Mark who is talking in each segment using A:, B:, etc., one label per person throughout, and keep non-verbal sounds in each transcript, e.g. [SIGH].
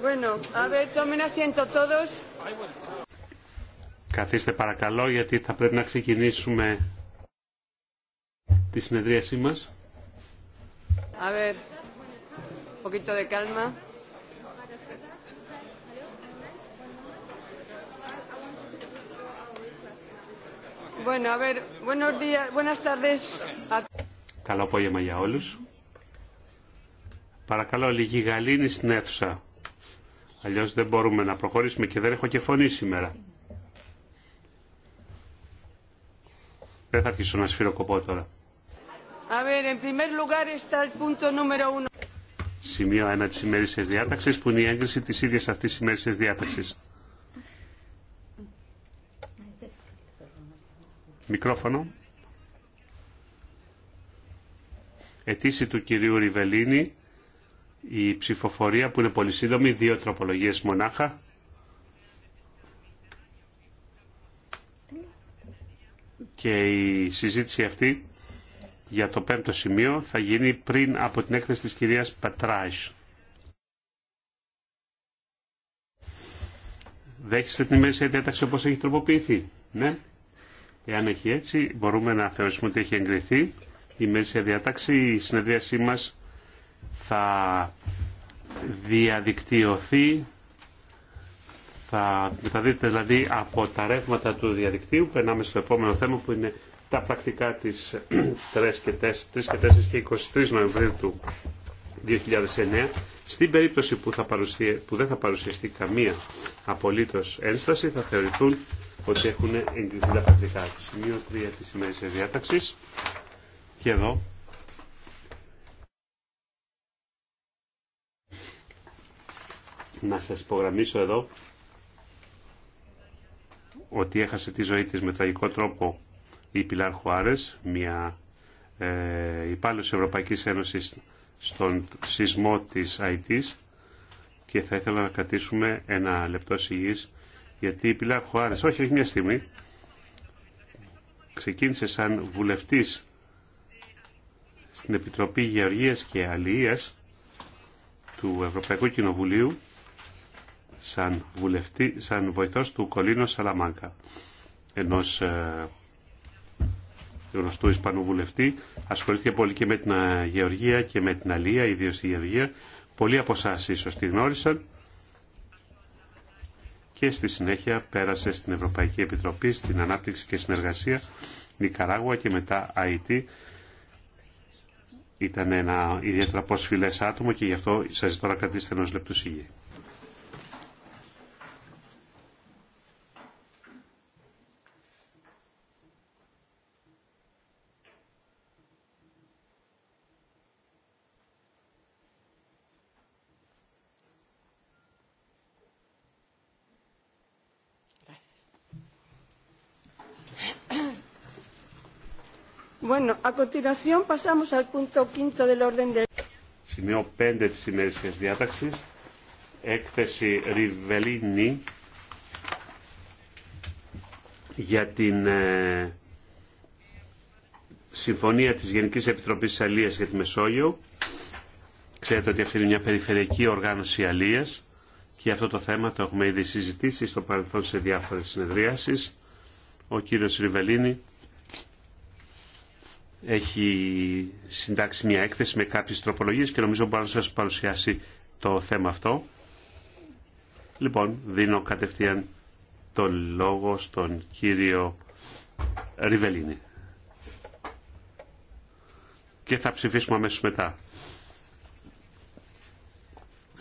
A: Bueno, a ver, tomen asiento todos.
B: Καθίστε παρακαλώ γιατί θα πρέπει να ξεκινήσουμε τη συνεδρίασή μας.
A: A ver, un poquito de calma. Bueno, a ver, buenos días, buenas tardes.
B: Καλό απόγευμα για όλους. Παρακαλώ λίγη γαλήνη στην αίθουσα. Αλλιώς δεν μπορούμε να προχωρήσουμε και δεν έχω και φωνή σήμερα. Δεν θα αρχίσω να σφυροκοπώ τώρα. Σημείο 1 της ημέρησης διάταξης που είναι η έγκριση της ίδιας αυτής της ημέρησης διάταξης. Μικρόφωνο. Ετήσι του κυρίου Ριβελίνη η ψηφοφορία που είναι πολύ σύντομη, δύο τροπολογίες μονάχα. Και η συζήτηση αυτή για το πέμπτο σημείο θα γίνει πριν από την έκθεση της κυρίας Πατράης. Δέχεστε την ημερήσια διάταξη όπως έχει τροποποιηθεί. Ναι. Εάν έχει έτσι, μπορούμε να θεωρήσουμε ότι έχει εγκριθεί η ημερήσια διάταξη. Η συνεδρίασή μας θα διαδικτυωθεί, θα μεταδίδεται δηλαδή από τα ρεύματα του διαδικτύου. Περνάμε στο επόμενο θέμα που είναι τα πρακτικά της 3 [CLEARS THROAT] και 4, 3 και 4 και 23 Νοεμβρίου του 2009. Στην περίπτωση που, θα που δεν θα παρουσιαστεί καμία απολύτως ένσταση θα θεωρηθούν ότι έχουν εγκριθεί τα πρακτικά. Σημείο 3 της ημέρης διάταξης και εδώ Να σας υπογραμμίσω εδώ ότι έχασε τη ζωή της με τραγικό τρόπο η Πιλάρ Χουάρες, μια ε, υπάλληλος Ευρωπαϊκής Ένωσης στον σεισμό της ΑΙΤΙΣ και θα ήθελα να κρατήσουμε ένα λεπτό συγγύης γιατί η Πιλάρ Χουάρες, όχι, όχι μια στιγμή, ξεκίνησε σαν βουλευτής στην Επιτροπή Γεωργίας και Αλληλείας του Ευρωπαϊκού Κοινοβουλίου σαν, βουλευτή, σαν βοηθός του Κολίνο Σαλαμάνκα, ενός ε, γνωστού Ισπανού βουλευτή. Ασχολήθηκε πολύ και με την ε, Γεωργία και με την Αλία, ιδίως η Γεωργία. Πολλοί από εσά ίσως τη γνώρισαν και στη συνέχεια πέρασε στην Ευρωπαϊκή Επιτροπή, στην Ανάπτυξη και Συνεργασία, Νικαράγουα και μετά ΑΕΤ. Ήταν ένα ιδιαίτερα φιλές άτομο και γι' αυτό σας ζητώ να κρατήσετε ενός λεπτού
A: Bueno, a continuación pasamos al
B: Σημείο 5 της ημερησίας διάταξης, έκθεση Ριβελίνη για την ε, συμφωνία της Γενικής Επιτροπής Αλίας για τη Μεσόγειο. Ξέρετε ότι αυτή είναι μια περιφερειακή οργάνωση Αλίας και αυτό το θέμα το έχουμε ήδη συζητήσει στο παρελθόν σε διάφορες συνεδριάσεις. Ο κύριος Ριβελίνη έχει συντάξει μια έκθεση με κάποιες τροπολογίες και νομίζω μπορεί να σας παρουσιάσει το θέμα αυτό. Λοιπόν, δίνω κατευθείαν τον λόγο στον κύριο Ριβελίνη. Και θα ψηφίσουμε αμέσως μετά.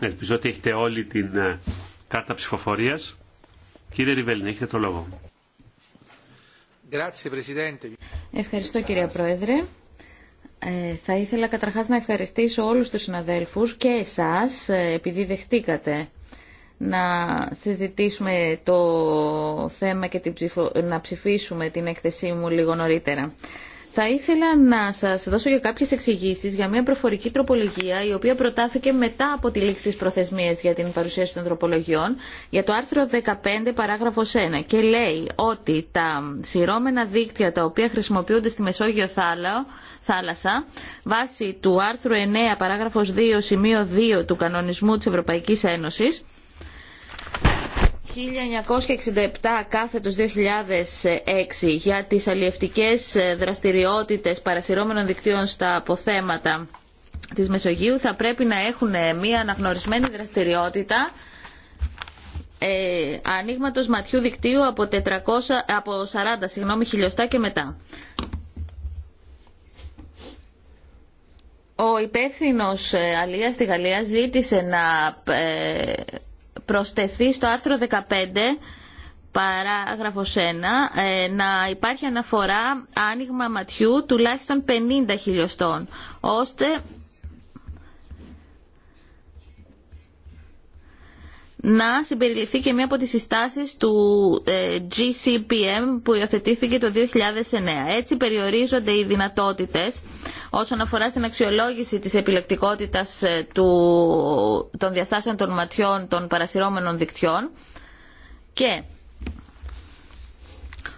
B: Ελπίζω ότι έχετε όλη την ε, κάρτα ψηφοφορίας. Κύριε Ριβελίνη, έχετε το λόγο. Grazie,
C: Ευχαριστώ κυρία Πρόεδρε. Ε, θα ήθελα καταρχάς να ευχαριστήσω όλους τους συναδέλφους και εσάς ε, επειδή δεχτήκατε να συζητήσουμε το θέμα και την να ψηφίσουμε την έκθεσή μου λίγο νωρίτερα. Θα ήθελα να σας δώσω για κάποιες εξηγήσει για μια προφορική τροπολογία η οποία προτάθηκε μετά από τη λήξη τη προθεσμία για την παρουσίαση των τροπολογιών για το άρθρο 15 παράγραφος 1 και λέει ότι τα σειρώμενα δίκτυα τα οποία χρησιμοποιούνται στη Μεσόγειο θάλασσα βάσει του άρθρου 9 παράγραφος 2 σημείο 2 του κανονισμού τη Ευρωπαϊκή Ένωση, 1967 κάθετος 2006 για τις αλλιευτικές δραστηριότητες παρασυρώμενων δικτύων στα αποθέματα της Μεσογείου θα πρέπει να έχουν μια αναγνωρισμένη δραστηριότητα ε, ανοίγματος ματιού δικτύου από, 400, από 40 συγγνώμη, χιλιοστά και μετά. Ο υπεύθυνο ε, αλίας στη Γαλλία ζήτησε να ε, προστεθεί στο άρθρο 15 παράγραφος 1 ε, να υπάρχει αναφορά άνοιγμα ματιού τουλάχιστον 50 χιλιοστών ώστε να συμπεριληφθεί και μία από τις συστάσεις του ε, GCPM που υιοθετήθηκε το 2009. Έτσι περιορίζονται οι δυνατότητες όσον αφορά στην αξιολόγηση της επιλεκτικότητας ε, του, των διαστάσεων των ματιών των παρασυρώμενων δικτυών και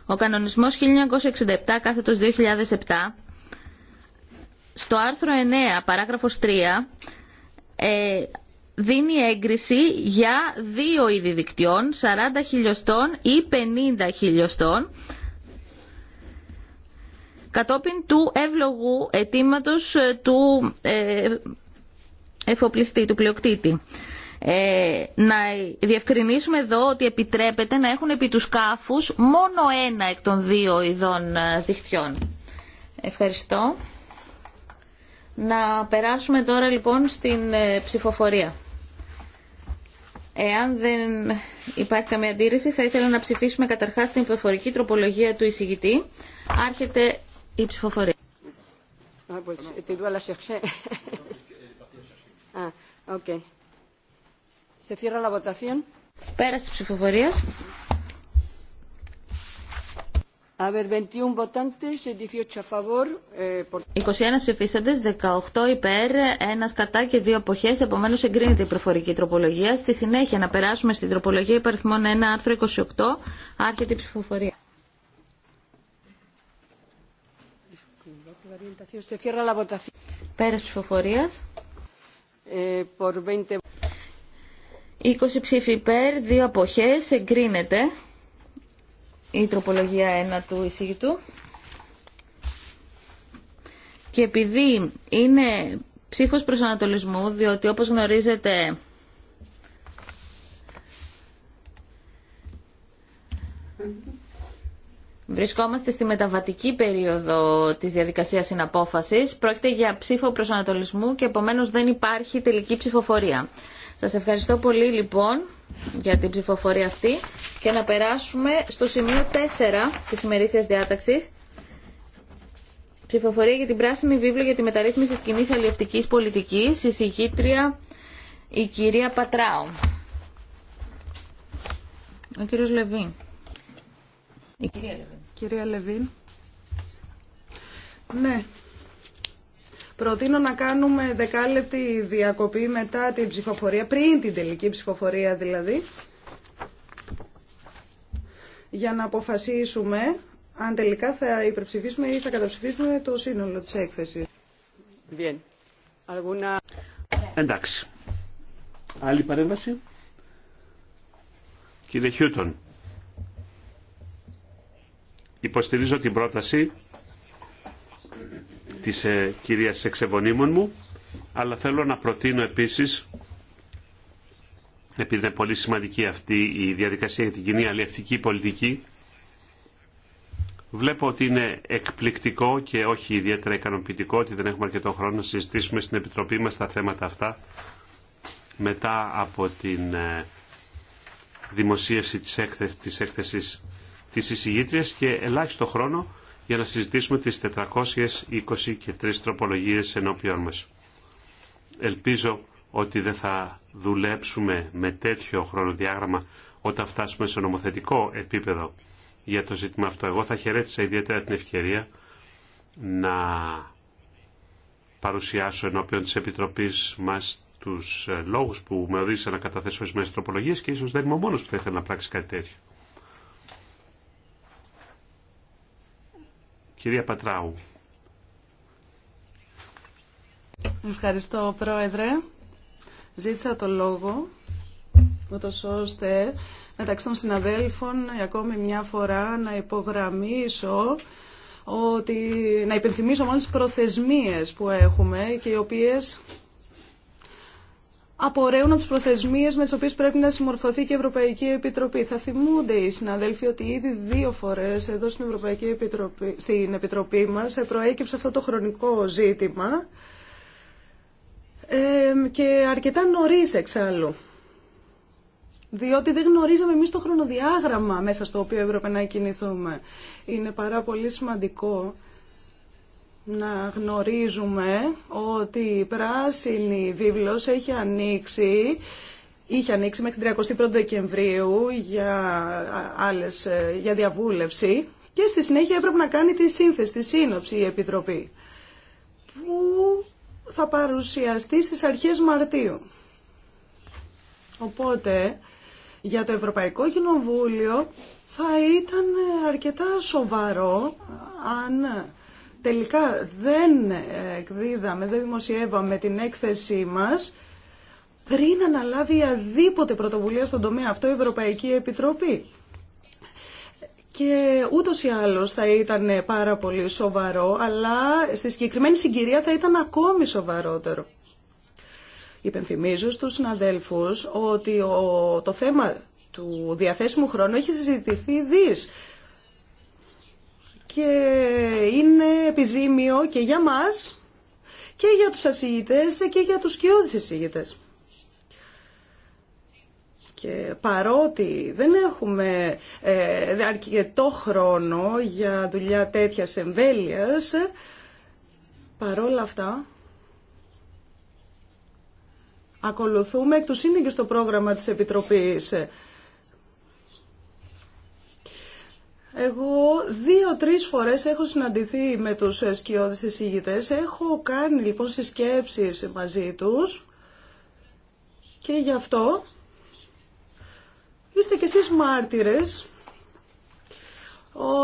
C: ο κανονισμός 1967 κάθετος 2007 στο άρθρο 9 παράγραφος 3 ε, δίνει έγκριση για δύο είδη δικτυών, 40 χιλιοστών ή 50 χιλιοστών, κατόπιν του εύλογου αιτήματο ε, του ε, εφοπλιστή, του πλειοκτήτη. Ε, να διευκρινίσουμε εδώ ότι επιτρέπεται να έχουν επί τους μόνο ένα εκ των δύο ειδών δικτυών. Ευχαριστώ. Να περάσουμε τώρα λοιπόν στην ψηφοφορία. Εάν δεν υπάρχει καμία αντίρρηση, θα ήθελα να ψηφίσουμε καταρχάς την προφορική τροπολογία του εισηγητή. Άρχεται η ψηφοφορία.
A: Ah, [LAUGHS] ah, Πέραση ψηφοφορία. 21 18
C: eh, ψηφίσαντες, 18 υπέρ, ένας κατά και δύο αποχές, επομένως εγκρίνεται η προφορική τροπολογία. Στη συνέχεια να περάσουμε στην τροπολογία υπαριθμών 1 άρθρο 28, άρχεται η ψηφοφορία. Πέρας ψηφοφορίας.
A: 20
C: eh, ψήφοι υπέρ, δύο αποχές, εγκρίνεται η τροπολογία 1 του εισηγητού. Και επειδή είναι ψήφος προσανατολισμού, διότι όπως γνωρίζετε Βρισκόμαστε στη μεταβατική περίοδο της διαδικασίας συναπόφασης. Πρόκειται για ψήφο προσανατολισμού και επομένως δεν υπάρχει τελική ψηφοφορία. Σας ευχαριστώ πολύ λοιπόν για την ψηφοφορία αυτή και να περάσουμε στο σημείο 4 της ημερήσιας διάταξης ψηφοφορία για την πράσινη βίβλο για τη μεταρρύθμιση της κοινής αλληλευτικής πολιτικής η συγχύτρια η κυρία Πατράου ο κύριος Λεβίν
D: η κυρία Λεβίν, κυρία Λεβίν. Ναι, Προτείνω να κάνουμε δεκάλεπτη διακοπή μετά την ψηφοφορία, πριν την τελική ψηφοφορία δηλαδή, για να αποφασίσουμε αν τελικά θα υπερψηφίσουμε ή θα καταψηφίσουμε το σύνολο της έκθεσης.
B: Bien. Alguna... Εντάξει. Άλλη παρέμβαση. Κύριε Χιούτον, υποστηρίζω την πρόταση Τη ε, κυρίας εξεβονίμων μου, αλλά θέλω να προτείνω επίσης, επειδή είναι πολύ σημαντική αυτή η διαδικασία για την κοινή αλληλευτική πολιτική, Βλέπω ότι είναι εκπληκτικό και όχι ιδιαίτερα ικανοποιητικό ότι δεν έχουμε αρκετό χρόνο να συζητήσουμε στην Επιτροπή μας τα θέματα αυτά μετά από την ε, δημοσίευση της έκθεσης της, έκθεσης, της εισηγήτριας και ελάχιστο χρόνο για να συζητήσουμε τις 420 και 3 τροπολογίες ενώπιον μας. Ελπίζω ότι δεν θα δουλέψουμε με τέτοιο χρονοδιάγραμμα όταν φτάσουμε σε νομοθετικό επίπεδο για το ζήτημα αυτό. Εγώ θα χαιρέτησα ιδιαίτερα την ευκαιρία να παρουσιάσω ενώπιον της Επιτροπής μας τους ε, λόγους που με οδήγησαν να καταθέσω ορισμένες τροπολογίες και ίσως δεν είμαι ο μόνος που θα ήθελα να πράξει κάτι τέτοιο. Κυρία Πατράου.
D: Ευχαριστώ, Πρόεδρε. Ζήτησα το λόγο, ούτως ώστε μεταξύ των συναδέλφων ακόμη μια φορά να υπογραμμίσω ότι να υπενθυμίσω μόνο τις προθεσμίες που έχουμε και οι οποίες απορρέουν από τις προθεσμίες με τις οποίες πρέπει να συμμορφωθεί και η Ευρωπαϊκή Επιτροπή. Θα θυμούνται οι συναδέλφοι ότι ήδη δύο φορές εδώ στην Ευρωπαϊκή Επιτροπή, στην Επιτροπή μας ε, προέκυψε αυτό το χρονικό ζήτημα και αρκετά νωρί εξάλλου. Διότι δεν γνωρίζαμε εμεί το χρονοδιάγραμμα μέσα στο οποίο έπρεπε να κινηθούμε. Είναι πάρα πολύ σημαντικό να γνωρίζουμε ότι η πράσινη βίβλος έχει ανοίξει είχε ανοίξει μέχρι την 31 Δεκεμβρίου για, άλλες, για διαβούλευση και στη συνέχεια έπρεπε να κάνει τη σύνθεση, τη σύνοψη η Επιτροπή που θα παρουσιαστεί στις αρχές Μαρτίου. Οπότε για το Ευρωπαϊκό Κοινοβούλιο θα ήταν αρκετά σοβαρό αν τελικά δεν εκδίδαμε, δεν δημοσιεύαμε την έκθεσή μας πριν αναλάβει αδίποτε πρωτοβουλία στον τομέα αυτό η Ευρωπαϊκή Επιτροπή. Και ούτως ή άλλως θα ήταν πάρα πολύ σοβαρό, αλλά στη συγκεκριμένη συγκυρία θα ήταν ακόμη σοβαρότερο. Υπενθυμίζω στους συναδέλφους ότι το θέμα του διαθέσιμου χρόνου έχει συζητηθεί δις και είναι επιζήμιο και για μας και για τους ασυγητές και για τους σκιώδεις ασυγητές. Και παρότι δεν έχουμε ε, αρκετό χρόνο για δουλειά τέτοια εμβέλειας, παρόλα αυτά ακολουθούμε εκ του σύνεγγυ στο πρόγραμμα της Επιτροπής. Εγώ δύο-τρεις φορές έχω συναντηθεί με τους ε, σκιώδεις εισηγητές. Έχω κάνει λοιπόν συσκέψεις μαζί τους και γι' αυτό είστε κι εσείς μάρτυρες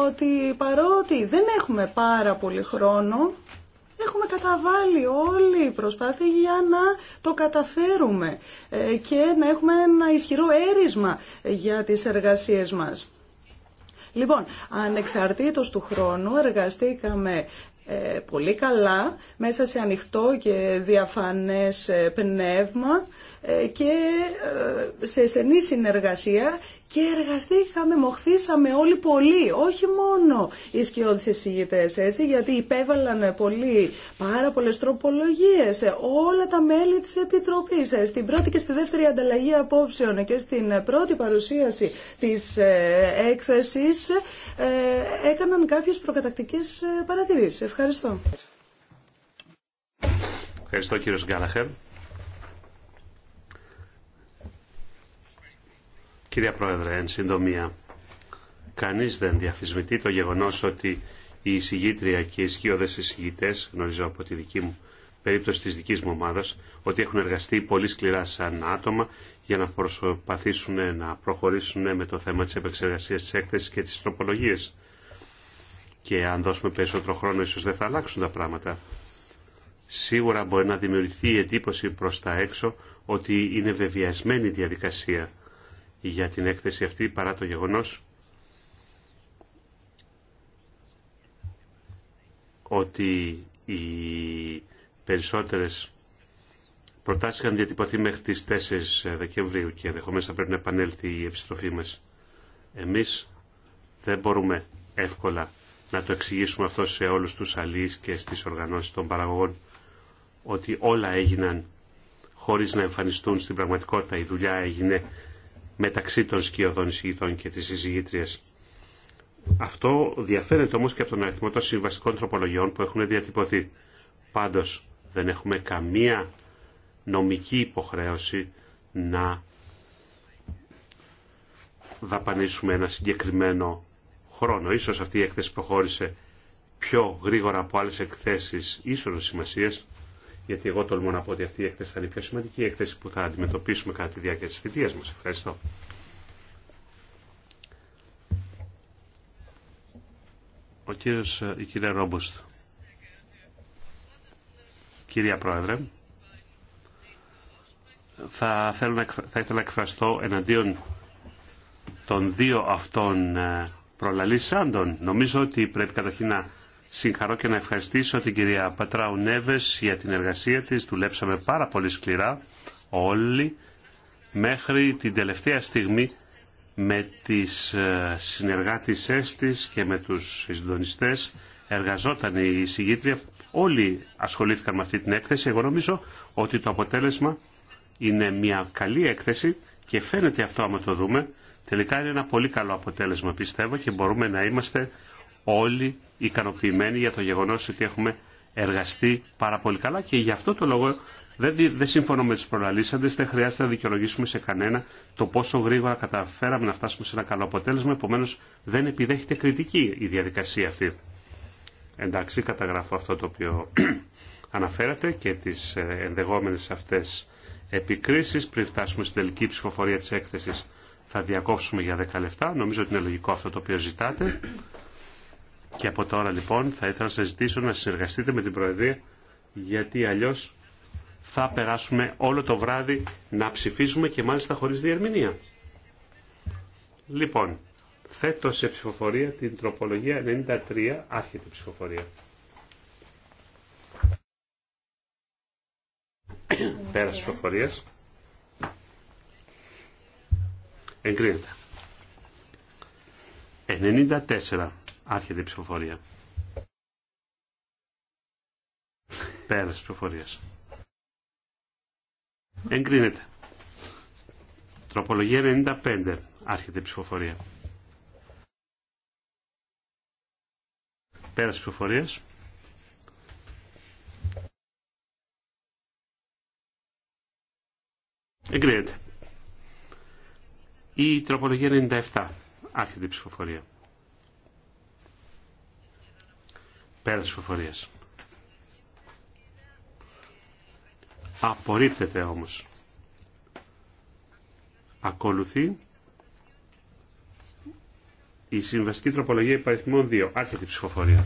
D: ότι παρότι δεν έχουμε πάρα πολύ χρόνο, έχουμε καταβάλει όλη η προσπάθεια για να το καταφέρουμε ε, και να έχουμε ένα ισχυρό έρισμα για τις εργασίες μας. Λοιπόν, ανεξαρτήτως του χρόνου εργαστήκαμε ε, πολύ καλά μέσα σε ανοιχτό και διαφανές ε, πνεύμα ε, και σε στενή συνεργασία και εργαστήκαμε, μοχθήσαμε όλοι πολύ, όχι μόνο οι σκιώδεις εισηγητές, έτσι, γιατί υπέβαλαν πολύ, πάρα πολλές τροπολογίες, όλα τα μέλη της Επιτροπής, ε, στην πρώτη και στη δεύτερη ανταλλαγή απόψεων και στην πρώτη παρουσίαση της ε, έκθεσης, ε, έκαναν κάποιες προκατακτικές παρατηρήσεις. Ευχαριστώ.
B: Ευχαριστώ κύριος Γκάλαχερ. Κυρία Πρόεδρε, εν συντομία, κανείς δεν διαφυσμητεί το γεγονός ότι οι εισηγήτρια και οι ισχύοδες εισηγητές, γνωρίζω από τη δική μου περίπτωση της δικής μου ομάδας, ότι έχουν εργαστεί πολύ σκληρά σαν άτομα για να προσπαθήσουν να προχωρήσουν με το θέμα της επεξεργασίας της έκθεσης και της τροπολογίας. Και αν δώσουμε περισσότερο χρόνο ίσως δεν θα αλλάξουν τα πράγματα. Σίγουρα μπορεί να δημιουργηθεί η εντύπωση προς τα έξω ότι είναι βεβαιασμένη η διαδικασία για την έκθεση αυτή παρά το γεγονός ότι οι περισσότερες προτάσεις είχαν διατυπωθεί μέχρι τις 4 Δεκεμβρίου και ενδεχομένω θα πρέπει να επανέλθει η επιστροφή μας. Εμείς δεν μπορούμε εύκολα να το εξηγήσουμε αυτό σε όλους τους αλείς και στις οργανώσεις των παραγωγών ότι όλα έγιναν χωρίς να εμφανιστούν στην πραγματικότητα. Η δουλειά έγινε μεταξύ των σκιωδών εισηγητών και της εισηγήτριας. Αυτό διαφέρεται όμως και από τον αριθμό των συμβαστικών τροπολογιών που έχουν διατυπωθεί. Πάντως δεν έχουμε καμία νομική υποχρέωση να δαπανίσουμε ένα συγκεκριμένο χρόνο. Ίσως αυτή η έκθεση προχώρησε πιο γρήγορα από άλλες εκθέσεις ίσως σημασία γιατί εγώ τολμώ να πω ότι αυτή η έκθεση θα είναι η πιο σημαντική έκθεση που θα αντιμετωπίσουμε κατά τη διάρκεια της θητείας μας. Ευχαριστώ. Ο κύριος, ε, η κυρία Ρόμπουστ. Κυρία Πρόεδρε, θα, θέλω να, θα ήθελα να εκφραστώ εναντίον των δύο αυτών ε, προλαλήσαντων. Νομίζω ότι πρέπει καταρχήν να συγχαρώ και να ευχαριστήσω την κυρία Πατράου Νέβες για την εργασία της. Δουλέψαμε πάρα πολύ σκληρά όλοι μέχρι την τελευταία στιγμή με τις ε, συνεργάτησές της και με τους συντονιστές εργαζόταν η συγγήτρια. Όλοι ασχολήθηκαν με αυτή την έκθεση. Εγώ νομίζω ότι το αποτέλεσμα είναι μια καλή έκθεση και φαίνεται αυτό άμα το δούμε. Τελικά είναι ένα πολύ καλό αποτέλεσμα πιστεύω και μπορούμε να είμαστε όλοι ικανοποιημένοι για το γεγονός ότι έχουμε εργαστεί πάρα πολύ καλά και γι' αυτό το λόγο δεν, δεν συμφωνώ με τους προλαλήσαντες, δεν χρειάζεται να δικαιολογήσουμε σε κανένα το πόσο γρήγορα καταφέραμε να φτάσουμε σε ένα καλό αποτέλεσμα, επομένω δεν επιδέχεται κριτική η διαδικασία αυτή. Εντάξει, καταγράφω αυτό το οποίο [CLEARS THROAT] αναφέρατε και τις ε, ενδεγόμενες αυτές επικρίσεις. Πριν φτάσουμε στην τελική ψηφοφορία της έκθεσης θα διακόψουμε για 10 λεπτά. Νομίζω ότι είναι λογικό αυτό το οποίο ζητάτε. Και από τώρα λοιπόν θα ήθελα να σας ζητήσω να συνεργαστείτε με την Προεδρία γιατί αλλιώς θα περάσουμε όλο το βράδυ να ψηφίσουμε και μάλιστα χωρίς διερμηνία. Λοιπόν, θέτω σε ψηφοφορία την τροπολογία 93, άρχεται ψηφοφορία. [COUGHS] Πέρας ψηφοφορίας. Εγκρίνεται. 94. Άρχεται η ψηφοφορία. Πέρας ψηφοφορία. Εγκρίνεται. Τροπολογία 95. Άρχεται η ψηφοφορία. Πέρας ψηφοφορία. Εγκρίνεται. Η τροπολογία 97. Άρχεται η ψηφοφορία. Πέρα της Απορρίπτεται όμως. Ακολουθεί η συμβαστική τροπολογία υπαριθμών 2. Άρχεται η ψηφοφορία.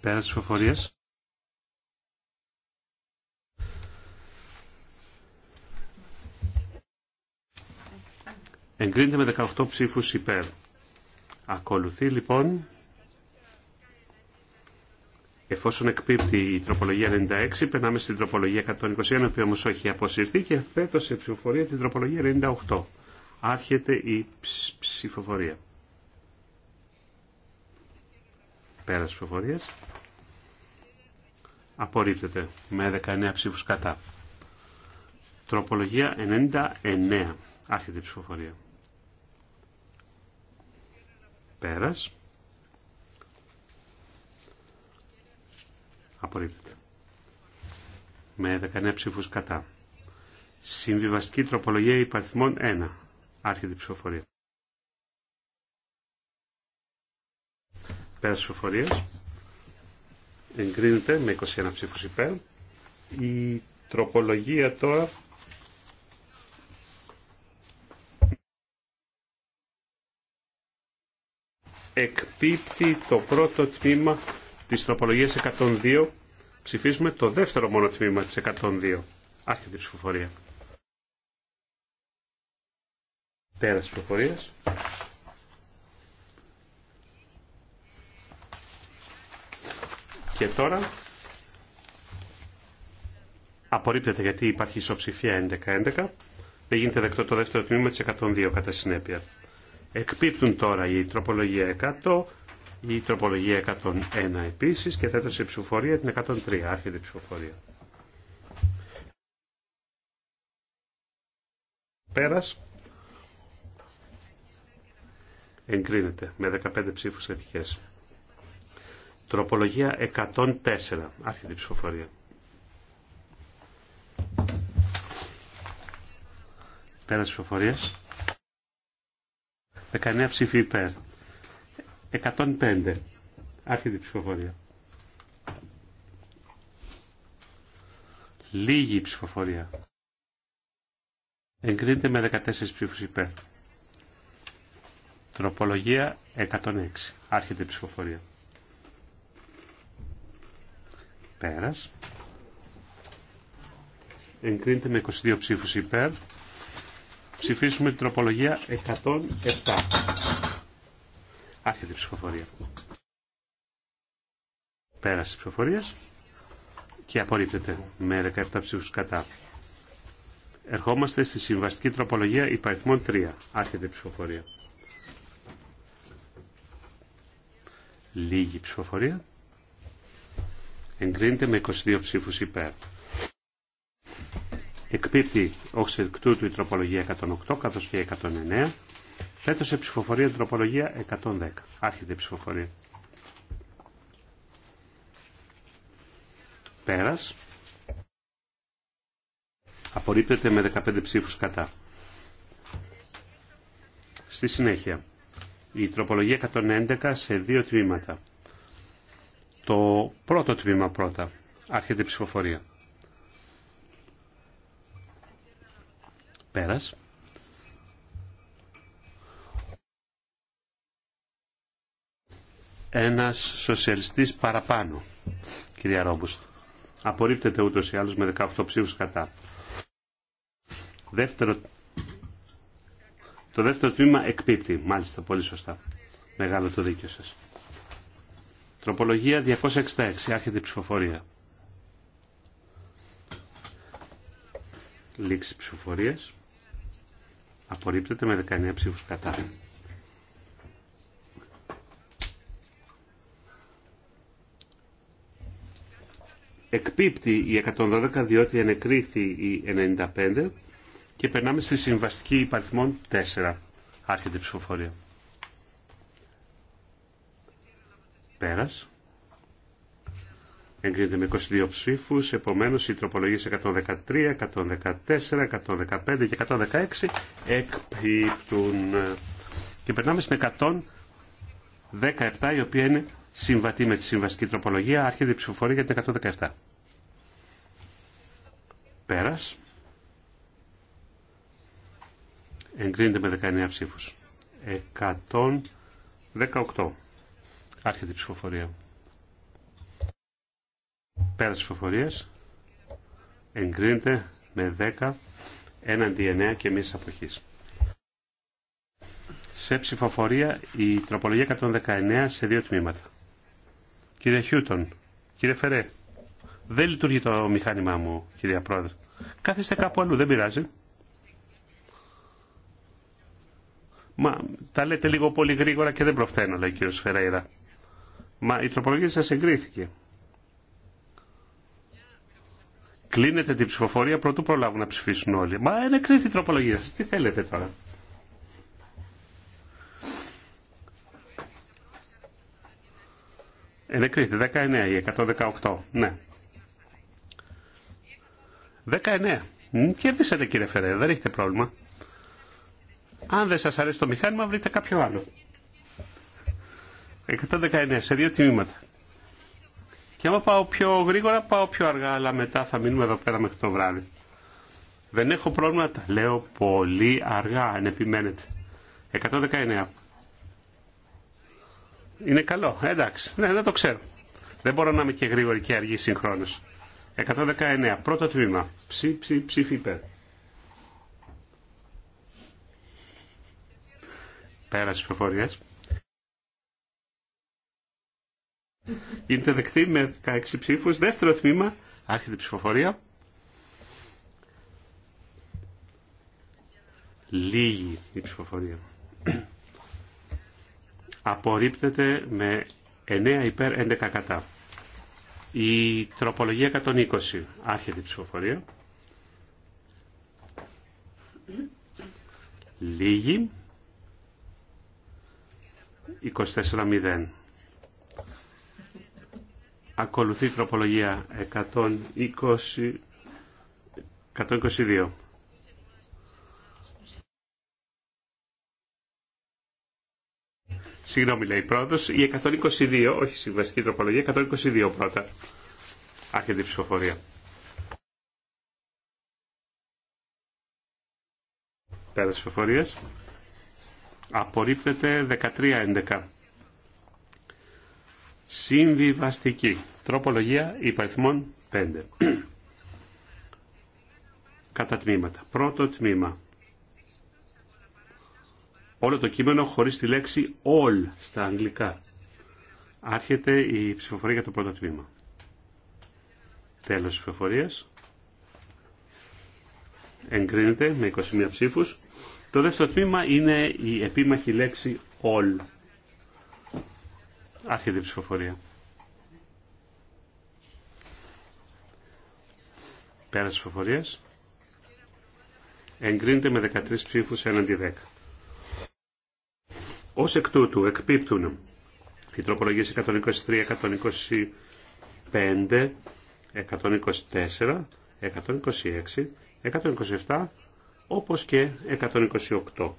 B: Πέρα της ψηφοφορίας. Εγκρίνεται με 18 ψήφους υπέρ. Ακολουθεί λοιπόν Εφόσον εκπίπτει η τροπολογία 96, περνάμε στην τροπολογία 121, η οποία όμω όχι αποσυρθεί και θέτω σε ψηφοφορία την τροπολογία 98. Άρχεται η ψηφοφορία. Πέρας ψηφοφορία. Απορρίπτεται με 19 ψήφου κατά. Τροπολογία 99. Άρχεται η ψηφοφορία. Πέρας. Απορρίπτεται. Με 19 ψήφους κατά. Συμβιβαστική τροπολογία υπαριθμών 1. Άρχεται η ψηφοφορία. Πέρα ψηφοφορίας. Εγκρίνεται με 21 ψήφους υπέρ. Η τροπολογία τώρα εκπίπτει το πρώτο τμήμα τη τροπολογία 102 ψηφίζουμε το δεύτερο μόνο τμήμα τη 102. Άρχεται η ψηφοφορία. τη ψηφοφορία. Και τώρα απορρίπτεται γιατί υπάρχει ισοψηφία 11-11. Δεν γίνεται δεκτό το δεύτερο τμήμα τη 102 κατά συνέπεια. Εκπίπτουν τώρα η τροπολογία 100, η τροπολογία 101 επίσης και θέτω σε ψηφοφορία την 103, άρχεται η ψηφοφορία. Πέρας. Εγκρίνεται με 15 ψήφους θετικές. Τροπολογία 104, άρχεται η ψηφοφορία. Πέρας ψηφοφορία. 19 ψήφοι υπέρ. 105. Άρχεται η ψηφοφορία. Λίγη ψηφοφορία. Εγκρίνεται με 14 ψήφους υπέρ. Τροπολογία 106. Άρχεται η ψηφοφορία. Πέρας. Εγκρίνεται με 22 ψήφους υπέρ. Ψηφίσουμε την τροπολογία 107. Άρχεται η ψηφοφορία. Πέραση ψηφοφορία και απορρίπτεται με 17 ψήφου κατά. Ερχόμαστε στη συμβαστική τροπολογία υπαριθμών 3. Άρχεται η ψηφοφορία. Λίγη ψηφοφορία. Εγκρίνεται με 22 ψήφους υπέρ. Εκπίπτει ο εκ τούτου η τροπολογία 108 καθώς και 109. Θέτω σε ψηφοφορία τροπολογία 110. Άρχεται η ψηφοφορία. Πέρας. Απορρίπτεται με 15 ψήφους κατά. Στη συνέχεια, η τροπολογία 111 σε δύο τμήματα. Το πρώτο τμήμα πρώτα. Άρχεται η ψηφοφορία. Πέρας. ένας σοσιαλιστής παραπάνω, κυρία Ρόμπουστ. Απορρίπτεται ούτως ή άλλως με 18 ψήφους κατά. Δεύτερο... Το δεύτερο τμήμα εκπίπτει, μάλιστα, πολύ σωστά. Μεγάλο το δίκιο σας. Τροπολογία 266, άρχεται η ψηφοφορία. Λήξη ψηφοφορίας. Απορρίπτεται με 19 ψήφους κατά. εκπίπτει η 112 διότι ενεκρίθη η 95 και περνάμε στη συμβαστική υπαριθμών 4. Άρχεται η ψηφοφορία. Πέρας. Εγκρίνεται με 22 ψήφου. επομένως οι τροπολογία 113, 114, 115 και 116 εκπίπτουν. Και περνάμε στην 117 η οποία είναι συμβατή με τη συμβαστική τροπολογία. Άρχεται η ψηφοφορία για την 117. Πέρας. Εγκρίνεται με 19 ψήφους. 118. Άρχεται η ψηφοφορία. Πέρας ψηφοφορία. Εγκρίνεται με 10 έναντι 9 και μίσης αποχής. Σε ψηφοφορία η τροπολογία 119 σε δύο τμήματα. Κύριε Χιούτον, κύριε Φερέ, δεν λειτουργεί το μηχάνημά μου, κυρία Πρόεδρε. Κάθεστε κάπου αλλού, δεν πειράζει. Μα τα λέτε λίγο πολύ γρήγορα και δεν προφθαίνω, λέει ο κύριος Φεραίρα. Μα η τροπολογία σας εγκρίθηκε. Κλείνετε την ψηφοφορία πρωτού προλάβουν να ψηφίσουν όλοι. Μα κρίθη η τροπολογία σας. Τι θέλετε τώρα. Ενεκρίθη. 19 ή 118. Ναι. 19. Κερδίσατε κύριε Φερέ, Δεν έχετε πρόβλημα. Αν δεν σας αρέσει το μηχάνημα βρείτε κάποιο άλλο. 119 σε δύο τμήματα. Και άμα πάω πιο γρήγορα πάω πιο αργά αλλά μετά θα μείνουμε εδώ πέρα μέχρι το βράδυ. Δεν έχω πρόβλημα, τα λέω πολύ αργά αν επιμένετε. 119 είναι καλό. Ε, εντάξει. Ναι, δεν το ξέρω. Δεν μπορώ να είμαι και γρήγορη και αργή συγχρόνω. 119. Πρώτο τμήμα. Ψη, ψη, ψήφι υπέρ. Πέρασε ψηφοφορία. Γίνεται δεκτή με 16 ψήφους. Δεύτερο τμήμα. Άρχεται η ψηφοφορία. Λίγη η ψηφοφορία απορρίπτεται με 9 υπέρ 11 κατά. Η τροπολογία 120, άρχεται η ψηφοφορία. Λίγη. 24-0. Ακολουθεί η τροπολογία 120, 122. Συγγνώμη, λέει πρόεδρο, η 122, όχι συμβαστική τροπολογία, 122 πρώτα. Άρχεται η ψηφοφορία. Πέρα ψηφοφορία. Απορρίπτεται 13-11. Συμβιβαστική. Τροπολογία υπαριθμών 5. [CLEARS THROAT] Κατά τμήματα. Πρώτο τμήμα όλο το κείμενο χωρίς τη λέξη all στα αγγλικά. Άρχεται η ψηφοφορία για το πρώτο τμήμα. Τέλος της ψηφοφορίας. Εγκρίνεται με 21 ψήφους. Το δεύτερο τμήμα είναι η επίμαχη λέξη all. Άρχεται η ψηφοφορία. Πέρα της ψηφοφορίας. Εγκρίνεται με 13 ψήφους έναντι 10. Ω εκ τούτου εκπίπτουν οι τροπολογίες 123, 125, 124, 126, 127 όπως και 128.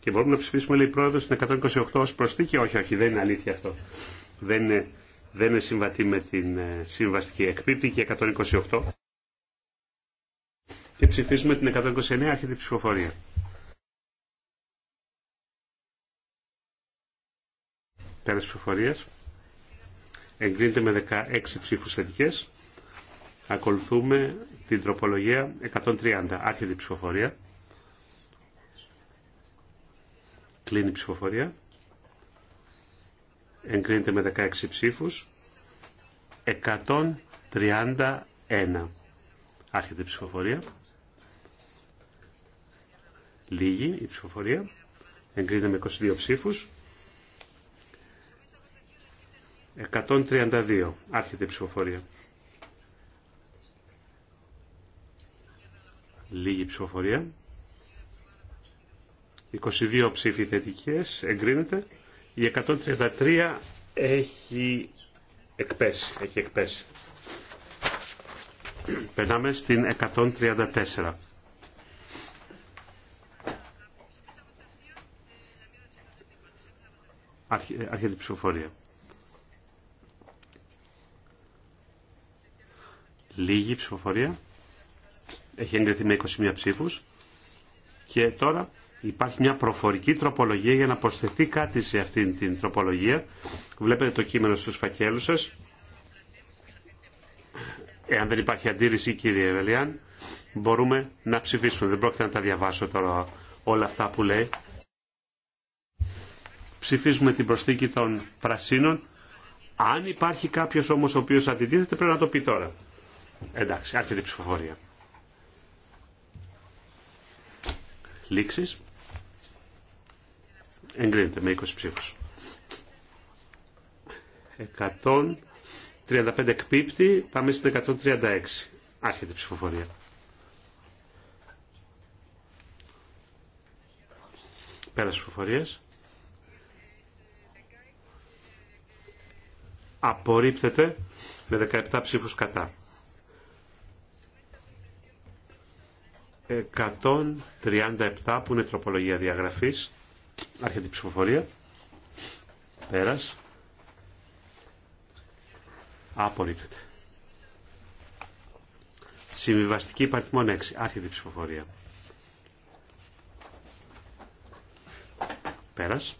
B: Και μπορούμε να ψηφίσουμε, λέει πρόεδρο, την 128 ως προσθήκη. Όχι, όχι, δεν είναι αλήθεια αυτό. Δεν είναι δεν είναι συμβατή με την ε, συμβαστική εκπίπτη και 128. Και ψηφίζουμε την 129 αρχή ψηφοφορία. Πέρας ψηφοφορίας. Εγκρίνεται με 16 ψήφους θετικές. Ακολουθούμε την τροπολογία 130 άρχη ψηφοφορία. Κλείνει η ψηφοφορία εγκρίνεται με 16 ψήφους. 131. Άρχεται η ψηφοφορία. Λίγη η ψηφοφορία. Εγκρίνεται με 22 ψήφους. 132. Άρχεται η ψηφοφορία. Λίγη ψηφοφορία. 22 ψήφοι θετικές. Εγκρίνεται. Η 133 έχει εκπέσει. Έχει εκπέσει. Περνάμε στην 134. Άρχεται η ψηφοφορία. Λίγη ψηφοφορία. Έχει εγκριθεί με 21 ψήφους. Και τώρα υπάρχει μια προφορική τροπολογία για να προσθεθεί κάτι σε αυτήν την τροπολογία. Βλέπετε το κείμενο στους φακέλους σας. Εάν δεν υπάρχει αντίρρηση, κύριε Ευελιάν, μπορούμε να ψηφίσουμε. Δεν πρόκειται να τα διαβάσω τώρα όλα αυτά που λέει. Ψηφίζουμε την προσθήκη των πρασίνων. Αν υπάρχει κάποιος όμως ο οποίος αντιτίθεται, πρέπει να το πει τώρα. Εντάξει, άρχεται η ψηφοφορία. λήξεις. Εγκρίνεται με 20 ψήφους. 135 εκπίπτει, πάμε στην 136. Άρχεται η ψηφοφορία. Πέρας ψηφοφορίες. Απορρίπτεται με 17 ψήφους κατά. 137 που είναι τροπολογία διαγραφής Άρχεται η ψηφοφορία. Πέρας. Απορρίπτεται. Συμβιβαστική υπαριθμό 6. Άρχεται η ψηφοφορία. Πέρας.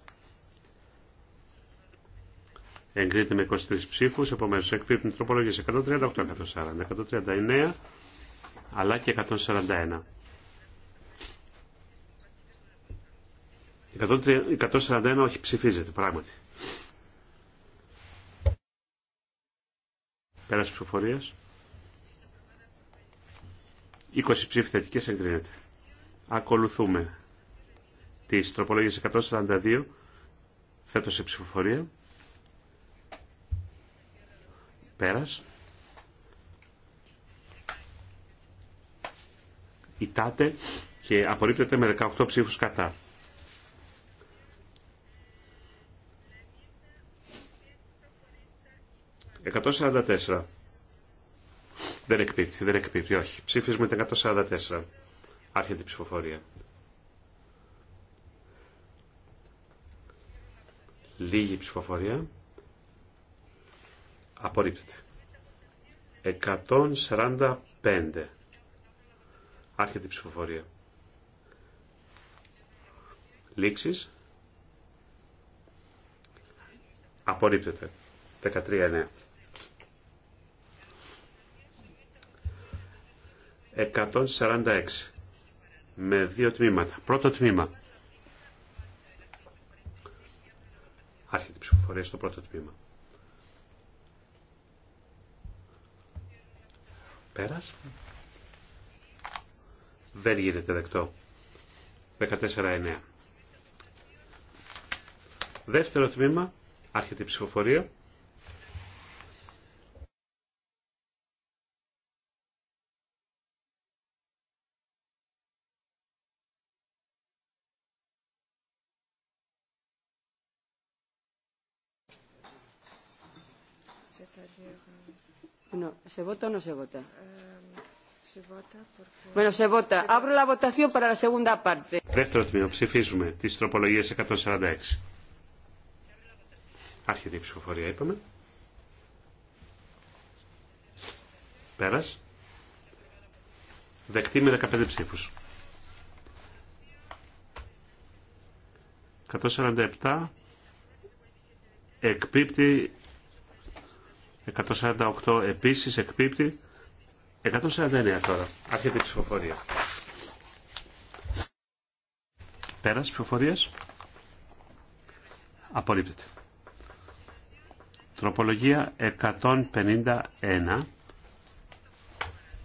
B: Εγκρίνεται με 23 ψήφους, επομένως εκπίπτουν τροπολογίες 138, 140, 139 αλλά και 141. 141 όχι ψηφίζεται πράγματι. Πέρασε ψηφοφορία. 20 ψήφοι θετικές εγκρίνεται. Ακολουθούμε τις τροπολογίες 142 θέτω σε ψηφοφορία. Πέρας. Ιτάτε και απορρίπτεται με 18 ψήφους κατά. 144. Δεν εκπίπτει, δεν εκπίπτει, όχι. Ψήφισμα είναι 144. Άρχεται η ψηφοφορία. Λίγη ψηφοφορία. Απορρίπτεται. 145. Άρχεται η ψηφοφορία. Λήξεις. Απορρίπτεται. 13-9. 146 με δύο τμήματα. Πρώτο τμήμα. Άρχεται η ψηφοφορία στο πρώτο τμήμα. Πέρας. Δεν γίνεται δεκτό. 14-9. Δεύτερο τμήμα. Άρχεται η ψηφοφορία.
A: ¿Se vota o no se vota? Bueno, se vota. Abro la votación para la segunda parte.
B: Δεύτερο τμήμα. Ψηφίζουμε τι τροπολογίε 146. Άρχεται η ψηφοφορία, είπαμε. Πέρα. Δεκτή με 15 ψήφου. 147 εκπίπτει 148 επίσης εκπίπτει. 149 τώρα. Άρχεται η ψηφοφορία. Πέρας ψηφοφορίας. Απορρίπτεται. Τροπολογία 151.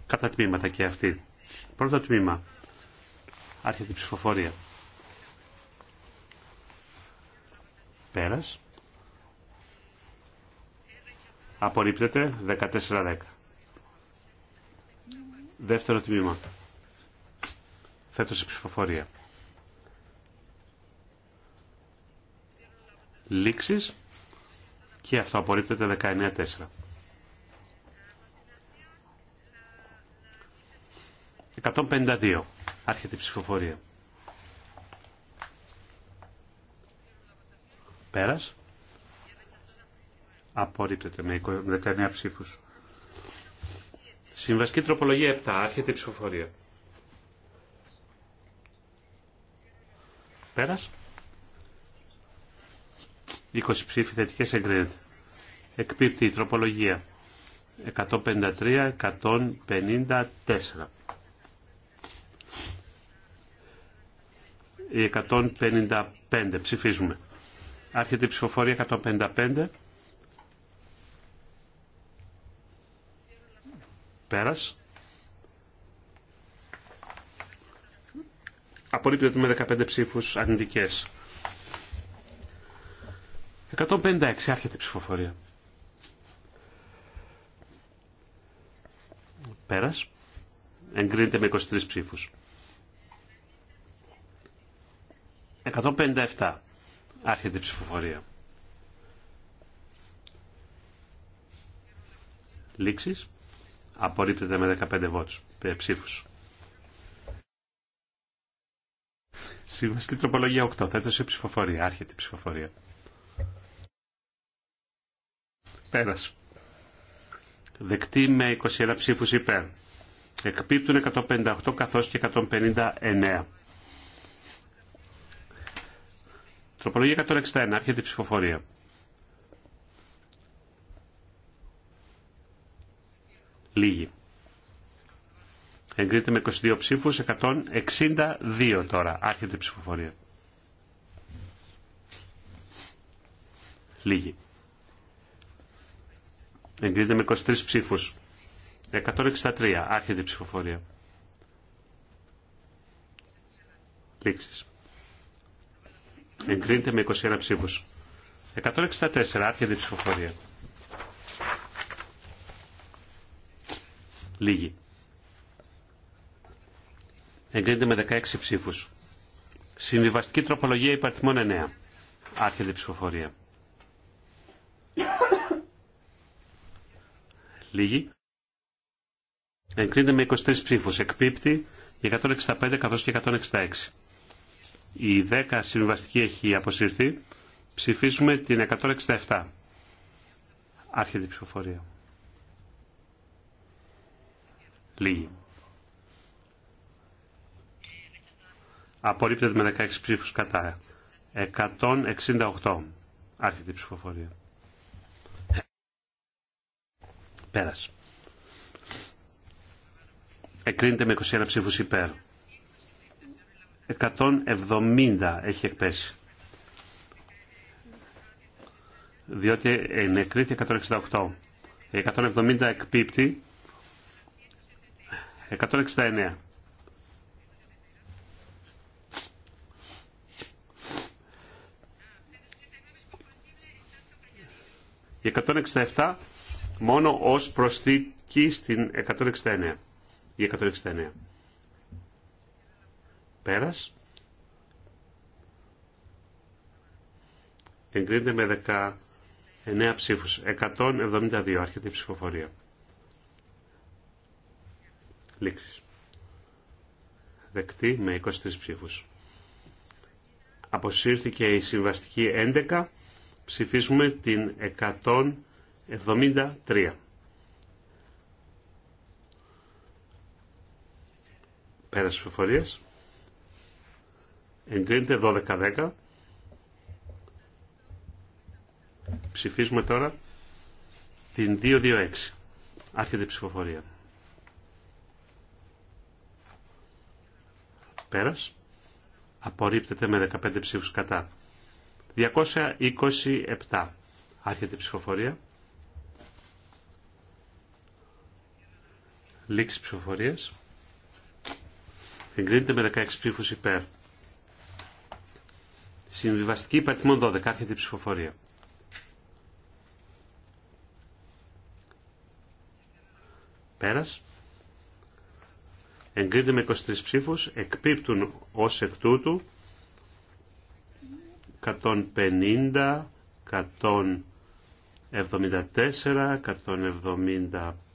B: Κατά τμήματα και αυτή. Πρώτο τμήμα. Άρχεται η ψηφοφορία. Πέρας. Απορρίπτεται 14-10. Δεύτερο τμήμα. Θέτω η ψηφοφορία. Λήξεις και αυτό απορρίπτεται 19-4. 152. Άρχεται η ψηφοφορία. Πέρας. Απορρίπτεται με 19 ψήφους. Συμβαστική τροπολογία 7. Άρχεται η ψηφοφορία. Πέρας. 20 ψήφοι θετικές εγκρίνεται. Εκπίπτει η τροπολογία 153-154. 155 ψηφίζουμε. Άρχεται η ψηφοφορία 155. πέρας. Απορρίπτεται με 15 ψήφους αρνητικές. 156 άρχεται η ψηφοφορία. Πέρας. Εγκρίνεται με 23 ψήφους. 157 άρχεται η ψηφοφορία. Λήξεις. Απορρίπτεται με 15 βότους, ψήφου. ψήφους. τροπολογία 8. Θέτω ψηφοφορία. Άρχεται η ψηφοφορία. Πέρας. Δεκτή με 21 ψήφους υπέρ. Εκπίπτουν 158 καθώς και 159. Τροπολογία 161. Άρχεται η ψηφοφορία. Λίγοι. Εγκρίνεται με 22 ψήφους, 162 τώρα. Άρχεται η ψηφοφορία. Λίγοι. Εγκρίνεται με 23 ψήφους. 163. Άρχεται η ψηφοφορία. Λήξεις. Εγκρίνεται με 21 ψήφους. 164. Άρχεται η ψηφοφορία. Λίγοι, Εγκρίνεται με 16 ψήφους. Συμβιβαστική τροπολογία υπαριθμών 9. Άρχεται η ψηφοφορία. Λίγοι, Εγκρίνεται με 23 ψήφους. Εκπίπτει 165 καθώς και 166. Η 10 συμβιβαστική έχει αποσυρθεί. Ψηφίσουμε την 167. Άρχεται η ψηφοφορία. Λίγοι. Απορρίπτεται με 16 ψήφους κατά. 168. Άρχεται η ψηφοφορία. Πέρασε. Εκρίνεται με 21 ψήφους υπέρ. 170 έχει εκπέσει. Διότι είναι εκρήτη 168. 170 εκπίπτει 169. Η 167 μόνο ως προσθήκη στην 169. Η 169. Πέρας. Εγκρίνεται με 19 ψήφους. 172 άρχεται η ψηφοφορία λήξη. Δεκτή με 23 ψήφου. Αποσύρθηκε η συμβαστική 11. Ψηφίσουμε την 173. Πέρασε ψηφοφορίας. Εγκρίνεται 12-10. Ψηφίζουμε τώρα την 226. Άρχεται η ψηφοφορία. Πέρας. Απορρίπτεται με 15 ψήφους κατά. 227. Άρχεται η ψηφοφορία. Λήξη ψηφοφορίας. Εγκρίνεται με 16 ψήφους υπέρ. Συμβιβαστική υπαρτιμό 12. Άρχεται η ψηφοφορία. Πέρας εγκρίνεται με 23 ψήφους, εκπίπτουν ως εκ τούτου 150, 174,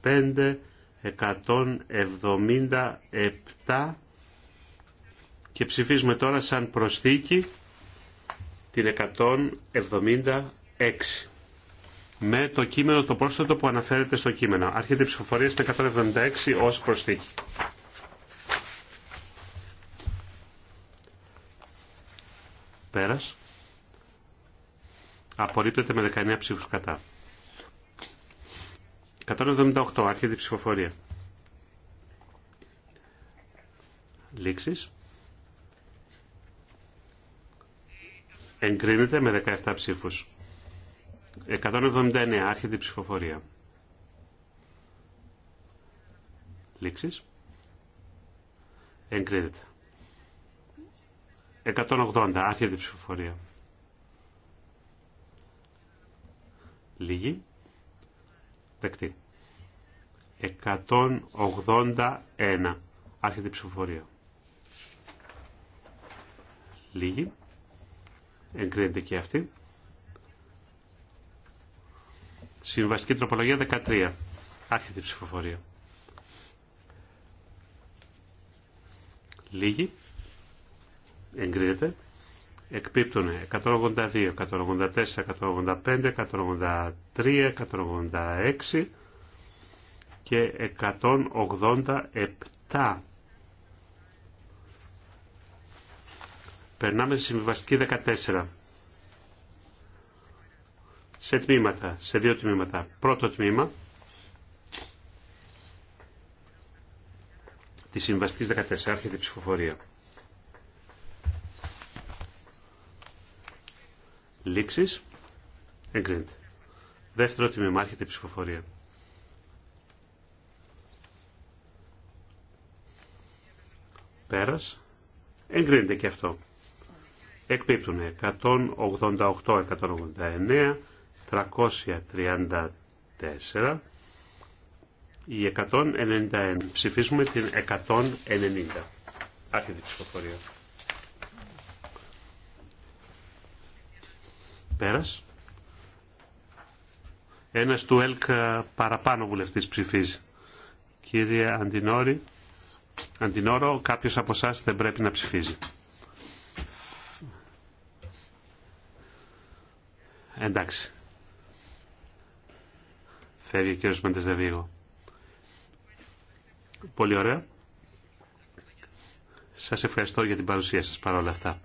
B: 175, 177 και ψηφίζουμε τώρα σαν προσθήκη την 176 με το κείμενο το πρόσθετο που αναφέρεται στο κείμενο. Άρχεται η ψηφοφορία στην 176 ως προσθήκη. Πέρας. Απορρίπτεται με 19 ψήφους κατά. 178. άρχιδη ψηφοφορία. Λήξεις. Εγκρίνεται με 17 ψήφους. 179. άρχιδη ψηφοφορία. Λήξεις. Εγκρίνεται. 180. Άρχιε την ψηφοφορία. Λίγη. Δεκτή. 181. Άρχιε την ψηφοφορία. Λίγη. Εγκρίνεται και αυτή. Συμβαστική τροπολογία 13. Άρχεται η ψηφοφορία. Λίγη εγκρίνεται. Εκπίπτουν 182, 184, 185, 183, 186 και 187. Περνάμε στη συμβιβαστική 14. Σε τμήματα, σε δύο τμήματα. Πρώτο τμήμα της συμβαστική 14, άρχεται η ψηφοφορία. Λήξει. Εγκρίνεται. Δεύτερο τμήμα. Άρχεται η ψηφοφορία. Πέρας. Εγκρίνεται και αυτό. Εκπίπτουν 188, 189, 334 ή 191. Ψηφίσουμε την 190. Άρχεται η ψηφοφορία. Πέρας. Ένας του ΕΛΚ παραπάνω βουλευτής ψηφίζει. Κύριε Αντινόρη, Αντινόρο, κάποιος από εσά δεν πρέπει να ψηφίζει. Εντάξει. Φεύγει ο κύριος Μεντεσδεβίγο. Πολύ ωραία. Σας ευχαριστώ για την παρουσία σας παρόλα αυτά.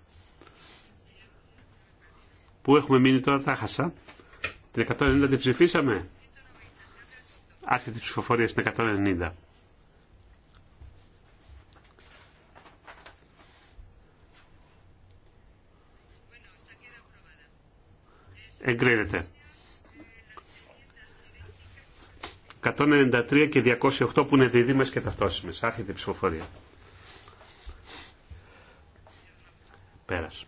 B: Πού έχουμε μείνει τώρα, τα χάσα. Την 190 την ψηφίσαμε. Άρχεται η ψηφοφορία στην 190. Εγκρίνεται. 193 και 208 που είναι δίδυμες και ταυτόσιμες. Άρχεται η ψηφοφορία. Πέρασε.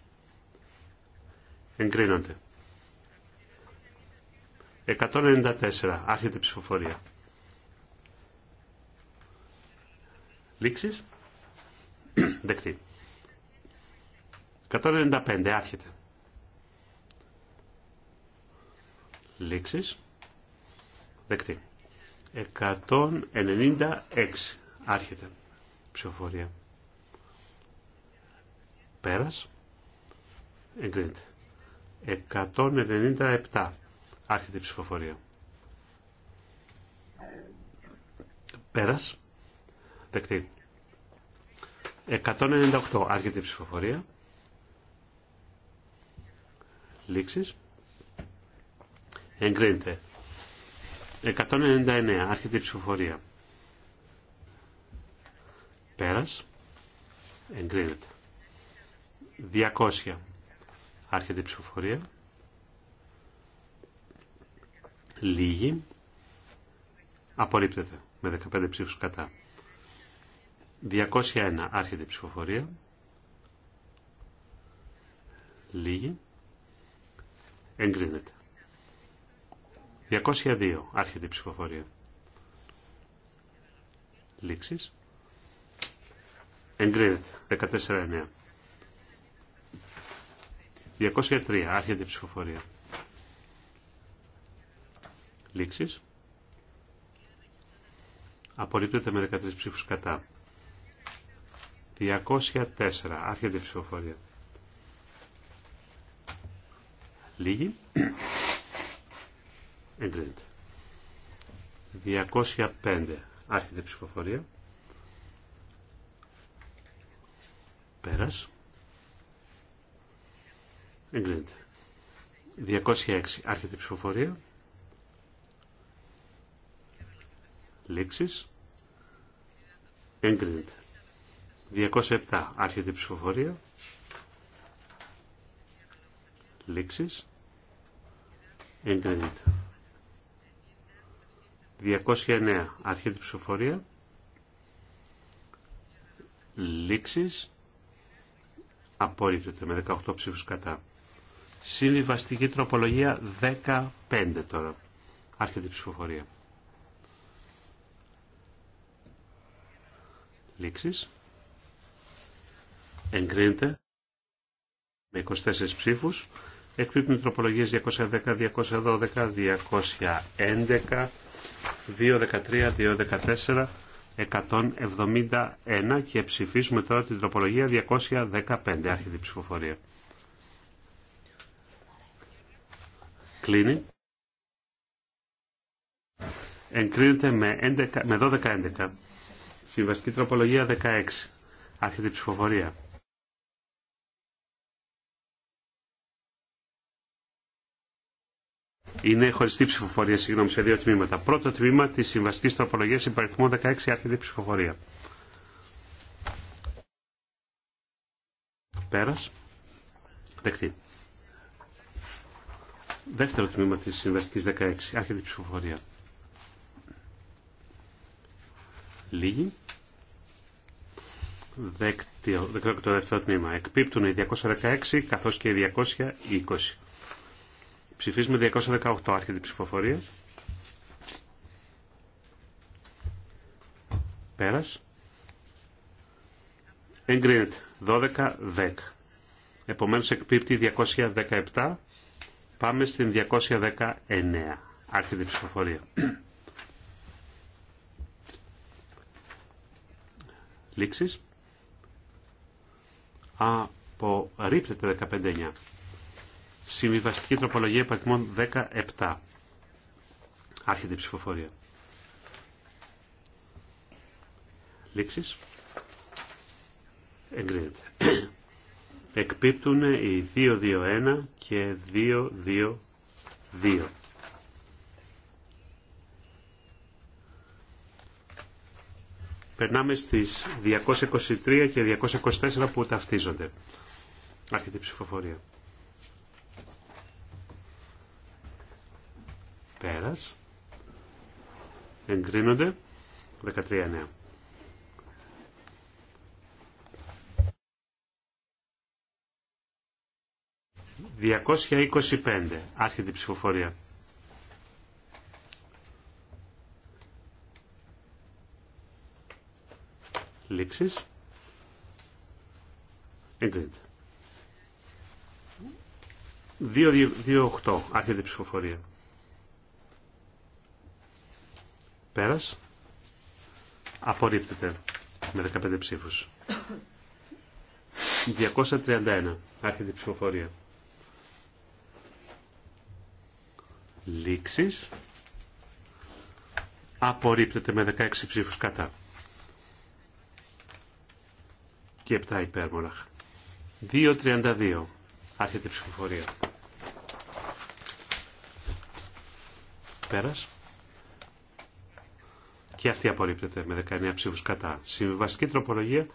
B: Εγκρίνονται. 194. Άρχεται η ψηφοφορία. Λήξεις. [CLEARS THROAT] Δεκτή. 195. Άρχεται. Λήξεις. Δεκτή. 196. Άρχεται. Ψηφοφορία. Πέρας. Εγκρίνεται. 197. Άρχεται η ψηφοφορία. Πέρας. Δεκτή. 198. Άρχεται η ψηφοφορία. Λήξεις. Εγκρίνεται. 199. Άρχεται η ψηφοφορία. Πέρας. Εγκρίνεται. 200. Άρχεται η ψηφοφορία. Λίγη. Απορρίπτεται με 15 ψήφους κατά. 201 άρχεται η ψηφοφορία. Λίγη. Εγκρίνεται. 202 άρχεται η ψηφοφορία. Λήξεις. Εγκρίνεται. 14-9. 203. Άρχεται η ψηφοφορία. Λήξεις. Απορρίπτεται με 13 ψήφους κατά. 204. Άρχεται η ψηφοφορία. Λίγη. Εγκρίνεται. 205. Άρχεται η ψηφοφορία. Πέρας. Εγκρίνεται. 206. Άρχεται η ψηφοφορία. Λήξεις. Εγκρίνεται. 207. Άρχεται η ψηφοφορία. Λήξεις. Εγκρίνεται. 209. Άρχεται η ψηφοφορία. Λήξεις. Απορρίπτεται με 18 ψήφους κατά. Συμβιβαστική τροπολογία 15 τώρα. Άρχεται η ψηφοφορία. Λήξεις. Εγκρίνεται με 24 ψήφους. Εκπίπτουν τροπολογίες 210, 212, 211, 213, 214, 171 και ψηφίσουμε τώρα την τροπολογία 215. Άρχεται η ψηφοφορία. κλείνει. Εγκρίνεται με, 11, με 12-11. Συμβαστική τροπολογία 16. Άρχεται η ψηφοφορία. Είναι χωριστή ψηφοφορία, συγγνώμη, σε δύο τμήματα. Πρώτο τμήμα τη συμβαστική τροπολογία υπαριθμό 16 άρχεται η ψηφοφορία. Πέρας. Δεκτή. Δεύτερο τμήμα της συμβαστικής 16. Άρχεται η ψηφοφορία. Λίγη. Δεκτό, το δεύτερο τμήμα. Εκπίπτουν οι 216 καθώς και οι 220. Ψηφίζουμε 218. Άρχεται η ψηφοφορία. Πέρας. Εγκρίνεται. 12-10. Επομένως εκπίπτει 217 Πάμε στην 219. Άρχεται η ψηφοφορία. Λήξεις. Απορρίπτεται 15-9. Συμβιβαστική τροπολογία υπαριθμών 17. Άρχεται η ψηφοφορία. Λήξεις. Εγκρίνεται εκπίπτουν οι 2-2-1 και 2-2-2. Περνάμε στις 223 και 224 που ταυτίζονται. Άρχεται η ψηφοφορία. Πέρας. Εγκρίνονται. 13-9. 225. Άρχεται η ψηφοφορία. Λήξεις. 228. 2-8. Άρχεται η ψηφοφορία. Πέρας. Απορρίπτεται με 15 ψήφους. 231. Άρχεται η ψηφοφορία. λήξης απορρίπτεται με 16 ψήφους κατά και 7 υπέρ 2.32 άρχεται η ψηφοφορία. Πέρας. Και αυτή απορρίπτεται με 19 ψήφους κατά. Συμβιβαστική τροπολογία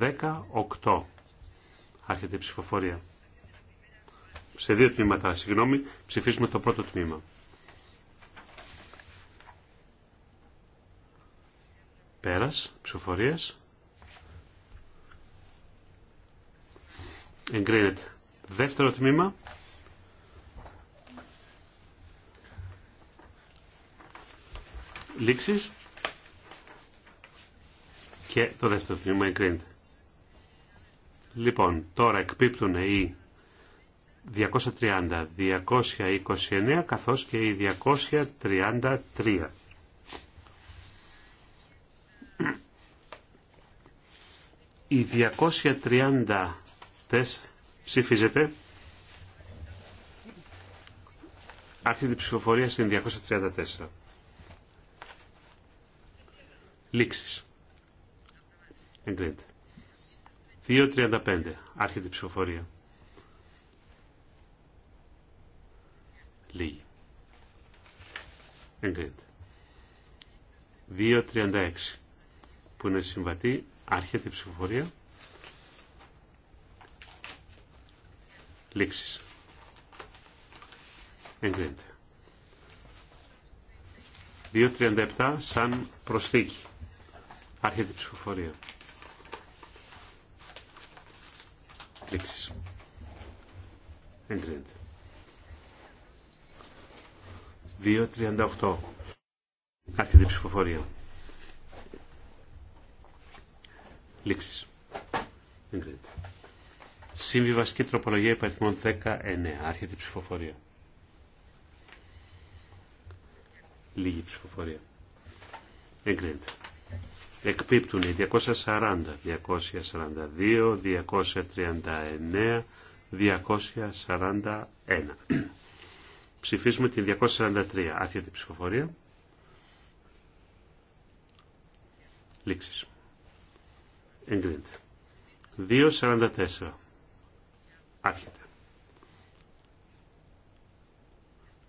B: 18. Άρχεται η ψηφοφορία. Σε δύο τμήματα, συγγνώμη, ψηφίζουμε το πρώτο τμήμα. Πέρας ψηφοφορίας. Εγκρίνεται. Δεύτερο τμήμα. Λήξεις. Και το δεύτερο τμήμα εγκρίνεται. Λοιπόν, τώρα εκπίπτουν οι 230, 229 καθώς και οι 233. Η 230 ψηφίζεται. Άρχεται ψηφοφορία στην 234. Λήξεις. Εγκρίνεται. 2.35. Άρχεται η ψηφοφορία. Λίγη. Εγκρίνεται. 2.36 που είναι συμβατή Άρχεται η ψηφοφορία. Λήξεις. Εγκρίνεται. 2.37 σαν προσθήκη. Άρχεται η ψηφοφορία. Λήξεις. Εγκρίνεται. 2.38. Άρχεται η ψηφοφορία. Δεν Εγκρίνεται. Συμβιβαστική τροπολογία υπαριθμών 19. Άρχεται η ψηφοφορία. Λίγη ψηφοφορία. Εγκρίνεται. Εκπίπτουν οι 240, 242, 239, 241. Ψηφίζουμε την 243. Άρχεται η ψηφοφορία. Λήξεις εγκρίνεται. 2.44 άρχεται.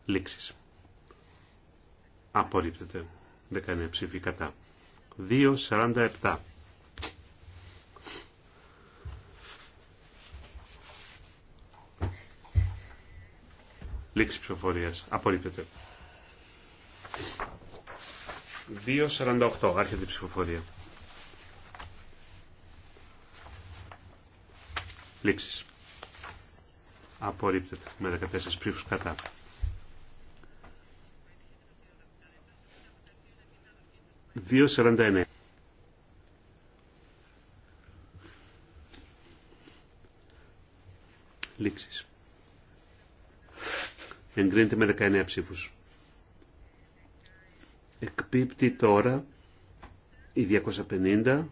B: Λήξεις. Απορρίπτεται. κάνει ψήφοι κατά. 2.47 λήξη ψηφοφορία. Απορρίπτεται. 2.48. Άρχεται η ψηφοφορία. Λήξεις. Απορρίπτεται με 14 ψήφους κατά. Δύο Λήξεις. Εγκρίνεται με 19 ψήφους. Εκπίπτει τώρα η 250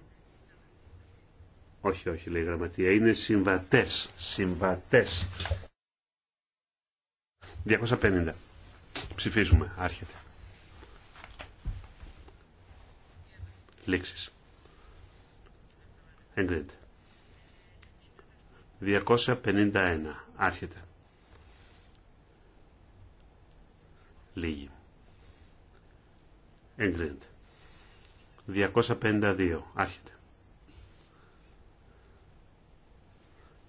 B: όχι, όχι, λέει η γραμματεία. Είναι συμβατές. Συμβατές. 250. Ψηφίζουμε. Άρχεται. Λήξεις. Εγκρίνεται. 251. Άρχεται. Λίγη. Εγκρίνεται. 252. Άρχεται.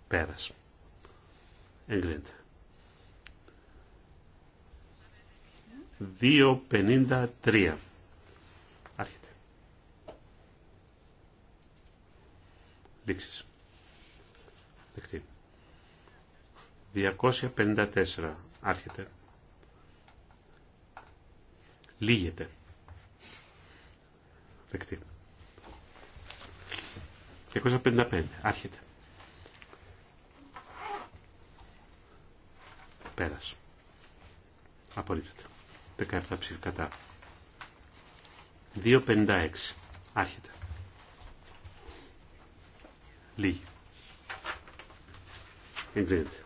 B: Πέρας. Εγκρίνεται. 2.53. Άρχεται. Λήξεις. Δεκτή. 254. Άρχεται. Λίγεται. Δεκτή. 255. Άρχεται. Πέρας. Απορρίπτεται. 17 ψήφι κατά. 2.56. Άρχεται. Λίγη. Εγκρίνεται.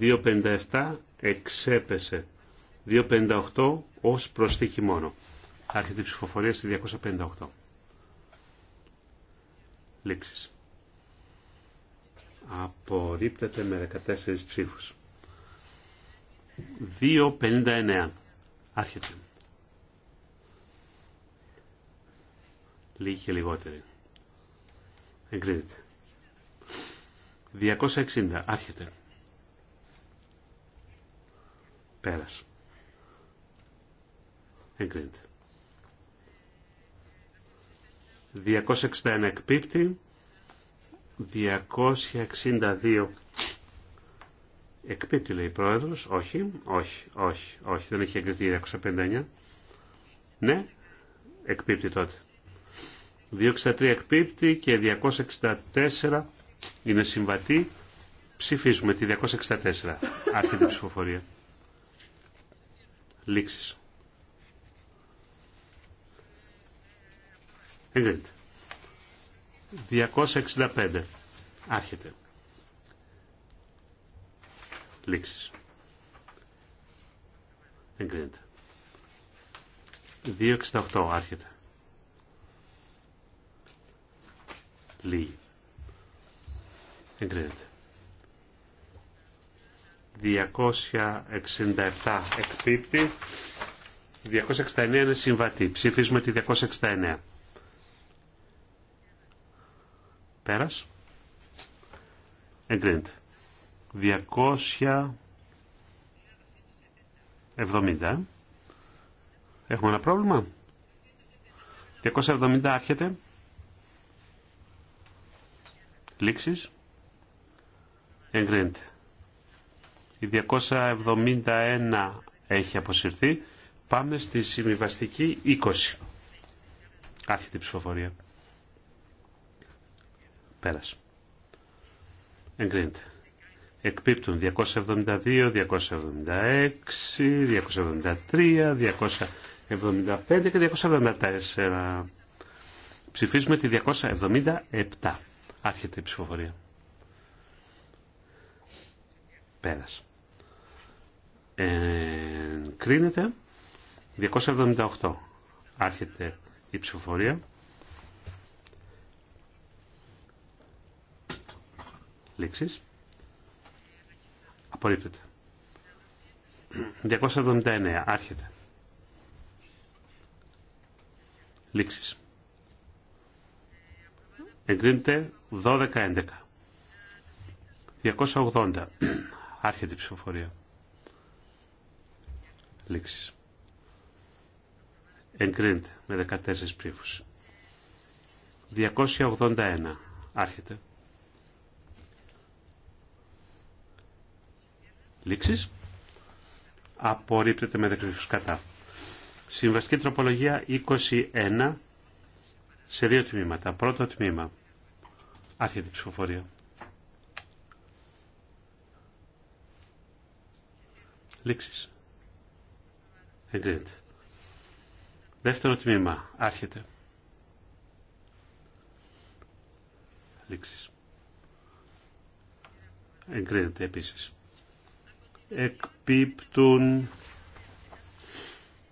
B: 2.57 εξέπεσε. 2.58 ως προσθήκη μόνο. Άρχεται η ψηφοφορία στη 258. Λήξεις. Απορρίπτεται με 14 ψήφους. 2.59. Άρχεται. Λίγοι και λιγότεροι. Εγκρίνεται. 260. Άρχεται. Πέρας. Εγκρίνεται. 261 εκπίπτει. 262 εκπίπτει λέει η πρόεδρος όχι, όχι, όχι, όχι δεν έχει εγκριθεί η 259 ναι, εκπίπτει τότε 263 εκπίπτει και 264 είναι συμβατή ψηφίζουμε τη 264 άρχεται η ψηφοφορία λήξεις εγκρίνεται 265. Άρχεται. Λήξεις. Εγκρίνεται. 268. Άρχεται. Λί. Εγκρίνεται. 267 εκπίπτει. 269 είναι συμβατή. Ψηφίζουμε τη 269. Πέρας. Εγκρίνεται. 270. Έχουμε ένα πρόβλημα. 270 άρχεται. Λήξεις. Εγκρίνεται. Η 271 έχει αποσυρθεί. Πάμε στη συμβιβαστική 20. Άρχεται η ψηφοφορία. Πέρασε. Εγκρίνεται. Εκπίπτουν 272, 276, 273, 275 και 274. Ψηφίζουμε τη 277. Άρχεται η ψηφοφορία. Πέρασε. Ε, 278. Άρχεται η ψηφοφορία. λήξης. Απορρίπτεται. 279. αρχεται ληξει Λήξης. Εγκρίνεται 12-11. 280. Άρχεται η ψηφοφορία. Λήξει. Εγκρίνεται με 14 ψήφους. 281. Άρχεται. Λύξεις. απορρίπτεται με 10 κατά. Συμβαστική τροπολογία 21 σε δύο τμήματα. Πρώτο τμήμα. Άρχεται η ψηφοφορία. Λήξει. Εγκρίνεται. Δεύτερο τμήμα. Άρχεται. Λήξει. Εγκρίνεται επίσης εκπίπτουν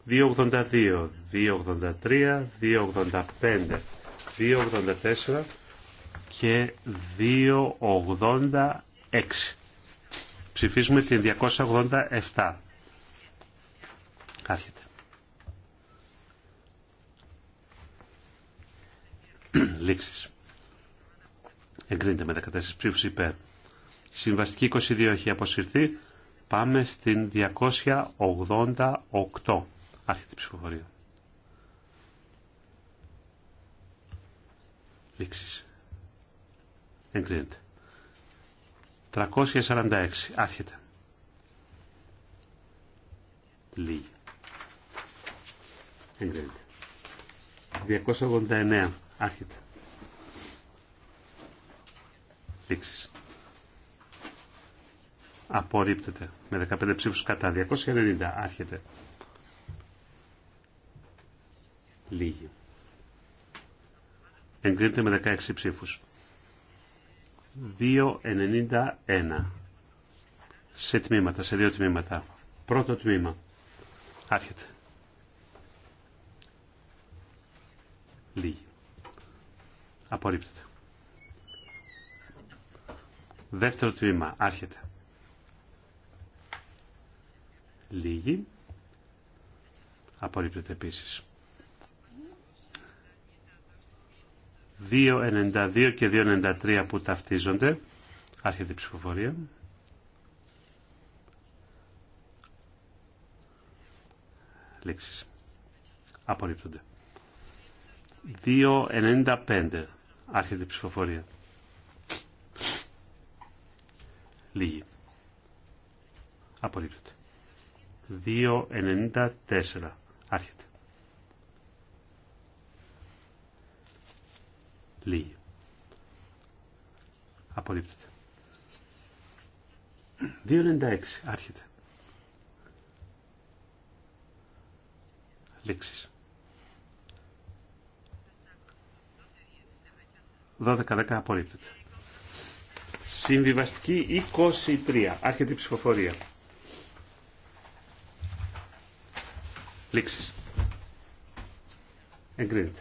B: 282, 283, 285, 284 και 286. Ψηφίζουμε την 287. Άρχεται. Λήξεις. Εγκρίνεται με 14 ψήφους υπέρ. Συμβαστική 22 έχει αποσυρθεί. Πάμε στην 288. Άρχεται η ψηφοφορία. Λήξεις. Εγκρίνεται. 346. Άρχεται. Λίγη. Εγκρίνεται. 289. Άρχεται. Λήξεις απορρίπτεται με 15 ψήφους κατά 290 άρχεται λίγη εγκρίνεται με 16 ψήφους 291 σε τμήματα, σε δύο τμήματα πρώτο τμήμα άρχεται λίγη απορρίπτεται δεύτερο τμήμα άρχεται Λίγη. Απορρίπτεται επίσης. 2.92 και 2.93 που ταυτίζονται. Άρχεται η ψηφοφορία. Λήξεις. Απορρίπτονται. 2.95 άρχεται η ψηφοφορία. Λίγη. Απορρίπτεται. 294. Άρχεται. Λίγη. Απορρίπτεται. 296. Άρχεται. 12.10. 12-10 απορρίπτεται. Συμβιβαστική 23. Άρχεται η ψηφοφορία. Λήξεις. Εγκρίνεται.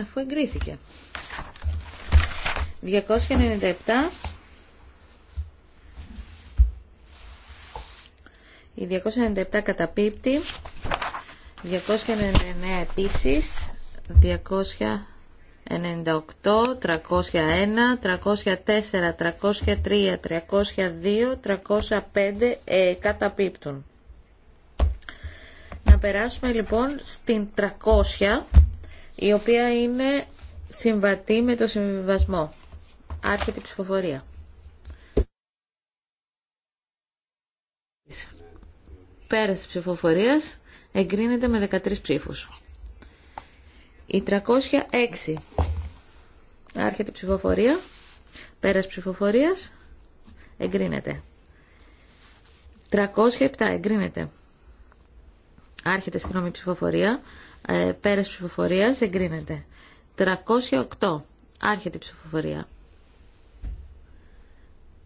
C: Αφού εγκρίθηκε. 297. Η 297 καταπίπτει. 299 επίσης. 200... 98, 301, 304, 303, 302, 305 ε, καταπίπτουν. Να περάσουμε λοιπόν στην 300, η οποία είναι συμβατή με το συμβιβασμό. Άρχεται η ψηφοφορία. Πέρας της ψηφοφορίας εγκρίνεται με 13 ψήφους. Η 306. Άρχεται ψηφοφορία. Πέρας ψηφοφορίας. Εγκρίνεται. 307. Εγκρίνεται. Άρχεται συγγνώμη ψηφοφορία. Ε, πέρας ψηφοφορίας. Εγκρίνεται. 308. Άρχεται ψηφοφορία.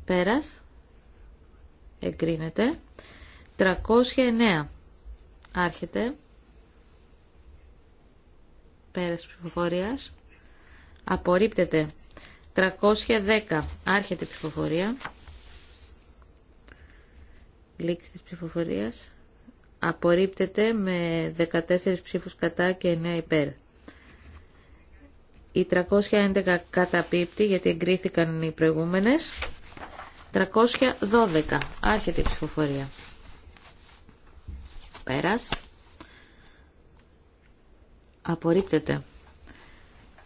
C: Πέρας. Εγκρίνεται. 309. Άρχεται. Πέρας ψηφοφορίας. Απορρίπτεται. 310. Άρχεται η ψηφοφορία. Λήξη της ψηφοφορίας. Απορρίπτεται με 14 ψήφους κατά και 9 υπέρ. Η 311 καταπίπτει γιατί εγκρίθηκαν οι προηγούμενες. 312. Άρχεται η ψηφοφορία. Πέρας. Απορρίπτεται.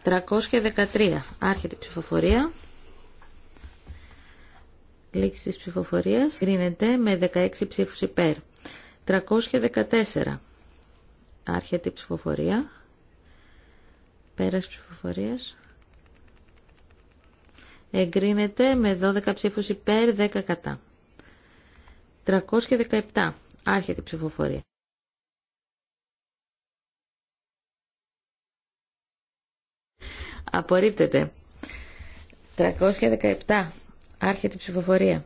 C: 313. Άρχεται η ψηφοφορία. Λήξη της ψηφοφορίας. Γκρίνεται με 16 ψήφους υπέρ. 314. Άρχεται η ψηφοφορία. Πέρας ψηφοφορίας. Εγκρίνεται με 12 ψήφους υπέρ, 10 κατά. 317. Άρχεται η ψηφοφορία. Απορρίπτεται. 317. Άρχεται η ψηφοφορία.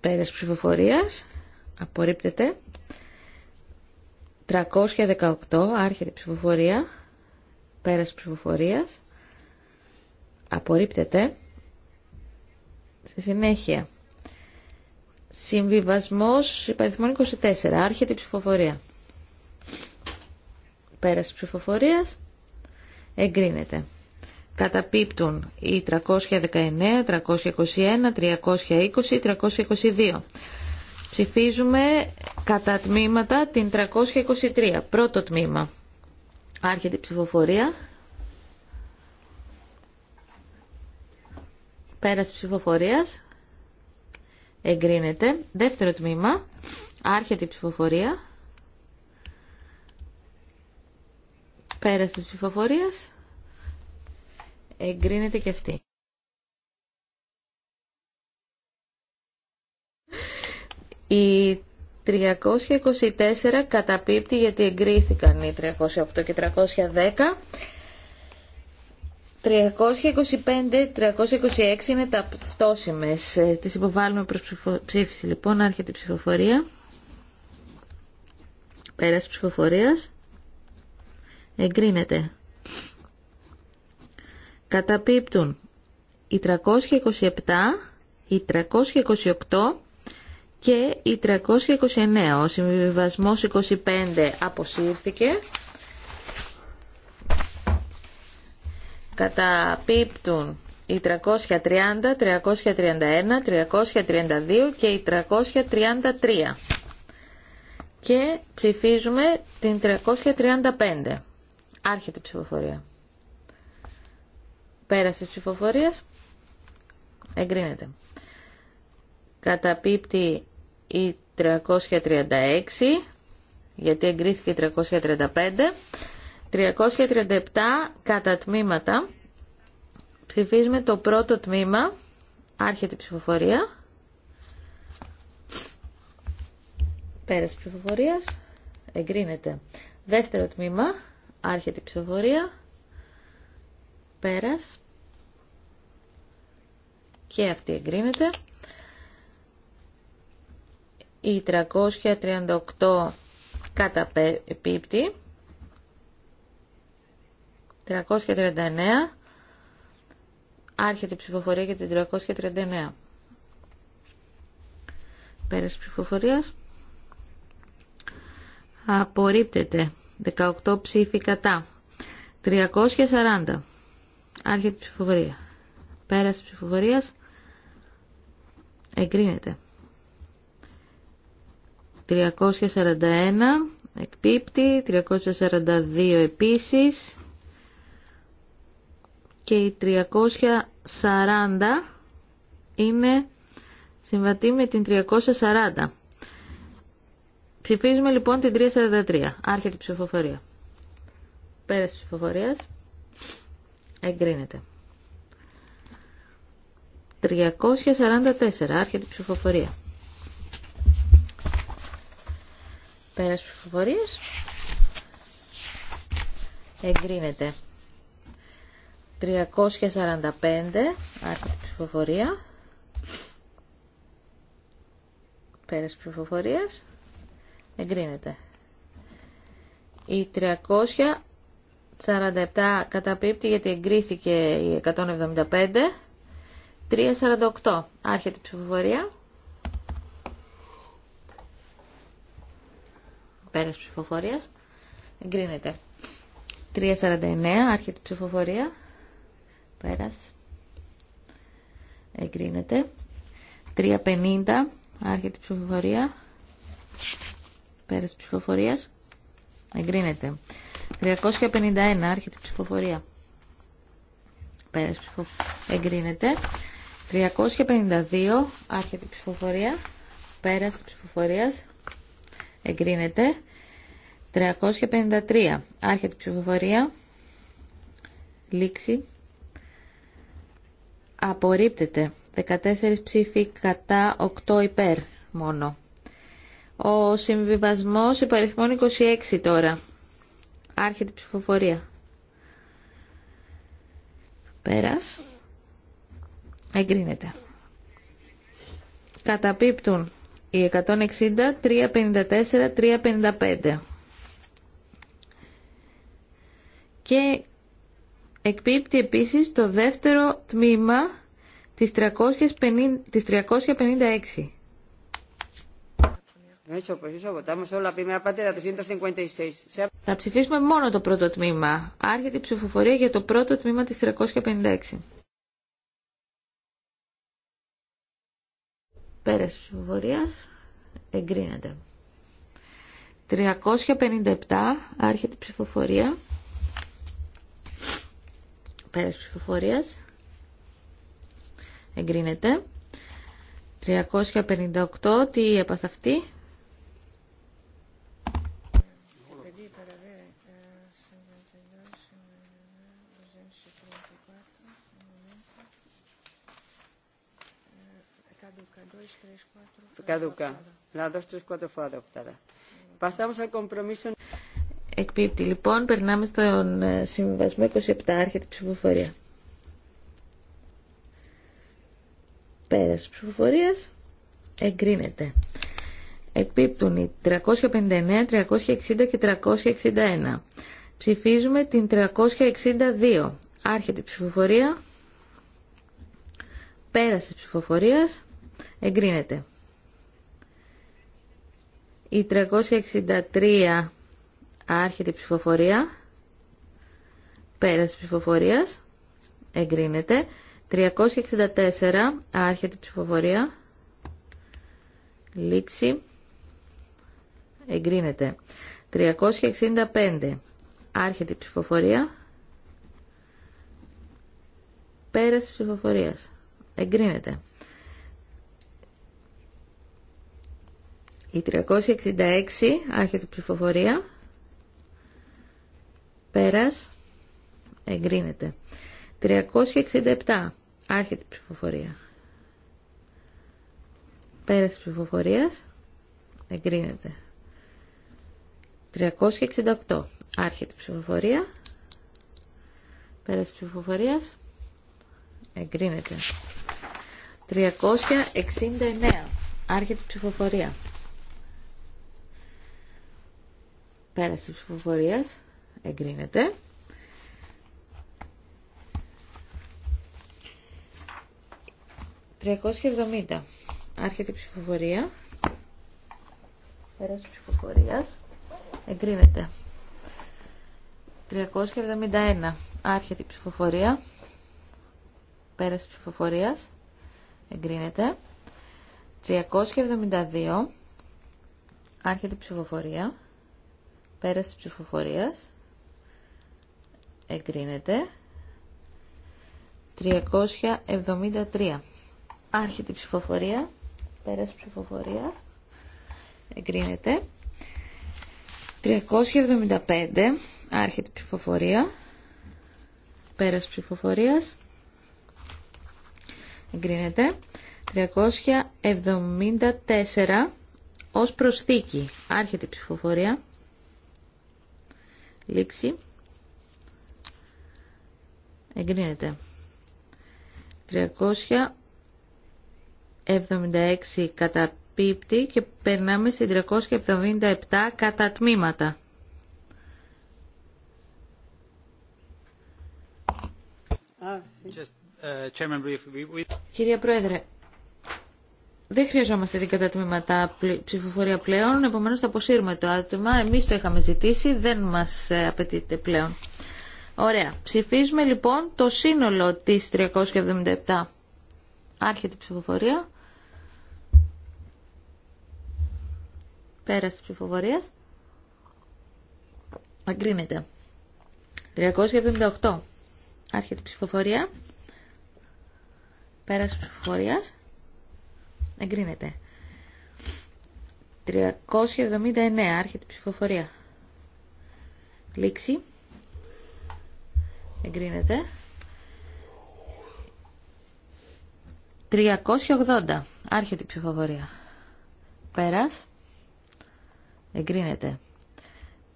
C: Πέρας ψηφοφορίας. Απορρίπτεται. 318. Άρχεται η ψηφοφορία. Πέρας ψηφοφορίας. Απορρίπτεται. Στη συνέχεια. Συμβιβασμός υπαριθμών 24. Άρχεται η ψηφοφορία. Πέραση ψηφοφορίας. Εγκρίνεται. Καταπίπτουν οι 319, 321, 320, 322. Ψηφίζουμε κατά τμήματα την 323. Πρώτο τμήμα. Άρχεται η ψηφοφορία. Πέραση ψηφοφορίας. Εγκρίνεται. Δεύτερο τμήμα. Άρχεται η ψηφοφορία. Πέρας της ψηφοφορίας εγκρίνεται και αυτή. Η 324 καταπίπτει γιατί εγκρίθηκαν οι 308 και 310. 325, 326 είναι τα φτώσιμες. Ε, τις υποβάλλουμε προς ψήφιση λοιπόν, άρχεται η ψηφοφορία. Πέρας ψηφοφορίας εγκρίνεται. Καταπίπτουν οι 327, οι 328 και η 329. Ο συμβιβασμός 25 αποσύρθηκε. Καταπίπτουν οι 330, 331, 332 και η 333. Και ψηφίζουμε την 335. Άρχεται η ψηφοφορία. Πέραση της ψηφοφορίας. Εγκρίνεται. Καταπίπτει η 336, γιατί εγκρίθηκε η 335. 337 κατά τμήματα. Ψηφίζουμε το πρώτο τμήμα. Άρχεται η ψηφοφορία. Πέραση ψηφοφορίας. Εγκρίνεται. Δεύτερο τμήμα. Άρχεται η ψηφοφορία. Πέρας. Και αυτή εγκρίνεται. Η 338 καταπίπτει. 339. Άρχεται η ψηφοφορία για την 339. Πέρας ψηφοφορίας. Απορρίπτεται. 18 ψήφοι κατά. 340. Άρχεται ψηφοφορία. Πέραση ψηφοφορίας. Εγκρίνεται. 341 εκπίπτει, 342 επίσης και η 340 είναι συμβατή με την 340. Ψηφίζουμε λοιπόν την 343. Άρχεται η ψηφοφορία. Πέρας τη ψηφοφορίας. Εγκρίνεται. 344. Άρχεται η ψηφοφορία. Πέρας ψηφοφορίας. Εγκρίνεται. 345. Άρχεται η ψηφοφορία. Πέρας ψηφοφορίας εγκρίνεται. Η 347 καταπίπτει γιατί εγκρίθηκε η 175. 348 άρχεται η ψηφοφορία. Πέρας ψηφοφορίας. Εγκρίνεται. 349 άρχεται η ψηφοφορία. Πέρας. Εγκρίνεται. 350 άρχεται η ψηφοφορία. Πέρας ψηφοφορίας. Εγκρίνεται. 351. Άρχεται ψηφοφορία. Πέρας ψηφοφορία. Εγκρίνεται. 352. Άρχεται ψηφοφορία. Πέρας ψηφοφορίας. Εγκρίνεται. 353. Άρχεται ψηφοφορία. Λήξη. Απορρίπτεται. 14 ψήφοι κατά 8 υπέρ μόνο. Ο συμβιβασμός υπαριθμών 26 τώρα. Άρχεται η ψηφοφορία. Πέρας. Εγκρίνεται. Καταπίπτουν οι 160, 354, 355. Και εκπίπτει επίσης το δεύτερο τμήμα της, της 356. Θα ψηφίσουμε μόνο το πρώτο τμήμα. Άρχεται η ψηφοφορία για το πρώτο τμήμα της 356. Πέρας ψηφοφορία, Εγκρίνεται. 357. Άρχεται η ψηφοφορία. Πέρας ψηφοφορία. Εγκρίνεται. 358. Τι έπαθε αυτή. Εκπίπτει λοιπόν, περνάμε στον ε, συμβασμό 27, άρχεται η ψηφοφορία. Πέραση ψηφοφορία εγκρίνεται. Εκπίπτουν οι 359, 360 και 361. Ψηφίζουμε την 362. Άρχεται η ψηφοφορία. Πέραση ψηφοφορίας εγκρίνεται. Η 363 άρχεται η ψηφοφορία, πέρας ψηφοφορίας, εγκρίνεται. 364 άρχεται η ψηφοφορία, λήξη, εγκρίνεται. 365 άρχεται η ψηφοφορία, πέρας ψηφοφορίας, εγκρίνεται. Η 366 άρχεται ψηφοφορία. Πέρας. Εγκρίνεται. 367 άρχεται ψηφοφορία. Πέρας ψηφοφορίας. Εγκρίνεται. 368 άρχεται ψηφοφορία. Πέρας ψηφοφορίας. Εγκρίνεται. 369 άρχεται ψηφοφορία. Πέραση ψηφοφορίας. Εγκρίνεται. ...370. Άρχεται η ψηφοφορία. Πέραση ψηφοφορία. Εγκρίνεται. 371. Άρχεται η ψηφοφορία. Πέραση ψηφοφορία. Εγκρίνεται. 372. Άρχεται η ψηφοφορία. Πέραση ψηφοφορίας. Εγκρίνεται. 373. Άρχεται ψηφοφορία. Πέραση ψηφοφορίας. Εγκρίνεται. 375. Άρχεται ψηφοφορία. Πέραση ψηφοφορίας. Εγκρίνεται. 374 ως προσθήκη. Άρχεται ψηφοφορία. Λήξη. Εγκρίνεται. 376 κατά πίπτη και περνάμε σε 377 κατά τμήματα.
A: Uh,
C: Κύριε Πρόεδρε, δεν χρειαζόμαστε την κατατμήματα ψηφοφορία πλέον, επομένως θα αποσύρουμε το άτομα. Εμείς το είχαμε ζητήσει, δεν μας ε, απαιτείται πλέον. Ωραία. Ψηφίζουμε λοιπόν το σύνολο της 377. Άρχεται η ψηφοφορία. Πέραση ψηφοφορίας. Αγκρίνεται. 378. Άρχεται η ψηφοφορία. Πέραση ψηφοφορίας. Εγκρίνεται. 379. Άρχεται η ψηφοφορία. Λήξη. Εγκρίνεται. 380. Άρχεται η ψηφοφορία. Πέρας. Εγκρίνεται.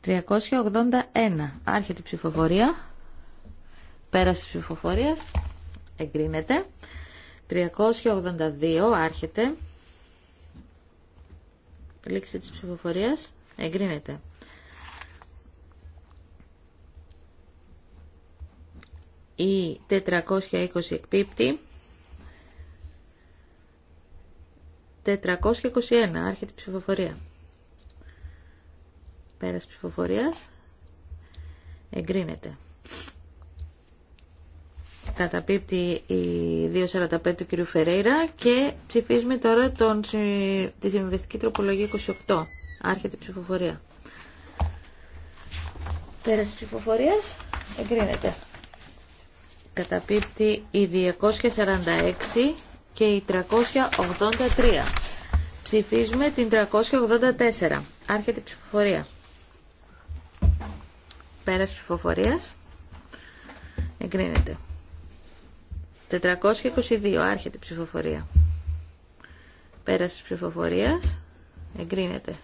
C: 381. Άρχεται η ψηφοφορία. Πέρας της ψηφοφορίας. Εγκρίνεται. 382 άρχεται. Λήξη της ψηφοφορίας. Εγκρίνεται. Η 420 εκπίπτει. 421 άρχεται η ψηφοφορία. Πέρας ψηφοφορίας εγκρίνεται καταπίπτει η 2.45 του κ. Φερέιρα και ψηφίζουμε τώρα τον, τη συμβιβαστική τροπολογία 28. Άρχεται η ψηφοφορία. Πέραση ψηφοφορία εγκρίνεται. Καταπίπτει η 246 και η 383. Ψηφίζουμε την 384. Άρχεται η ψηφοφορία. Πέραση ψηφοφορίας εγκρίνεται. 422. Άρχεται η ψηφοφορία. Πέραση της ψηφοφορίας. Εγκρίνεται.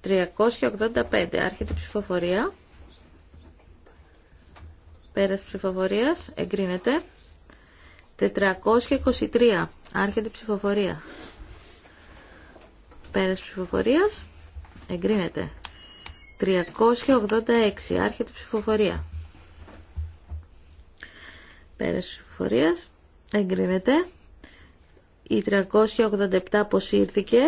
C: 385. Άρχεται η ψηφοφορία. Πέραση ψηφοφορία, Εγκρίνεται. 423. Άρχεται η ψηφοφορία. Πέραση ψηφοφορία. Εγκρίνεται. 386. Άρχεται η ψηφοφορία. Πέρας ψηφοφορίας. Εγκρίνεται. Η 387 αποσύρθηκε.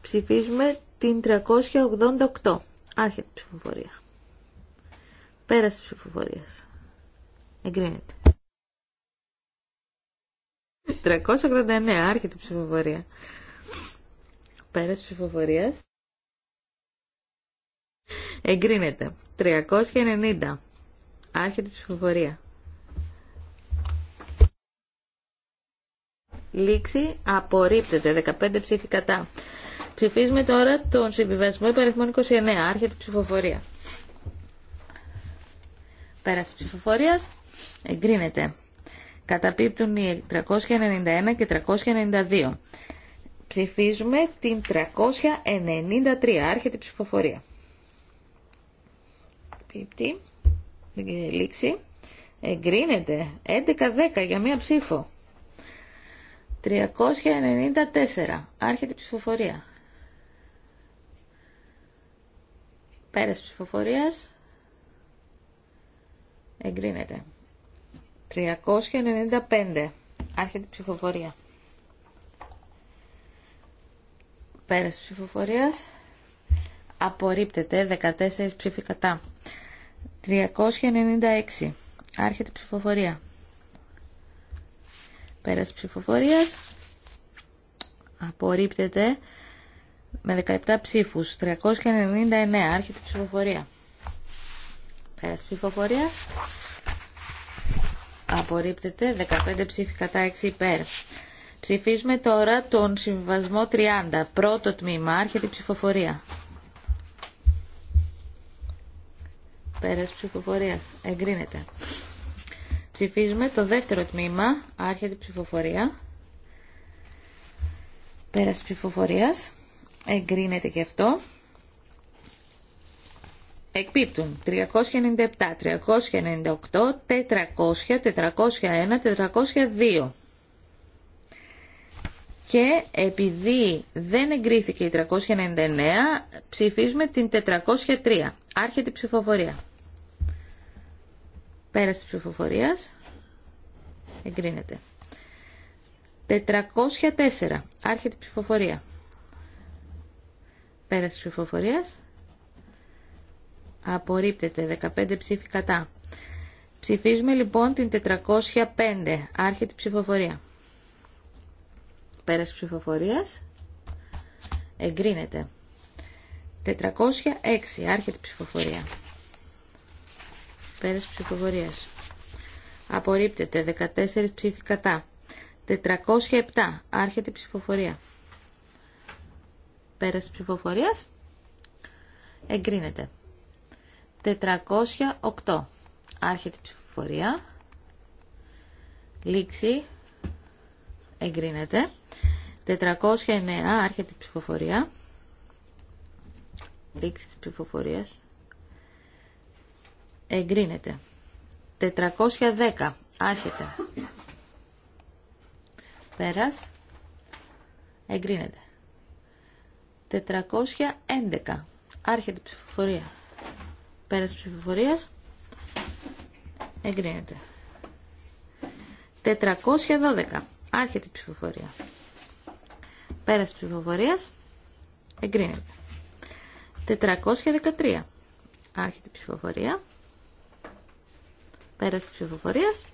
C: Ψηφίζουμε την 388. Άρχεται η ψηφοφορία. Πέρας ψηφοφορίας. Εγκρίνεται. 389. Άρχεται η ψηφοφορία. Πέρας ψηφοφορίας. Εγκρίνεται. 390. Άρχεται η ψηφοφορία. Λήξη. Απορρίπτεται. 15 ψήφοι κατά. Ψηφίζουμε τώρα τον συμβιβασμό υπαριθμών 29. Άρχεται η ψηφοφορία. Πέραση ψηφοφορία. Εγκρίνεται. Καταπίπτουν οι 391 και 392. Ψηφίζουμε την 393. Άρχεται η ψηφοφορία. Πίπτη. Ε, λήξη. Εγκρίνεται. 11-10 για μία ψήφο. 394. Άρχεται η ψηφοφορία. Πέρας ψηφοφορίας. Εγκρίνεται. 395. Άρχεται η ψηφοφορία. Πέρας ψηφοφορίας. Απορρίπτεται. 14 ψήφοι κατά. 396. Άρχεται η ψηφοφορία. Πέρας ψηφοφορίας. Απορρίπτεται με 17 ψήφους. 399. Άρχεται η ψηφοφορία. Πέρας ψηφοφορία Απορρίπτεται 15 ψήφοι κατά 6 υπέρ. Ψηφίζουμε τώρα τον συμβασμό 30. Πρώτο τμήμα. Άρχεται η ψηφοφορία. Πέρας ψηφοφορίας. Εγκρίνεται. Ψηφίζουμε το δεύτερο τμήμα, άρχεται η ψηφοφορία. Πέρας ψηφοφορίας, εγκρίνεται και αυτό. Εκπίπτουν 397, 398, 400, 401, 402. Και επειδή δεν εγκρίθηκε η 399, ψηφίζουμε την 403. Άρχεται η ψηφοφορία. Πέραση ψηφοφορίας. Εγκρίνεται. 404. Άρχεται η ψηφοφορία. Πέραση ψηφοφορίας. Απορρίπτεται. 15 ψήφοι κατά. Ψηφίζουμε λοιπόν την 405. Άρχεται η ψηφοφορία. Πέραση ψηφοφορίας. Εγκρίνεται. 406. Άρχεται η ψηφοφορία. Πέρας ψηφοφορίας. Απορρίπτεται. 14 ψήφοι κατά. 407. Άρχεται ψηφοφορία. Πέρας ψηφοφορίας. Εγκρίνεται. 408. Άρχεται ψηφοφορία. Λήξη. Εγκρίνεται. 409. Άρχεται ψηφοφορία. Λήξη της ψηφοφορίας. Εγκρίνεται. 410. Άρχεται. Πέρας. Εγκρίνεται. 411. Άρχεται ψηφοφορία. Πέρας ψηφοφορίας. Εγκρίνεται. 412. Άρχεται η ψηφοφορία. Πέρας ψηφοφορίας. Εγκρίνεται. 413. Άρχεται η ψηφοφορία. Πέραση της ψηφοφορίας.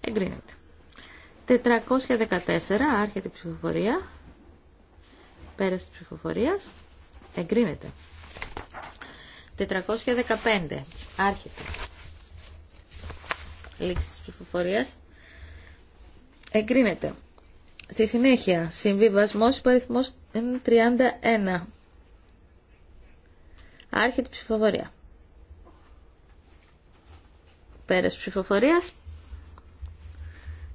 C: Εγκρίνεται. 414. Άρχεται η ψηφοφορία. Πέραση της ψηφοφορίας. Εγκρίνεται. 415. Άρχεται. Λήξη τη ψηφοφορίας. Εγκρίνεται. Στη συνέχεια, συμβιβασμός υπαριθμός 31. Άρχεται η ψηφοφορία. Πέρας ψηφοφορίας.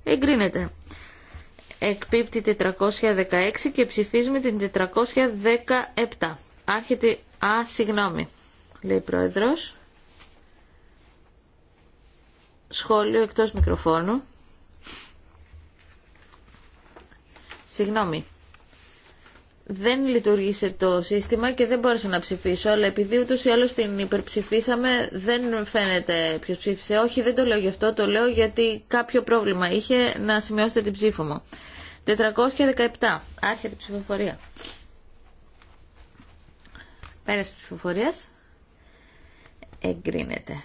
C: Εγκρίνεται. Εκπίπτει 416 και ψηφίζουμε την 417. Άρχεται... Α, συγγνώμη, λέει η Πρόεδρος. Σχόλιο εκτός μικροφώνου. Συγγνώμη δεν λειτουργήσε το σύστημα και δεν μπόρεσα να ψηφίσω, αλλά επειδή ούτως ή άλλως την υπερψηφίσαμε, δεν φαίνεται ποιο ψήφισε. Όχι, δεν το λέω γι' αυτό, το λέω γιατί κάποιο πρόβλημα είχε να σημειώσετε την ψήφο μου. 417. Άρχεται η ψηφοφορία. Πέρασε τη ψηφοφορία. Εγκρίνεται.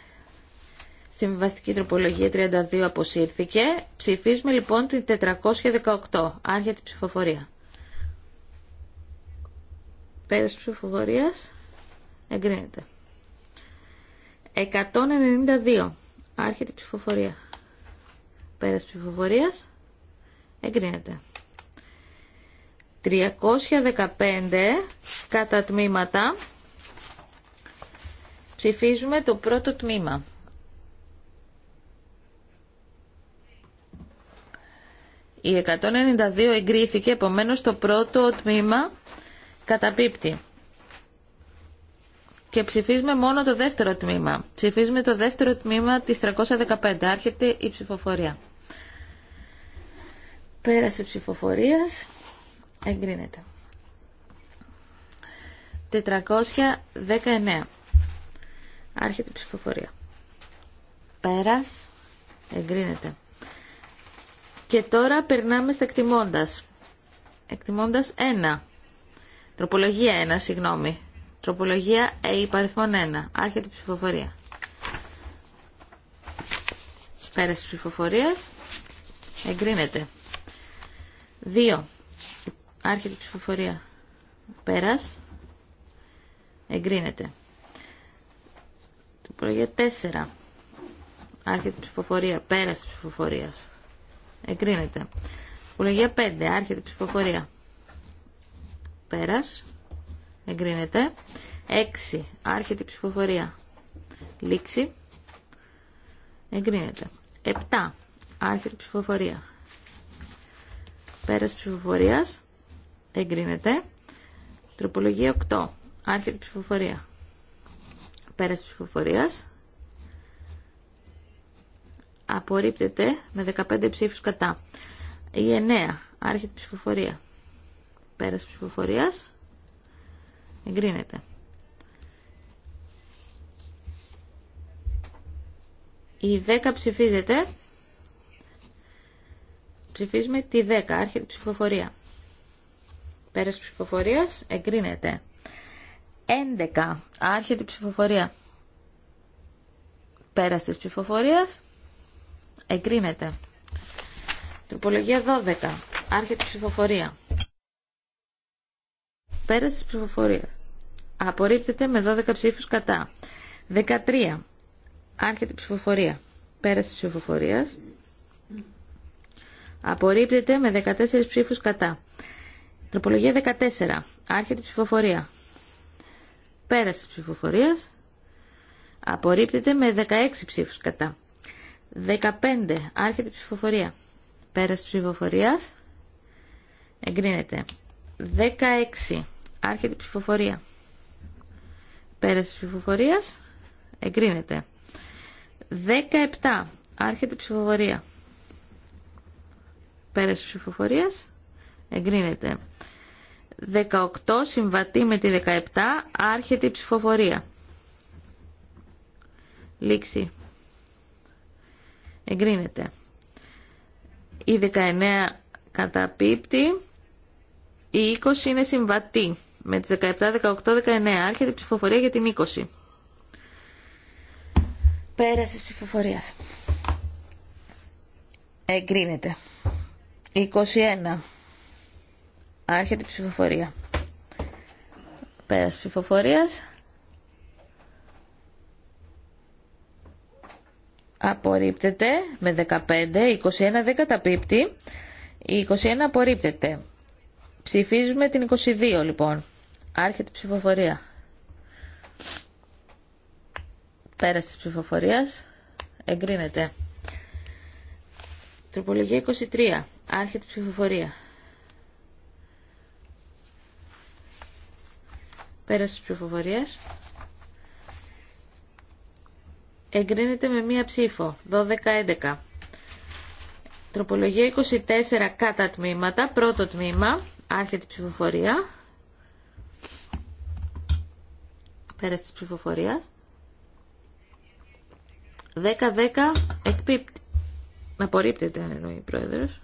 C: Συμβιβαστική τροπολογία 32 αποσύρθηκε. Ψηφίζουμε λοιπόν την 418. Άρχεται η ψηφοφορία. Πέρας ψηφοφορίας εγκρίνεται. 192. Άρχεται η ψηφοφορία. Πέρας ψηφοφορίας εγκρίνεται. 315 κατά τμήματα. Ψηφίζουμε το πρώτο τμήμα. Η 192 εγκρίθηκε, επομένως το πρώτο τμήμα Καταπίπτει. Και ψηφίζουμε μόνο το δεύτερο τμήμα. Ψηφίζουμε το δεύτερο τμήμα της 315. Άρχεται η ψηφοφορία. Πέρασε ψηφοφορίας. Εγκρίνεται. 419. Άρχεται η ψηφοφορία. Πέρας. Εγκρίνεται. Και τώρα περνάμε στα εκτιμώντας. Εκτιμώντας 1. Τροπολογία 1, συγγνώμη. Τροπολογία ε, υπαριθμών 1. Άρχεται η ψηφοφορία. Πέραση ψηφοφορία Εγκρίνεται. 2. Άρχεται η ψηφοφορία. Πέρας. Εγκρίνεται. Τροπολογία 4. Άρχεται η ψηφοφορία. Πέραση ψηφοφορία. Εγκρίνεται. Τροπολογία 5. Άρχεται η ψηφοφορία. Πέρας. Εγκρίνεται. 6. Άρχεται η ψηφοφορία. Λήξη. Εγκρίνεται. 7. Άρχεται η ψηφοφορία. Πέρας ψηφοφορίας. Εγκρίνεται. Τροπολογία 8. Άρχεται η ψηφοφορία. Πέρας ψηφοφορίας. Απορρίπτεται με 15 ψήφους κατά. Η 9. Άρχεται η ψηφοφορία. Πέρας ψηφοφορίας. Εγκρίνεται. Η 10 ψηφίζεται. Ψηφίζουμε τη 10. Άρχεται η ψηφοφορία. Πέρας ψηφοφορίας. Εγκρίνεται. 11. Άρχεται η ψηφοφορία. Πέρας της ψηφοφορίας. Εγκρίνεται. Τροπολογία 12. Άρχεται η ψηφοφορία. Πέραση τη ψηφοφορίας. Απορρίπτεται με 12 ψήφου κατά. 13. Άρχεται η ψηφοφορία. Πέραση τη ψηφοφορίας. Απορρίπτεται με 14 ψήφου κατά. Τροπολογία 14. Άρχεται η ψηφοφορία. Πέραση τη ψηφοφορίας. Απορρίπτεται με 16 ψήφου κατά. 15. Άρχεται η ψηφοφορία. Πέραση τη ψηφοφορίας. Εγκρίνεται. 16. Άρχεται η ψηφοφορία. Πέραση τη ψηφοφορία. Εγκρίνεται. 17. Άρχεται η ψηφοφορία. Πέραση ψηφοφορία. Εγκρίνεται. 18. Συμβατή με τη 17. Άρχεται η ψηφοφορία. Λήξη. Εγκρίνεται. Η 19 καταπίπτει. Η 20 είναι συμβατή με τις 17, 18, 19. Άρχεται η ψηφοφορία για την 20. Πέραση της ψηφοφορίας. Εγκρίνεται. 21. Άρχεται η ψηφοφορία. Πέραση ψηφοφορίας. Απορρίπτεται με 15. 21 δεν καταπίπτει. Η 21 απορρίπτεται. Ψηφίζουμε την 22 λοιπόν. Άρχεται η ψηφοφορία. Πέραση τη ψηφοφορία. Εγκρίνεται. Τροπολογία 23. Άρχεται η ψηφοφορία. Πέραση τη ψηφοφορία. Εγκρίνεται με μία ψήφο. 12-11. Τροπολογία 24 κατά τμήματα. Πρώτο τμήμα. Άρχεται η ψηφοφορία. Πέρας της ψηφοφορίας. 10-10 εκπίπτει. Απορρίπτεται εννοεί η πρόεδρος.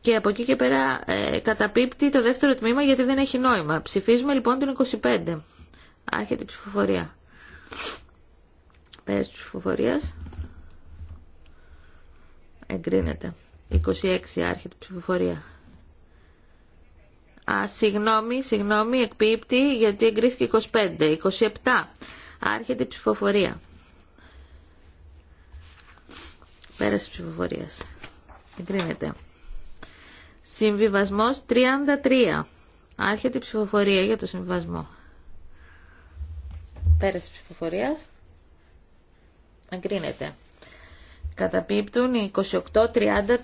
C: Και από εκεί και πέρα ε, καταπίπτει το δεύτερο τμήμα γιατί δεν έχει νόημα. Ψηφίζουμε λοιπόν τον 25. Άρχεται η ψηφοφορία. Πέρας της ψηφοφορίας. Εγκρίνεται. 26 άρχεται ψηφοφορία. Α, συγγνώμη, συγγνώμη, εκπίπτει γιατί εγκρίθηκε 25. 27 άρχεται η ψηφοφορία. Πέραση ψηφοφορία. Εγκρίνεται. Συμβιβασμό 33. Άρχεται η ψηφοφορία για το συμβιβασμό. Πέραση ψηφοφορία. Εγκρίνεται. Καταπίπτουν οι 28, 30, 31,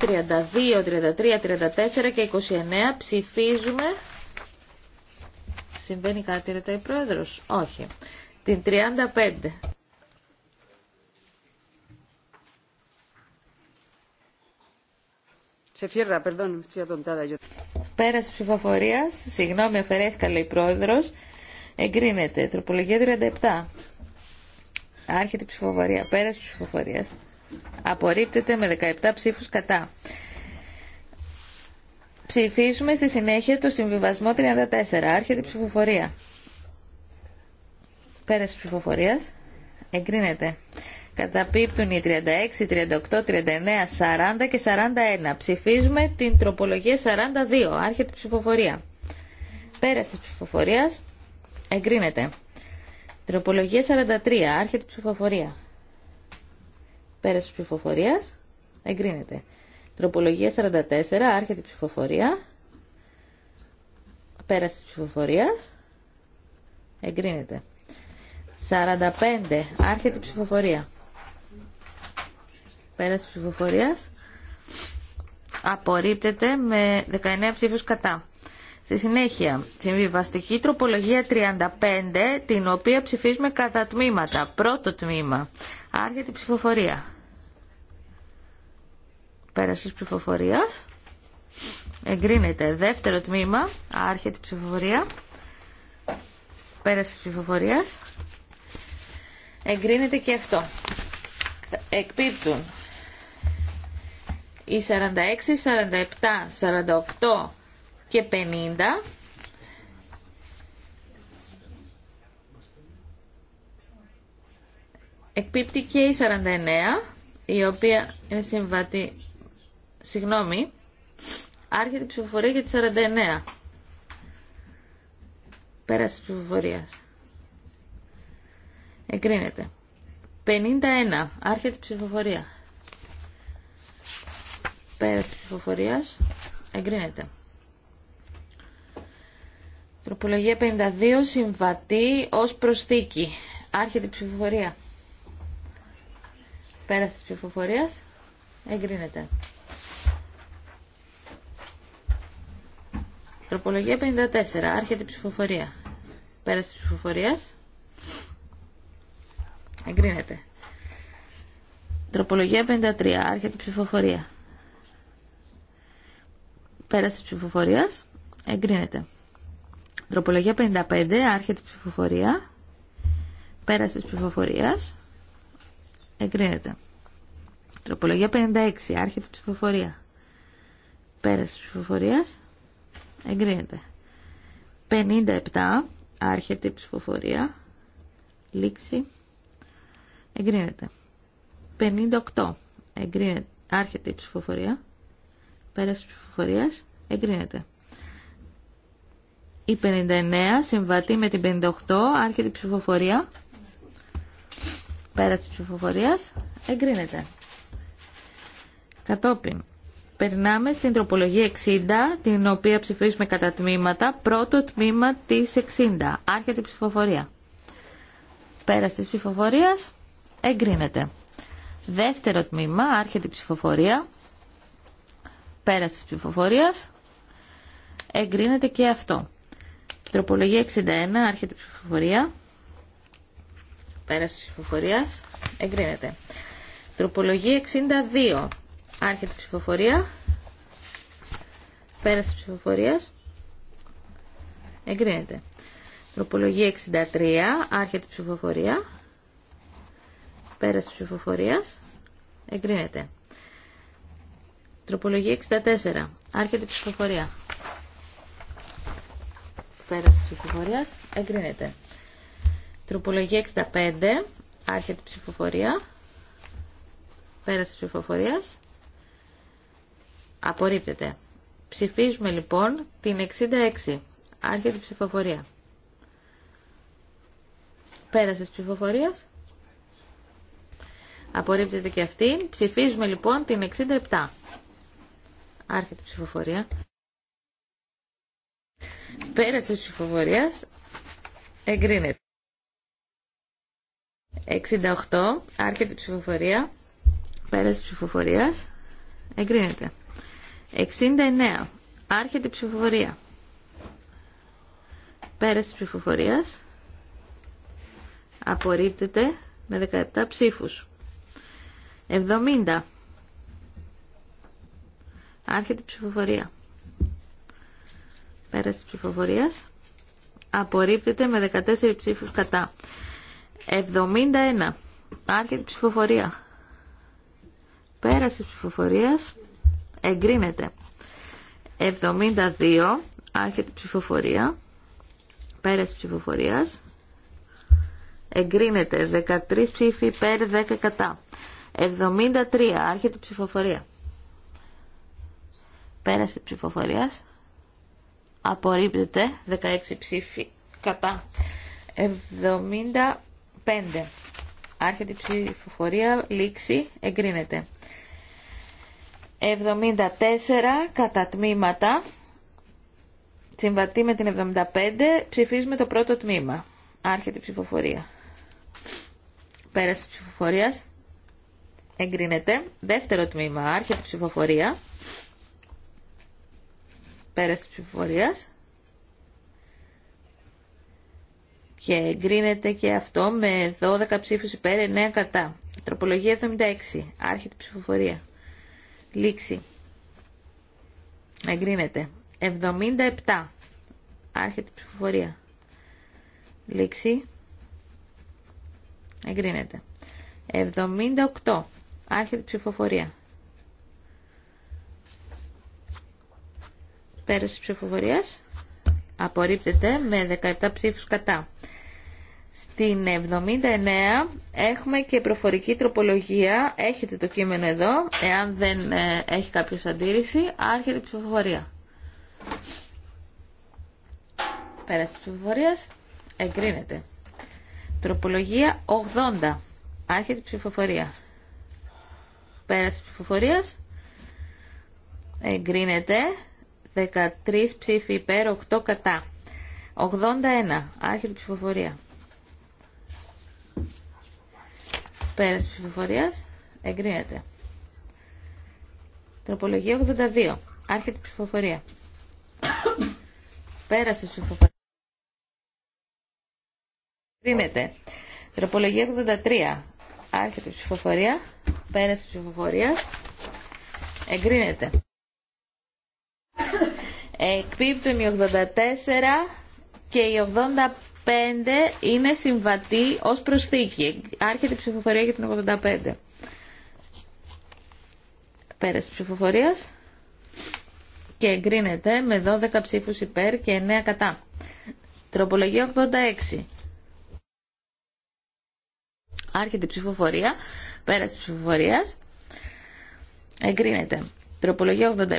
C: 32, 33, 34 και 29. Ψηφίζουμε. Συμβαίνει κάτι, ρωτάει η Πρόεδρος. Όχι. Την 35.
A: Σε φιέρα, perdón,
C: Πέραση ψηφοφορία. Συγγνώμη, αφαιρέθηκα, λέει η Πρόεδρος. Εγκρίνεται. Τροπολογία 37. Άρχεται η ψηφοφορία. Πέρας ψηφοφορίας. Απορρίπτεται με 17 ψήφους κατά. Ψηφίζουμε στη συνέχεια το συμβιβασμό 34. Άρχεται η ψηφοφορία. Πέρας ψηφοφορίας. Εγκρίνεται. Καταπίπτουν οι 36, 38, 39, 40 και 41. Ψηφίζουμε την τροπολογία 42. Άρχεται η ψηφοφορία. Πέραση ψηφοφορίας. Εγκρίνεται. Τροπολογία 43. Άρχεται ψηφοφορία. Πέραση τη ψηφοφορίας. Εγκρίνεται. Τροπολογία 44. Άρχεται ψηφοφορία. Πέραση τη ψηφοφορίας. Εγκρίνεται. 45. Άρχεται η ψηφοφορία. Πέραση ψηφοφορία. ψηφοφορίας. Απορρίπτεται με 19 ψήφους κατά. Στη συνέχεια, συμβιβαστική τροπολογία 35, την οποία ψηφίζουμε κατά τμήματα. Πρώτο τμήμα. Άρχεται η ψηφοφορία. Πέραση ψηφοφορία. Εγκρίνεται. Δεύτερο τμήμα. Άρχεται η ψηφοφορία. Πέραση ψηφοφορία. Εγκρίνεται και αυτό. Εκπίπτουν οι 46, 47, 48, και 50. Εκπίπτει και η 49, η οποία είναι συμβατή. Συγγνώμη, άρχεται η ψηφοφορία για τη 49. Πέραση της ψηφοφορίας. Εγκρίνεται. 51. Άρχεται η ψηφοφορία. Πέραση της ψηφοφορίας. Εγκρίνεται. Τροπολογία 52 συμβατή ως προσθήκη. Άρχεται η ψηφοφορία. Πέραση της ψηφοφορίας. Εγκρίνεται. Τροπολογία 54. Άρχεται η ψηφοφορία. Πέραση της ψηφοφορίας. Εγκρίνεται. Τροπολογία 53. Άρχεται η ψηφοφορία. Πέραση τη ψηφοφορίας. Εγκρίνεται. Τροπολογία 55, άρχεται ψηφοφορία. Πέραση της ψηφοφορίας. Εγκρίνεται. Τροπολογία 56, άρχεται ψηφοφορία. Πέραση της ψηφοφορίας. Εγκρίνεται. 57, άρχεται η ψηφοφορία. Λήξη. Εγκρίνεται. 58, εγκρίνεται. Άρχεται η ψηφοφορία. Πέραση της ψηφοφορίας. Εγκρίνεται. Η 59 συμβατεί με την 58, άρχεται η ψηφοφορία. Πέρα της ψηφοφορίας εγκρίνεται. Κατόπιν, περνάμε στην τροπολογία 60, την οποία ψηφίσουμε κατά τμήματα. Πρώτο τμήμα της 60, άρχεται η ψηφοφορία. Πέραση της ψηφοφορίας εγκρίνεται. Δεύτερο τμήμα, άρχεται η ψηφοφορία. Πέραση της ψηφοφορίας εγκρίνεται και αυτό. Τροπολογία 61, άρχεται η ψηφοφορία. Πέραση ψηφοφορία. Εγκρίνεται. Τροπολογία 62, άρχεται η ψηφοφορία. Πέραση ψηφοφορία. Εγκρίνεται. Τροπολογία 63, άρχεται η ψηφοφορία. Πέραση ψηφοφορία. Εγκρίνεται. Τροπολογία 64, άρχεται η ψηφοφορία. Πέραση της Εγκρίνεται. Τροπολογία 65. Άρχεται ψηφοφορία. Πέραση ψηφοφορία. ψηφοφορίας. Απορρίπτεται. Ψηφίζουμε λοιπόν την 66. Άρχεται ψηφοφορία. Πέρας της ψηφοφορίας. Απορρίπτεται και αυτή. Ψηφίζουμε λοιπόν την 67. Άρχεται ψηφοφορία. Πέρας της ψηφοφορίας εγκρίνεται. 68. Άρχεται η ψηφοφορία. Πέρας της ψηφοφορίας εγκρίνεται. 69. Άρχεται η ψηφοφορία. Πέρας της ψηφοφορίας απορρίπτεται με 17 ψήφους. 70. Άρχεται η ψηφοφορία. Πέρασε τη ψηφοφορίας. Απορρίπτεται με 14 ψήφους κατά. 71. Άρχεται ψηφοφορία. Πέρασε ψηφοφορία. ψηφοφορίας. Εγκρίνεται. 72. Άρχεται ψηφοφορία. Πέρασε ψηφοφορία. ψηφοφορίας. Εγκρίνεται. 13 ψήφοι υπέρ 10 κατά. 73. Άρχεται ψηφοφορία. Πέρασε ψηφοφορίας απορρίπτεται 16 ψήφοι κατά 75 άρχεται η ψηφοφορία λήξη εγκρίνεται 74 κατά τμήματα Συμβατεί με την 75 ψηφίζουμε το πρώτο τμήμα άρχεται η ψηφοφορία πέραση της ψηφοφορίας εγκρίνεται δεύτερο τμήμα άρχεται η ψηφοφορία Πέραση της ψηφοφορίας. Και εγκρίνεται και αυτό με 12 ψήφους υπέρ 9 κατά. Τροπολογία 76. Άρχεται ψηφοφορία. Λήξη. Εγκρίνεται. 77. Άρχεται ψηφοφορία. Λήξη. Εγκρίνεται. 78. Άρχεται ψηφοφορία. Πέραση ψηφοφορία. Απορρίπτεται με 17 ψήφους κατά. Στην 79 έχουμε και προφορική τροπολογία. Έχετε το κείμενο εδώ. Εάν δεν ε, έχει κάποιο αντίρρηση, άρχεται η ψηφοφορία. Πέραση ψηφοφορία. Εγκρίνεται. Τροπολογία 80. Άρχεται η ψηφοφορία. Πέραση ψηφοφορία. Εγκρίνεται 13 ψήφοι υπέρ, 8 κατά. 81. Άρχεται ψηφοφορία. Πέρας ψηφοφορίας. Εγκρίνεται. Τροπολογία 82. Άρχεται ψηφοφορία. Πέρασε ψηφοφορία. Εγκρίνεται. Τροπολογία 83. Άρχεται ψηφοφορία. Πέρασε ψηφοφορία. Εγκρίνεται. Εκπίπτουν οι 84 και οι 85 είναι συμβατοί ως προσθήκη. Άρχεται η ψηφοφορία για την 85. Πέρασε τη ψηφοφορία και εγκρίνεται με 12 ψήφους υπέρ και 9 κατά. Τροπολογία 86. Άρχεται η ψηφοφορία, πέραση ψηφοφορία. εγκρίνεται. Τροπολογία 87,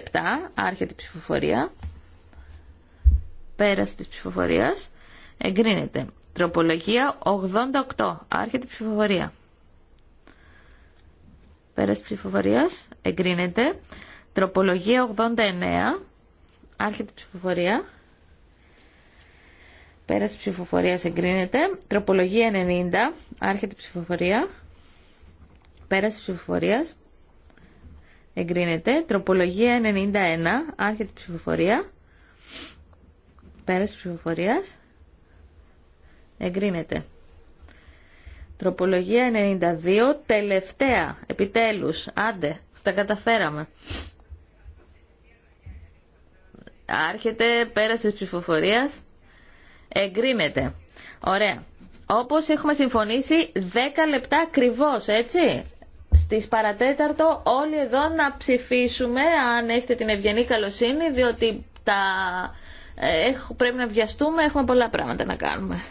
C: άρχεται η ψηφοφορία. Πέρας της ψηφοφορίας. Εγκρίνεται. Τροπολογία 88, άρχεται η ψηφοφορία. Πέρας της ψηφοφορίας. Εγκρίνεται. Τροπολογία 89, άρχεται η ψηφοφορία. Πέρας της ψηφοφορίας εγκρίνεται. Τροπολογία 90, άρχεται η ψηφοφορία. Πέρας της ψηφοφορίας Εγκρίνεται. Τροπολογία 91. Άρχεται ψηφοφορία. Πέρας ψηφοφορίας. Εγκρίνεται. Τροπολογία 92. Τελευταία. Επιτέλους. Άντε. Τα καταφέραμε. Άρχεται. Πέρας ψηφοφορίας. Εγκρίνεται. Ωραία. Όπως έχουμε συμφωνήσει 10 λεπτά ακριβώς, έτσι στις παρατέταρτο όλοι εδώ να ψηφίσουμε αν έχετε την ευγενή καλοσύνη διότι τα... Ε, πρέπει να βιαστούμε, έχουμε πολλά πράγματα να κάνουμε.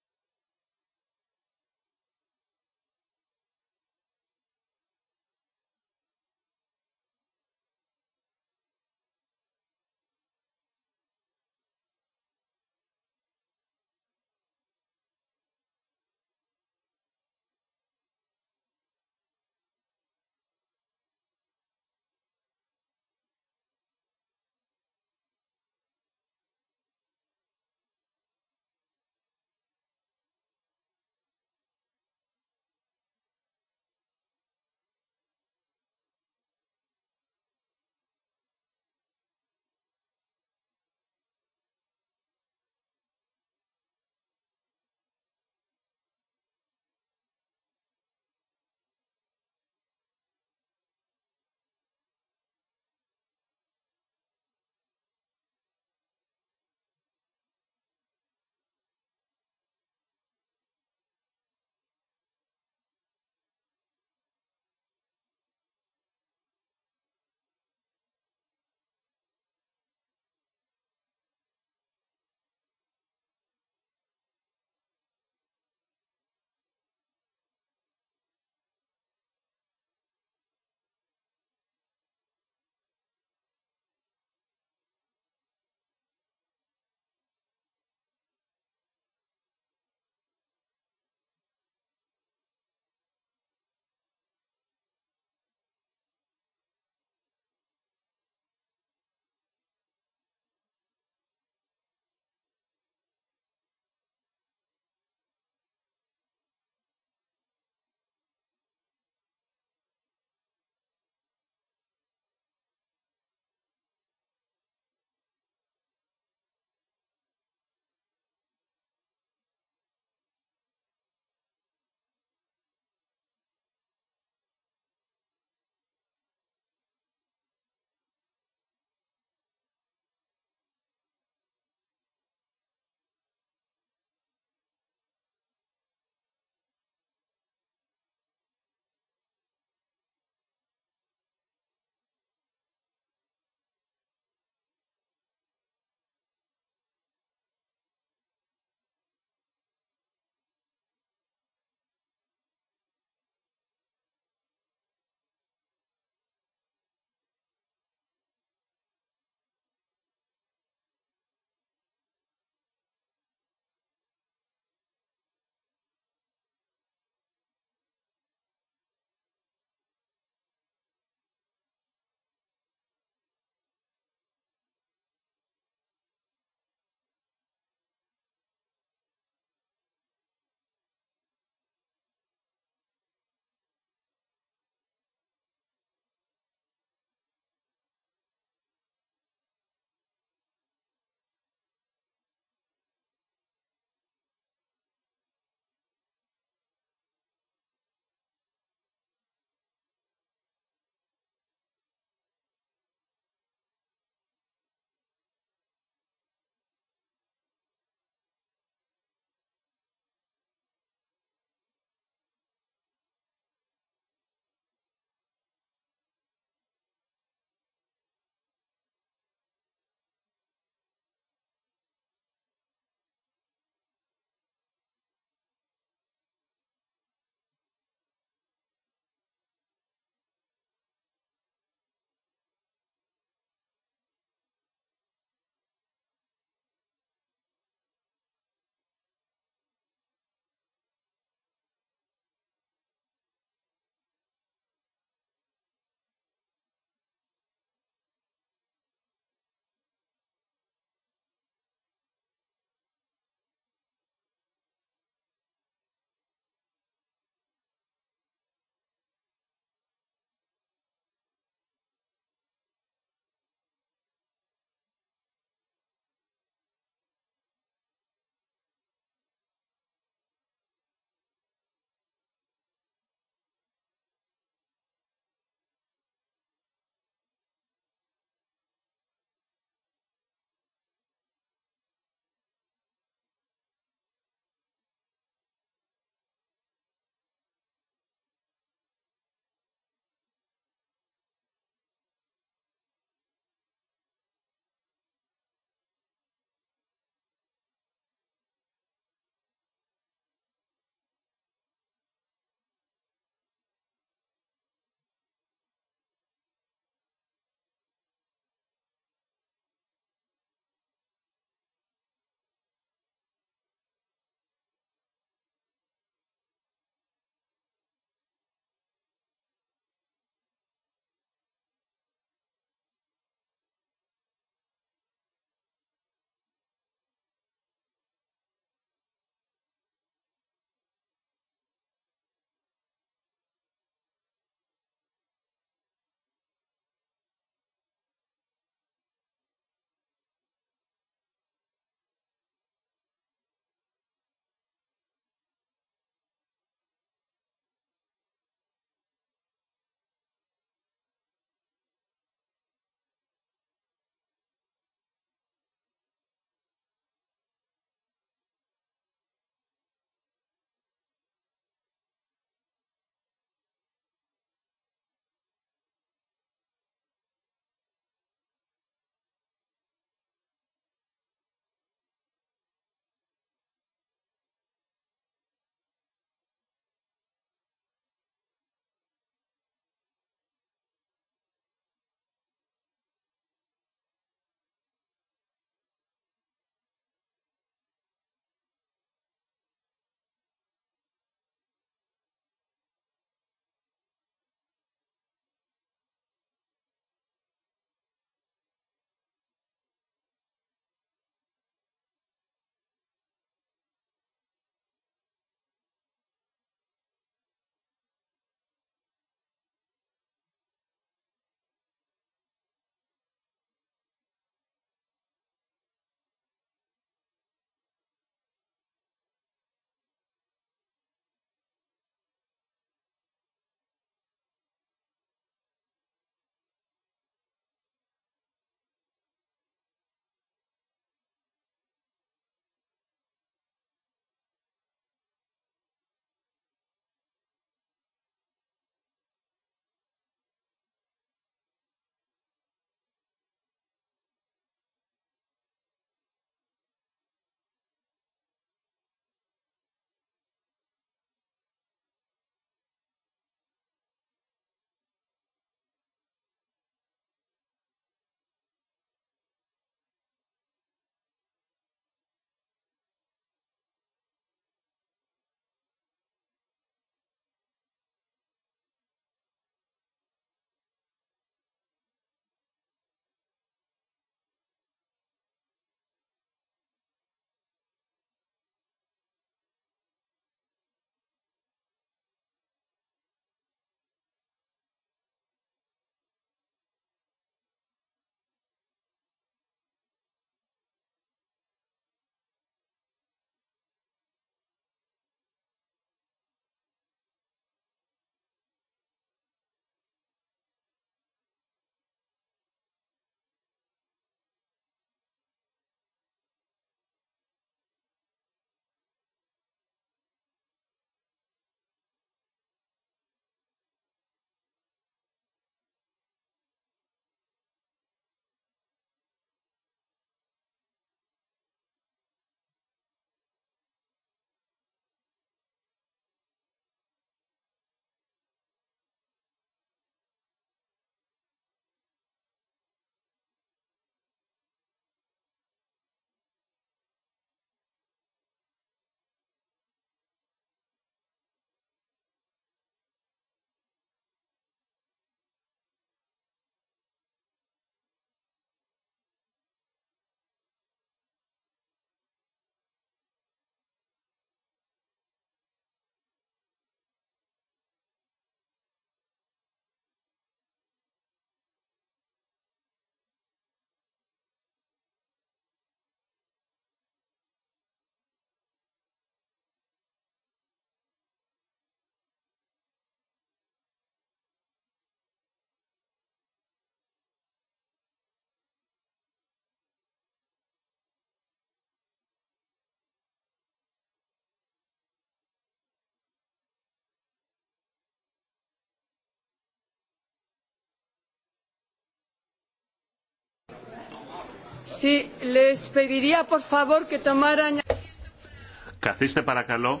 B: Καθίστε παρακαλώ.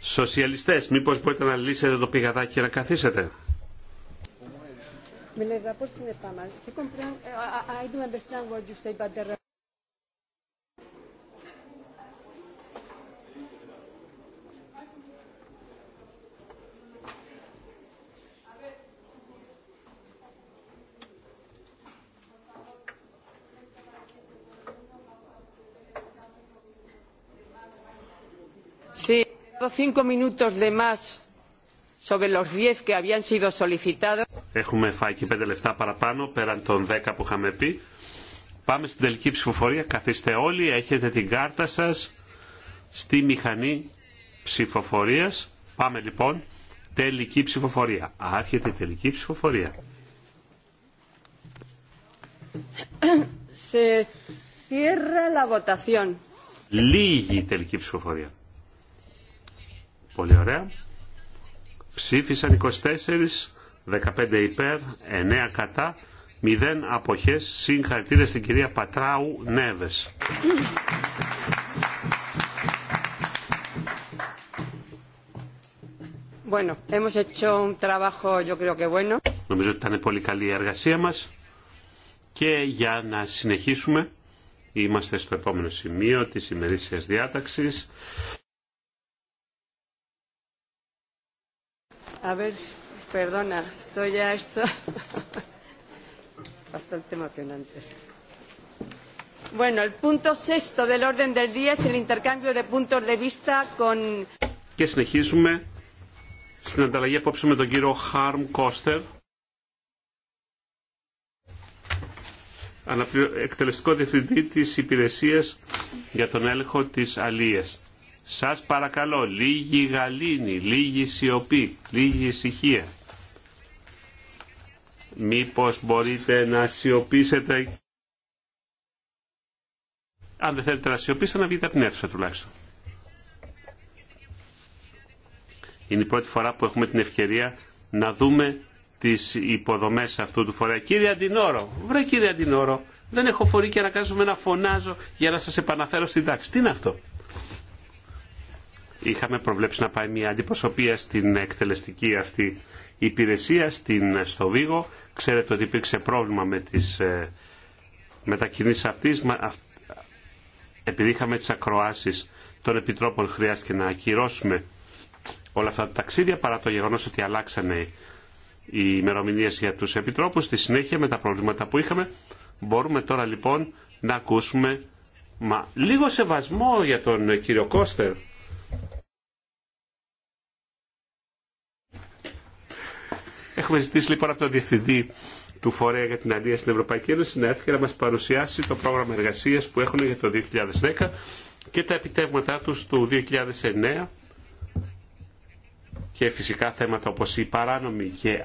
B: Σοσιαλιστές, μήπως μπορείτε να λύσετε το πηγαδάκι και να καθίσετε.
A: cinco minutos de más sobre los diez que habían sido solicitados.
B: Έχουμε φάει και πέντε λεφτά παραπάνω πέραν των δέκα που είχαμε πει. Πάμε στην τελική ψηφοφορία. Καθίστε όλοι, έχετε την κάρτα σας στη μηχανή ψηφοφορίας. Πάμε λοιπόν, τελική ψηφοφορία. Άρχεται η τελική ψηφοφορία.
A: Σε cierra
B: Λίγη τελική ψηφοφορία. Πολύ ωραία. Ψήφισαν 24, 15 υπέρ, 9 κατά, 0 αποχές. Συγχαρητήρια στην κυρία Πατράου Νέβες.
A: Bueno, hemos hecho un trabajo, yo creo que bueno.
B: Νομίζω ότι ήταν πολύ καλή η εργασία μας και για να συνεχίσουμε είμαστε στο επόμενο σημείο της ημερήσιας διάταξης. ver, Και συνεχίζουμε στην ανταλλαγή απόψε με τον κύριο Χάρμ Κώστερ, εκτελεστικό διευθυντή της Υπηρεσίας για τον έλεγχο της σας παρακαλώ, λίγη γαλήνη, λίγη σιωπή, λίγη ησυχία. Μήπως μπορείτε να σιωπήσετε. Αν δεν θέλετε να σιωπήσετε, να βγείτε από την αίθουσα τουλάχιστον. Είναι η πρώτη φορά που έχουμε την ευκαιρία να δούμε τις υποδομές αυτού του φορέα. Κύριε Αντινόρο, βρε κύριε Αντινόρο, δεν έχω φορεί και να κάνω να φωνάζω για να σας επαναφέρω στην τάξη. Τι είναι αυτό είχαμε προβλέψει να πάει μια αντιπροσωπεία στην εκτελεστική αυτή υπηρεσία στην, στο Βίγο. Ξέρετε ότι υπήρξε πρόβλημα με τις ε, μετακινήσεις αυτής. επειδή είχαμε τις ακροάσεις των επιτρόπων χρειάστηκε να ακυρώσουμε όλα αυτά τα ταξίδια παρά το γεγονός ότι αλλάξανε οι ημερομηνίε για τους επιτρόπους. Στη συνέχεια με τα προβλήματα που είχαμε μπορούμε τώρα λοιπόν να ακούσουμε μα, λίγο σεβασμό για τον κύριο Κώστερ Έχουμε ζητήσει λοιπόν από τον Διευθυντή του Φορέα για την Αλία στην Ευρωπαϊκή Ένωση να έρθει και να μας παρουσιάσει το πρόγραμμα εργασία που έχουν για το 2010 και τα επιτεύγματά του του 2009 και φυσικά θέματα όπως η παράνομη και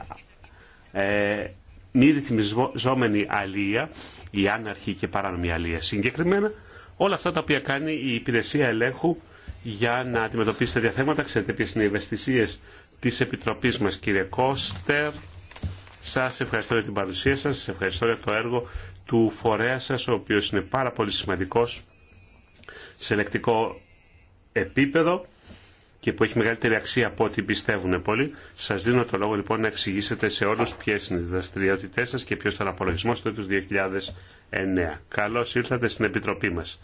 B: ε, μη ρυθμιζόμενη αλία, η άναρχη και παράνομη αλία συγκεκριμένα, όλα αυτά τα οποία κάνει η υπηρεσία ελέγχου για να αντιμετωπίσει διαθέματα, Ξέρετε ποιε είναι οι ευαισθησίε της Επιτροπής μας κύριε Κώστερ. Σας ευχαριστώ για την παρουσία σας, σας ευχαριστώ για το έργο του φορέα σας, ο οποίος είναι πάρα πολύ σημαντικός σε ελεκτικό επίπεδο και που έχει μεγαλύτερη αξία από ό,τι πιστεύουν πολλοί. Σας δίνω το λόγο λοιπόν να εξηγήσετε σε όλους ποιε είναι οι δραστηριότητέ σα και ποιο ήταν ο απολογισμό του 2009. Καλώ ήρθατε στην Επιτροπή μας.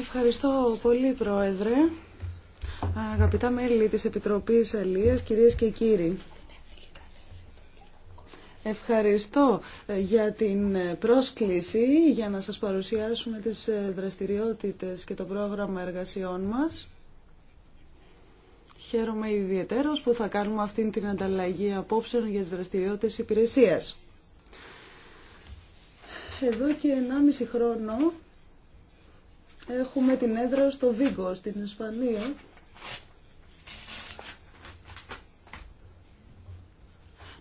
D: Ευχαριστώ πολύ, Πρόεδρε. Αγαπητά μέλη της Επιτροπής Αλίας, κυρίες και κύριοι. Ευχαριστώ ε, για την ε, πρόσκληση για να σας παρουσιάσουμε τις ε, δραστηριότητες και το πρόγραμμα εργασιών μας. Χαίρομαι ιδιαιτέρως που θα κάνουμε αυτή την ανταλλαγή απόψεων για τις δραστηριότητες υπηρεσίας. Εδώ και 1,5 χρόνο Έχουμε την έδρα στο Βίγκο, στην Ισπανία.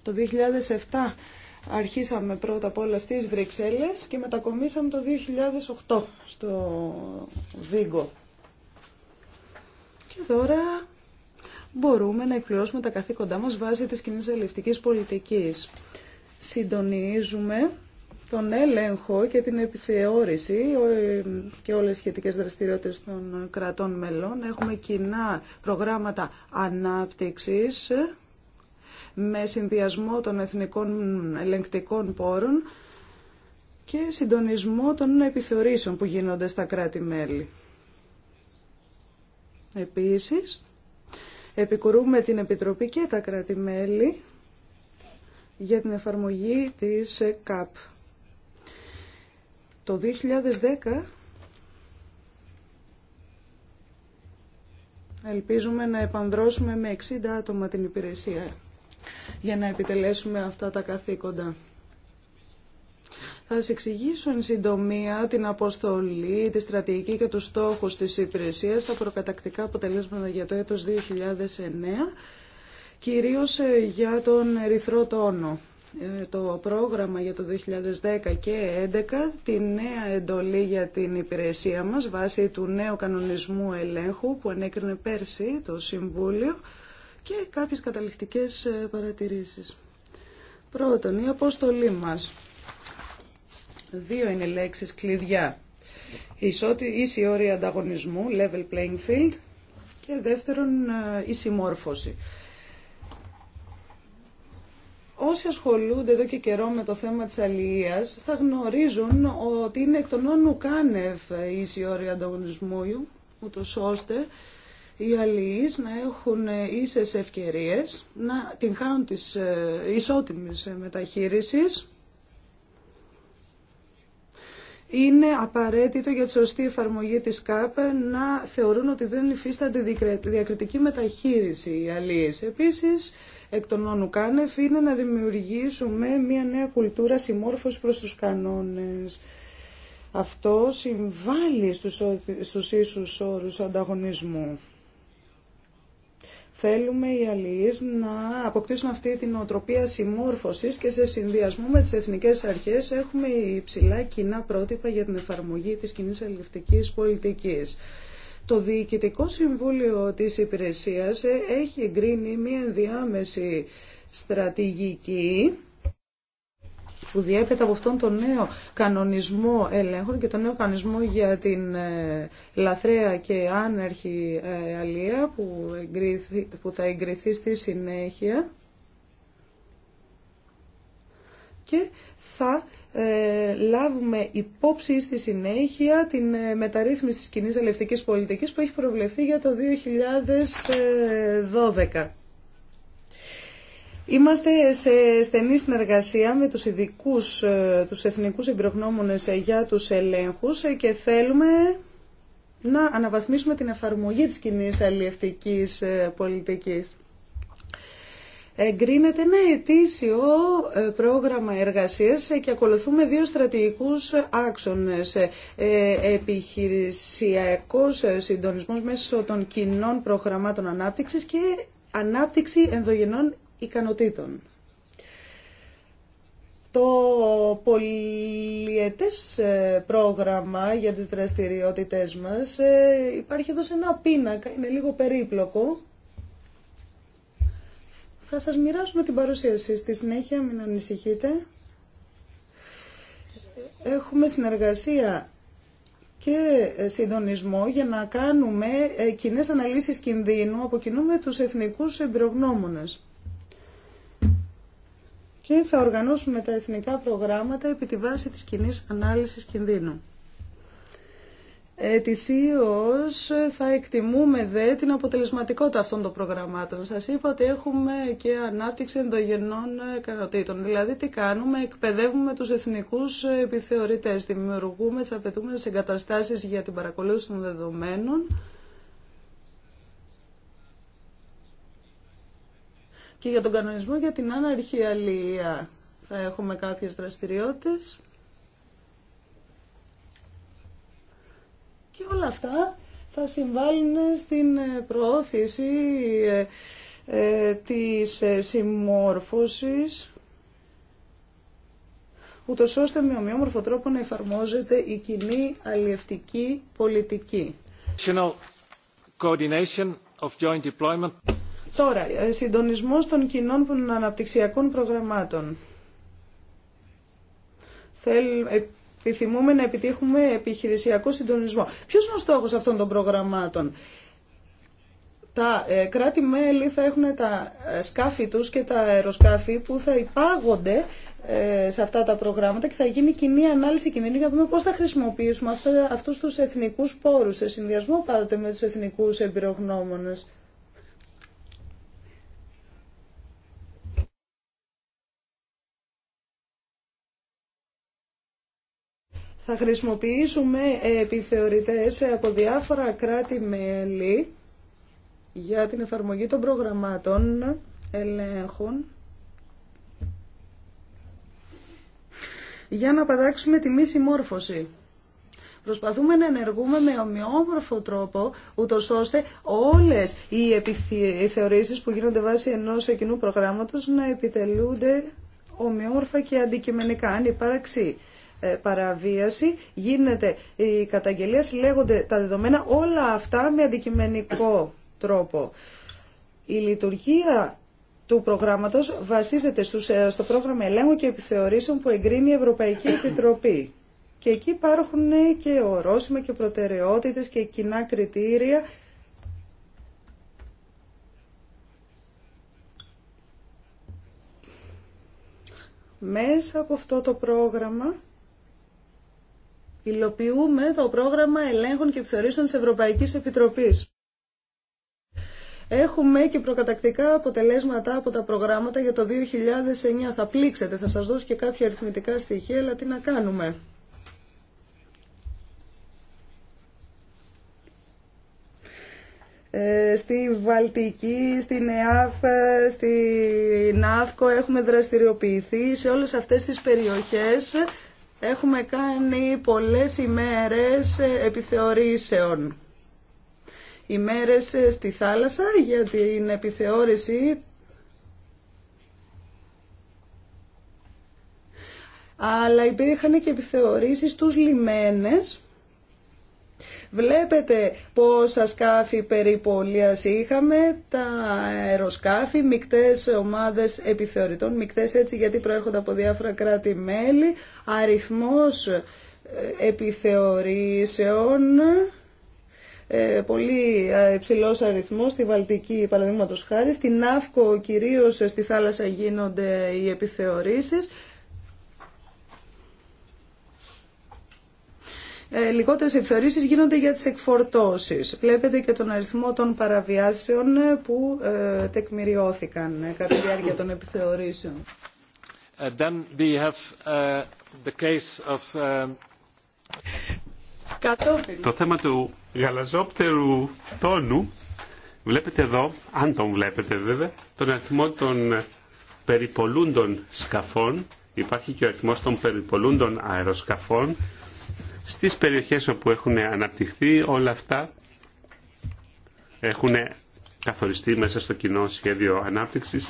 D: Το 2007 αρχίσαμε πρώτα απ' όλα στις Βρυξέλλες και μετακομίσαμε το 2008 στο Βίγκο. Και τώρα μπορούμε να εκπληρώσουμε τα καθήκοντά μας βάσει της κοινής αλληλευτικής πολιτικής. Συντονίζουμε τον έλεγχο και την επιθεώρηση ε, και όλες οι σχετικές δραστηριότητες των κρατών μελών. Έχουμε κοινά προγράμματα ανάπτυξης με συνδυασμό των εθνικών ελεγκτικών πόρων και συντονισμό των επιθεωρήσεων που γίνονται στα κράτη-μέλη. Επίσης, επικουρούμε την Επιτροπή και τα κράτη-μέλη για την εφαρμογή της ΚΑΠ. Το 2010 ελπίζουμε να επανδρώσουμε με 60 άτομα την υπηρεσία για να επιτελέσουμε αυτά τα καθήκοντα. Θα σας εξηγήσω εν συντομία την αποστολή, τη στρατηγική και τους στόχους της υπηρεσίας, τα προκατακτικά αποτελέσματα για το έτος 2009, κυρίως ε, για τον ερυθρό τόνο. Ε, το πρόγραμμα για το 2010 και 2011 τη νέα εντολή για την υπηρεσία μας βάσει του νέου κανονισμού ελέγχου που ανέκρινε πέρσι το Συμβούλιο και κάποιες καταληκτικές ε, παρατηρήσεις. Πρώτον, η αποστολή μας. Δύο είναι λέξεις κλειδιά. Ίση όρια ανταγωνισμού, level playing field και δεύτερον ε, η συμμόρφωση. Όσοι ασχολούνται εδώ και καιρό με το θέμα της αλληλείας θα γνωρίζουν ότι είναι εκ των όνου κάνευ ίση όρια ανταγωνισμού, ούτως ώστε οι αλληλείς να έχουν ίσες ευκαιρίες, να την χάνουν της ε, ισότιμης μεταχείρισης. Είναι απαραίτητο για τη σωστή εφαρμογή της ΚΑΠ να θεωρούν ότι δεν υφίστανται διακριτική μεταχείριση οι αλληλείς. Επίσης, εκ των είναι να δημιουργήσουμε μια νέα κουλτούρα συμμόρφωση προς τους κανόνες. Αυτό συμβάλλει στους, στους ίσους όρους ανταγωνισμού. Θέλουμε οι αλληλείς να αποκτήσουν αυτή την οτροπία συμμόρφωσης και σε συνδυασμό με τις εθνικές αρχές έχουμε υψηλά κοινά πρότυπα για την εφαρμογή της κοινής αλληλευτικής πολιτικής. Το Διοικητικό Συμβούλιο της Υπηρεσίας έχει εγκρίνει μια ενδιάμεση στρατηγική που διέπεται από αυτόν τον νέο κανονισμό ελέγχων και τον νέο κανονισμό για την ε, λαθρέα και άνερχη ε, αλία που, που θα εγκριθεί στη συνέχεια και θα ε, λάβουμε υπόψη στη συνέχεια την ε, μεταρρύθμιση της κοινής ελευτικής πολιτικής που έχει προβλεφθεί για το 2012. Ε, Είμαστε σε στενή συνεργασία με τους ειδικούς, τους εθνικούς εμπειρογνώμονες για τους ελέγχους και θέλουμε να αναβαθμίσουμε την εφαρμογή της κοινή αλληλευτικής πολιτικής εγκρίνεται ένα ετήσιο ε, πρόγραμμα εργασίας ε, και ακολουθούμε δύο στρατηγικούς άξονες. Ε, επιχειρησιακός συντονισμός μέσω των κοινών προγραμμάτων ανάπτυξης και ανάπτυξη ενδογενών ικανοτήτων. Το πολιετές πρόγραμμα για τις δραστηριότητες μας υπάρχει εδώ σε ένα πίνακα, είναι λίγο περίπλοκο. Θα σας μοιράσουμε την παρουσίαση. Στη συνέχεια, μην ανησυχείτε. Έχουμε συνεργασία και συντονισμό για να κάνουμε ε, κοινέ αναλύσεις κινδύνου από κοινού με τους εθνικούς εμπειρογνώμονες. Και θα οργανώσουμε τα εθνικά προγράμματα επί τη βάση της κοινή ανάλυσης κινδύνου. Ετησίως θα εκτιμούμε δε την αποτελεσματικότητα αυτών των προγραμμάτων. Σας είπα ότι έχουμε και ανάπτυξη ενδογενών ικανοτήτων. Δηλαδή τι κάνουμε, εκπαιδεύουμε τους εθνικούς επιθεωρητές, δημιουργούμε τις απαιτούμενες εγκαταστάσεις για την παρακολούθηση των δεδομένων και για τον κανονισμό για την αναρχιαλία θα έχουμε κάποιες δραστηριότητες. Και όλα αυτά θα συμβάλλουν στην ε, προώθηση ε, ε, της συμμόρφωσης ούτω ώστε με ομοιόμορφο τρόπο να εφαρμόζεται η κοινή αλλιευτική πολιτική. Of Τώρα, συντονισμός των κοινών αναπτυξιακών προγραμμάτων. Θέλ, επιθυμούμε να επιτύχουμε επιχειρησιακό συντονισμό. Ποιο είναι ο στόχο αυτών των προγραμμάτων. Τα ε, κράτη-μέλη θα έχουν τα ε, σκάφη τους και τα αεροσκάφη που θα υπάγονται ε, σε αυτά τα προγράμματα και θα γίνει κοινή ανάλυση κινδύνου για να δούμε πώς θα χρησιμοποιήσουμε αυτού του εθνικούς πόρους σε συνδυασμό πάντοτε με του εθνικού εμπειρογνώμονε. Θα χρησιμοποιήσουμε επιθεωρητές από διάφορα κράτη-μέλη για την εφαρμογή των προγραμμάτων ελέγχων για να πατάξουμε τη μη συμμόρφωση. Προσπαθούμε να ενεργούμε με ομοιόμορφο τρόπο, ούτω ώστε όλε οι επιθεωρήσεις που γίνονται βάσει ενό κοινού προγράμματο να επιτελούνται ομοιόμορφα και αντικειμενικά. Αν υπάρξει ε, παραβίαση, γίνεται η καταγγελία, συλλέγονται τα δεδομένα, όλα αυτά με αντικειμενικό τρόπο. Η λειτουργία του προγράμματος βασίζεται ε, στο πρόγραμμα ελέγχου και επιθεωρήσεων που εγκρίνει η Ευρωπαϊκή Επιτροπή. Και εκεί υπάρχουν και ορόσημα και προτεραιότητες και κοινά κριτήρια μέσα από αυτό το πρόγραμμα υλοποιούμε το πρόγραμμα ελέγχων και επιθεωρήσεων της Ευρωπαϊκής Επιτροπής. Έχουμε και προκατακτικά αποτελέσματα από τα προγράμματα για το 2009. Θα πλήξετε, θα σας δώσω και κάποια αριθμητικά στοιχεία, αλλά τι να κάνουμε. Ε, στη Βαλτική, στη ΕΑΦ, στη ΝΑΦΚΟ έχουμε δραστηριοποιηθεί σε όλες αυτές τις περιοχές Έχουμε κάνει πολλές ημέρες επιθεωρήσεων. Ημέρες στη θάλασσα για την επιθεώρηση αλλά υπήρχαν και επιθεωρήσεις στους λιμένες Βλέπετε πόσα σκάφη περιπολίας είχαμε, τα αεροσκάφη, μικτές ομάδες επιθεωρητών, μικτές έτσι γιατί προέρχονται από διάφορα κράτη-μέλη, αριθμός ε, επιθεωρήσεων, ε, πολύ ε, υψηλό αριθμό στη Βαλτική, παραδείγματο χάρη. Στην Αύκο κυρίως στη θάλασσα γίνονται οι επιθεωρήσεις. Ε, λιγότερες επιθεωρήσεις γίνονται για τις εκφορτώσεις. Βλέπετε και τον αριθμό των παραβιάσεων ε, που ε, τεκμηριώθηκαν κατά τη διάρκεια των επιθεωρήσεων.
B: Then we have Το θέμα του γαλαζόπτερου τόνου βλέπετε εδώ, αν τον βλέπετε βέβαια, τον αριθμό των περιπολούντων σκαφών. Υπάρχει και ο αριθμός των περιπολούντων αεροσκαφών στις περιοχές όπου έχουν αναπτυχθεί όλα αυτά έχουν καθοριστεί μέσα στο κοινό σχέδιο ανάπτυξης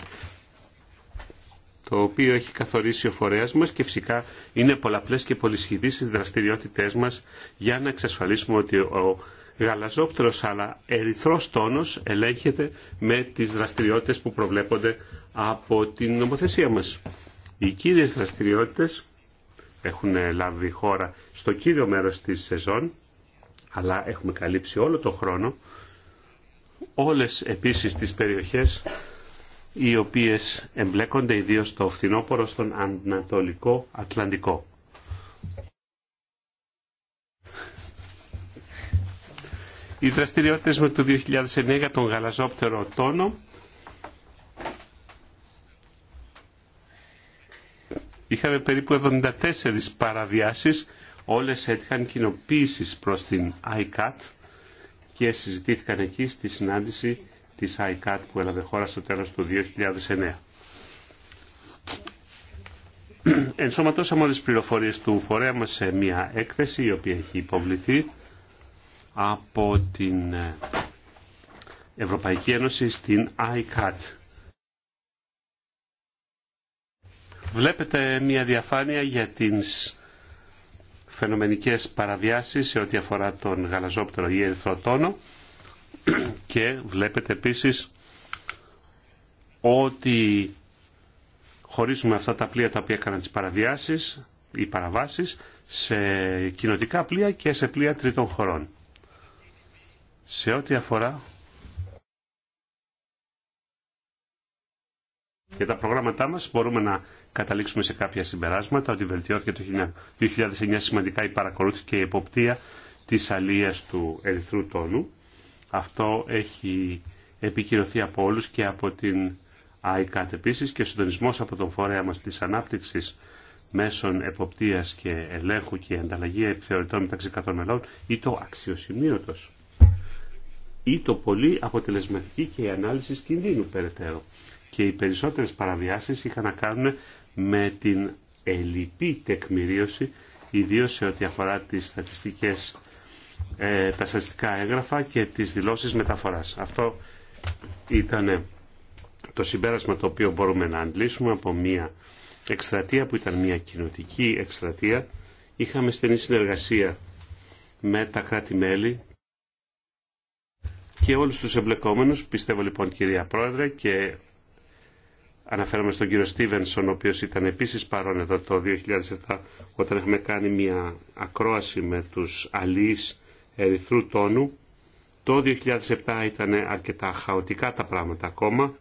B: το οποίο έχει καθορίσει ο φορέας μας και φυσικά είναι πολλαπλές και πολυσχητήσεις δραστηριότητές μας για να εξασφαλίσουμε ότι ο γαλαζόπτερος αλλά ερυθρός τόνος ελέγχεται με τις δραστηριότητες που προβλέπονται από την νομοθεσία μας. Οι κύριες δραστηριότητες έχουν λάβει χώρα στο κύριο μέρος της σεζόν, αλλά έχουμε καλύψει όλο το χρόνο, όλες επίσης τις περιοχές οι οποίες εμπλέκονται ιδίως στο φθινόπωρο στον Ανατολικό Ατλαντικό. Οι δραστηριότητες με το 2009 για τον γαλαζόπτερο τόνο είχαμε περίπου 74 παραβιάσεις όλες έτυχαν κοινοποίησης προς την ICAT και συζητήθηκαν εκεί στη συνάντηση της ICAT που έλαβε χώρα στο τέλος του 2009. Ενσωματώσαμε όλες τις πληροφορίες του φορέα μας σε μια έκθεση η οποία έχει υποβληθεί από την Ευρωπαϊκή Ένωση στην ICAT. Βλέπετε μια διαφάνεια για τις φαινομενικές παραβιάσεις σε ό,τι αφορά τον γαλαζόπτερο ή ερθροτόνο [CLEARS THROAT] και βλέπετε επίσης ότι χωρίζουμε αυτά τα πλοία τα οποία έκαναν τις παραβιάσεις ή παραβάσεις σε κοινοτικά πλοία και σε πλοία τρίτων χωρών. Σε ό,τι αφορά για τα προγράμματά μας μπορούμε να καταλήξουμε σε κάποια συμπεράσματα ότι βελτιώθηκε το 2009 σημαντικά η παρακολούθηση και η εποπτεία της αλίας του ερυθρού τόνου. Αυτό έχει επικυρωθεί από όλους και από την ΑΙΚΑΤ επίσης και ο συντονισμός από τον φορέα μας της ανάπτυξης μέσων εποπτείας και ελέγχου και ανταλλαγή επιθεωρητών μεταξύ 100 μελών ή το αξιοσημείωτος ή το πολύ αποτελεσματική και η ανάλυση κινδύνου περαιτέρω. Και οι περισσότερες παραβιάσεις είχαν να κάνουν με την ελλειπή τεκμηρίωση, ιδίως σε ό,τι αφορά τις στατιστικές, ε, τα στατιστικά έγγραφα και τις δηλώσεις μεταφοράς. Αυτό ήταν ε, το συμπέρασμα το οποίο μπορούμε να αντλήσουμε από μια εκστρατεία που ήταν μια κοινοτική εκστρατεία. Είχαμε στενή συνεργασία με τα κράτη-μέλη και όλους τους εμπλεκόμενους. Πιστεύω λοιπόν κυρία Πρόεδρε και Αναφέρομαι στον κύριο Στίβενσον, ο οποίος ήταν επίσης παρόν εδώ το 2007, όταν έχουμε κάνει μια ακρόαση με τους αλείς ερυθρού τόνου. Το 2007 ήταν αρκετά χαοτικά τα πράγματα ακόμα,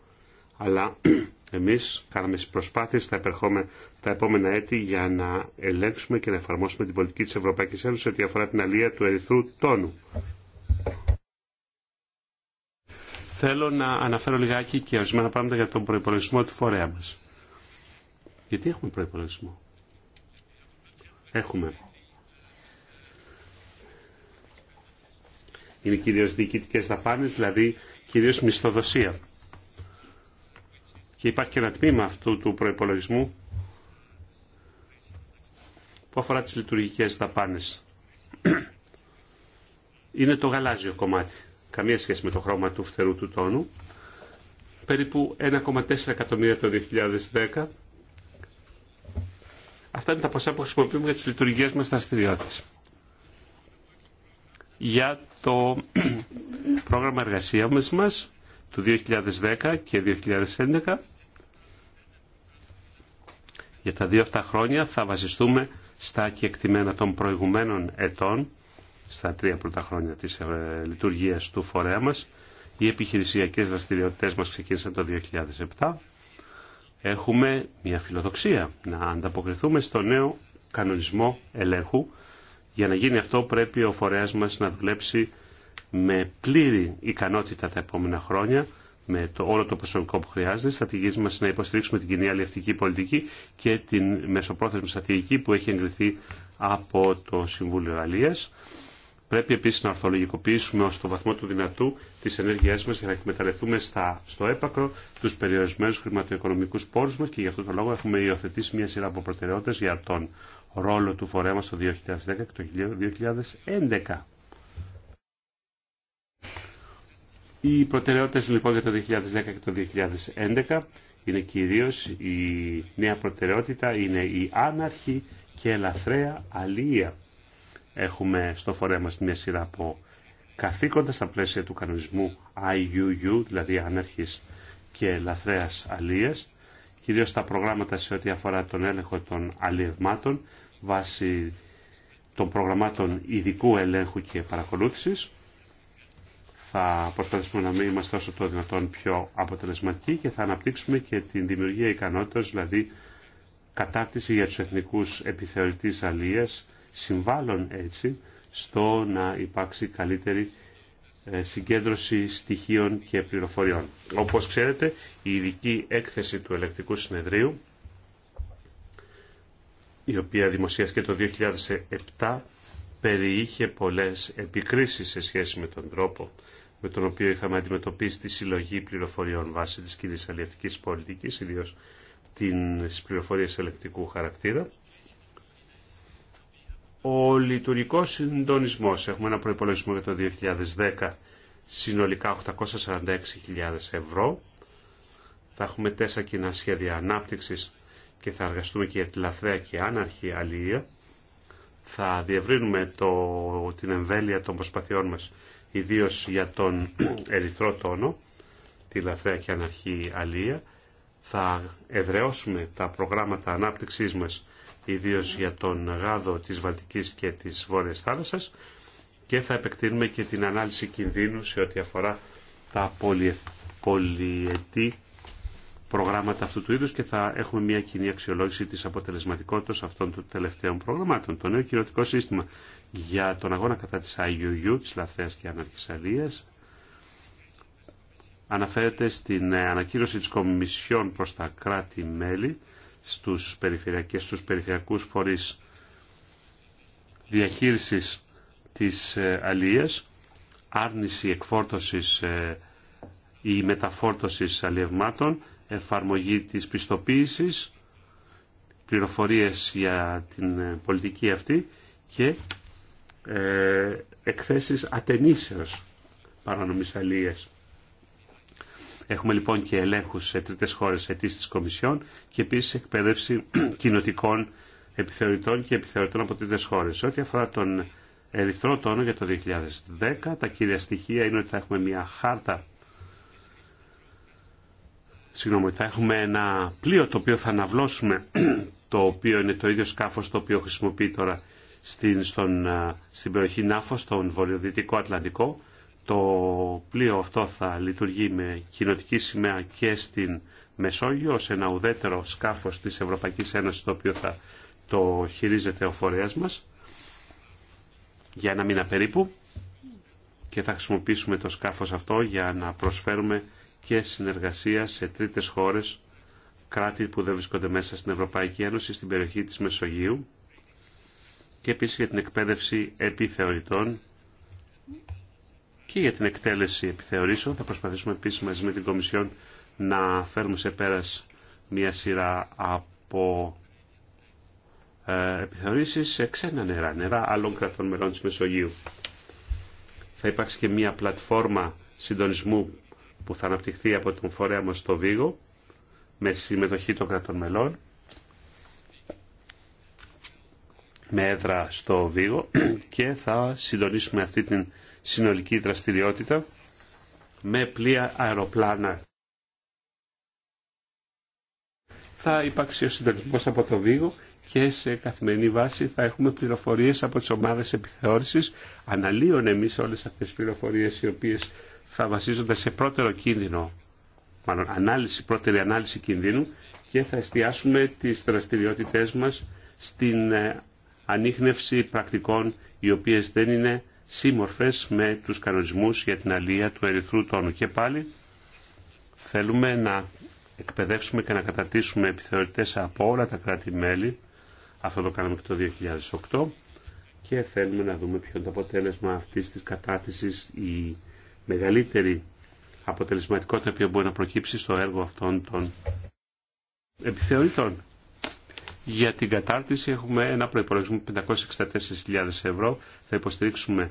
B: αλλά [CLEARS THROAT] εμείς κάναμε τις προσπάθειες, θα επερχόμε τα επόμενα έτη για να ελέγξουμε και να εφαρμόσουμε την πολιτική της Ευρωπαϊκής Ένωσης ό,τι αφορά την αλία του ερυθρού τόνου θέλω να αναφέρω λιγάκι και ορισμένα πράγματα για τον προπολογισμό του φορέα μας. Γιατί έχουμε προπολογισμό. Έχουμε. Είναι κυρίω διοικητικέ δαπάνε, δηλαδή κυρίως μισθοδοσία. Και υπάρχει και ένα τμήμα αυτού του προπολογισμού που αφορά τι λειτουργικέ δαπάνε. Είναι το γαλάζιο κομμάτι καμία σχέση με το χρώμα του φτερού του τόνου, περίπου 1,4 εκατομμύρια το 2010. Αυτά είναι τα ποσά που χρησιμοποιούμε για τις λειτουργίες μας δραστηριότητες. Για το [CLEARS THROAT] πρόγραμμα εργασία μας, του 2010 και 2011, για τα δύο αυτά χρόνια θα βασιστούμε στα κεκτημένα των προηγουμένων ετών στα τρία πρώτα χρόνια της ε, λειτουργίας του φορέα μας. Οι επιχειρησιακές δραστηριότητες μας ξεκίνησαν το 2007. Έχουμε μια φιλοδοξία να ανταποκριθούμε στο νέο κανονισμό ελέγχου. Για να γίνει αυτό πρέπει ο φορέας μας να δουλέψει με πλήρη ικανότητα τα επόμενα χρόνια, με το, όλο το προσωπικό που χρειάζεται. Η στρατηγική μα να υποστηρίξουμε την κοινή αλληλευτική πολιτική και την μεσοπρόθεσμη στρατηγική που έχει εγκριθεί από το Συμβούλιο Αλίας. Πρέπει επίση να ορθολογικοποιήσουμε ω το βαθμό του δυνατού τις ενέργειέ μα για να εκμεταλλευτούμε στα, στο έπακρο του περιορισμένου χρηματοοικονομικούς πόρου μα και γι' αυτό το λόγο έχουμε υιοθετήσει μια σειρά από προτεραιότητε για τον ρόλο του φορέα μα το 2010 και το 2011. Οι προτεραιότητε λοιπόν για το 2010 και το 2011 είναι κυρίω η νέα προτεραιότητα, είναι η άναρχη και ελαφραία αλία. Έχουμε στο φορέα μας μια σειρά από καθήκοντα στα πλαίσια του κανονισμού IUU, δηλαδή ανέρχης και λαθρέας Αλίες. κυρίως τα προγράμματα σε ό,τι αφορά τον έλεγχο των αλλιευμάτων βάσει των προγραμμάτων ειδικού ελέγχου και παρακολούθησης. Θα προσπαθήσουμε να μην είμαστε όσο το δυνατόν πιο αποτελεσματικοί και θα αναπτύξουμε και την δημιουργία ικανότητας, δηλαδή κατάρτιση για τους εθνικούς επιθεωρητής αλίες συμβάλλουν έτσι στο να υπάρξει καλύτερη ε, συγκέντρωση στοιχείων και πληροφοριών. Όπως ξέρετε, η ειδική έκθεση του Ελεκτικού Συνεδρίου, η οποία δημοσιεύτηκε το 2007, περιείχε πολλές επικρίσεις σε σχέση με τον τρόπο με τον οποίο είχαμε αντιμετωπίσει τη συλλογή πληροφοριών βάσει της κοινή αλληλευτικής πολιτικής, ιδίως τις πληροφορίες ελεκτικού χαρακτήρα ο λειτουργικός συντονισμός. Έχουμε ένα προϋπολογισμό για το 2010 συνολικά 846.000 ευρώ. Θα έχουμε τέσσερα κοινά σχέδια ανάπτυξης και θα εργαστούμε και για τη λαθρέα και άναρχη αλληλεία. Θα διευρύνουμε το, την εμβέλεια των προσπαθειών μας, ιδίως για τον [CLEARS THROAT] ερυθρό τόνο, τη λαθρέα και αναρχή αλληλεία. Θα εδραιώσουμε τα προγράμματα ανάπτυξής μας ιδίως για τον γάδο της Βαλτικής και της Βόρειας Θάλασσας και θα επεκτείνουμε και την ανάλυση κινδύνου σε ό,τι αφορά τα πολυετή προγράμματα αυτού του είδους και θα έχουμε μια κοινή αξιολόγηση της αποτελεσματικότητας αυτών των τελευταίων προγραμμάτων. Το νέο κοινωτικό σύστημα για τον αγώνα κατά της IUU, της Λαθρέας και Αναρχισαλίας, αναφέρεται στην ε, ανακοίνωση της Κομισιόν προς τα κράτη-μέλη στους περιφερειακές, στους περιφερειακούς φορείς διαχείρισης της ε, αλίας, άρνηση εκφόρτωσης ε, ή μεταφόρτωσης αλλιευμάτων, εφαρμογή της πιστοποίησης, πληροφορίες για την ε, πολιτική αυτή και ε, εκθέσεις ατενήσεως παρανομής αλίας. Έχουμε λοιπόν και ελέγχους σε τρίτες χώρες αιτήσει τη Κομισιόν και επίσης εκπαίδευση [CLEARS THROAT] κοινοτικών επιθεωρητών και επιθεωρητών από τρίτε χώρες. Ό,τι αφορά τον ερυθρό τόνο για το 2010, τα κύρια στοιχεία είναι ότι θα έχουμε μια χάρτα Συγγνώμη, θα έχουμε ένα πλοίο το οποίο θα αναβλώσουμε, [CLEARS THROAT] το οποίο είναι το ίδιο σκάφο το οποίο χρησιμοποιεί τώρα στην, στον, στην περιοχή Νάφο στον βορειοδυτικό Ατλαντικό, το πλοίο αυτό θα λειτουργεί με κοινοτική σημαία και στην Μεσόγειο ως ένα ουδέτερο σκάφος της Ευρωπαϊκής Ένωσης το οποίο θα το χειρίζεται ο φορέας μας για ένα μήνα περίπου και θα χρησιμοποιήσουμε το σκάφος αυτό για να προσφέρουμε και συνεργασία σε τρίτες χώρες κράτη που δεν βρίσκονται μέσα στην Ευρωπαϊκή Ένωση στην περιοχή της Μεσογείου και επίσης για την εκπαίδευση επιθεωρητών και για την εκτέλεση επιθεωρήσεων. Θα προσπαθήσουμε επίσης μαζί με την Κομισιόν να φέρουμε σε πέρας μια σειρά από ε, επιθεωρήσεις σε ξένα νερά, νερά άλλων κρατών μελών τη Μεσογείου. Θα υπάρξει και μια πλατφόρμα συντονισμού που θα αναπτυχθεί από τον φορέα μας στο Βίγο με συμμετοχή των κρατών μελών με έδρα στο Βίγο [CLEARS THROAT] και θα συντονίσουμε αυτή την συνολική δραστηριότητα με πλοία αεροπλάνα. Θα υπάρξει ο συντονισμό από το Βίγο και σε καθημερινή βάση θα έχουμε πληροφορίες από τις ομάδες επιθεώρησης. Αναλύουν εμείς όλες αυτές τις πληροφορίες οι οποίες θα βασίζονται σε πρώτερο κίνδυνο, μάλλον ανάλυση, πρώτερη ανάλυση κινδύνου και θα εστιάσουμε τις δραστηριότητές μας στην ε, ανείχνευση πρακτικών οι οποίες δεν είναι σύμμορφες με τους κανονισμούς για την αλία του ερυθρού τόνου. Και πάλι θέλουμε να εκπαιδεύσουμε και να καταρτήσουμε επιθεωρητές από όλα τα κράτη-μέλη. Αυτό το κάναμε και το 2008 και θέλουμε να δούμε ποιο είναι το αποτέλεσμα αυτής της κατάθεσης, η μεγαλύτερη αποτελεσματικότητα που μπορεί να προκύψει στο έργο αυτών των επιθεωρητών. Για την κατάρτιση έχουμε ένα προϋπολογισμό 564.000 ευρώ. Θα υποστηρίξουμε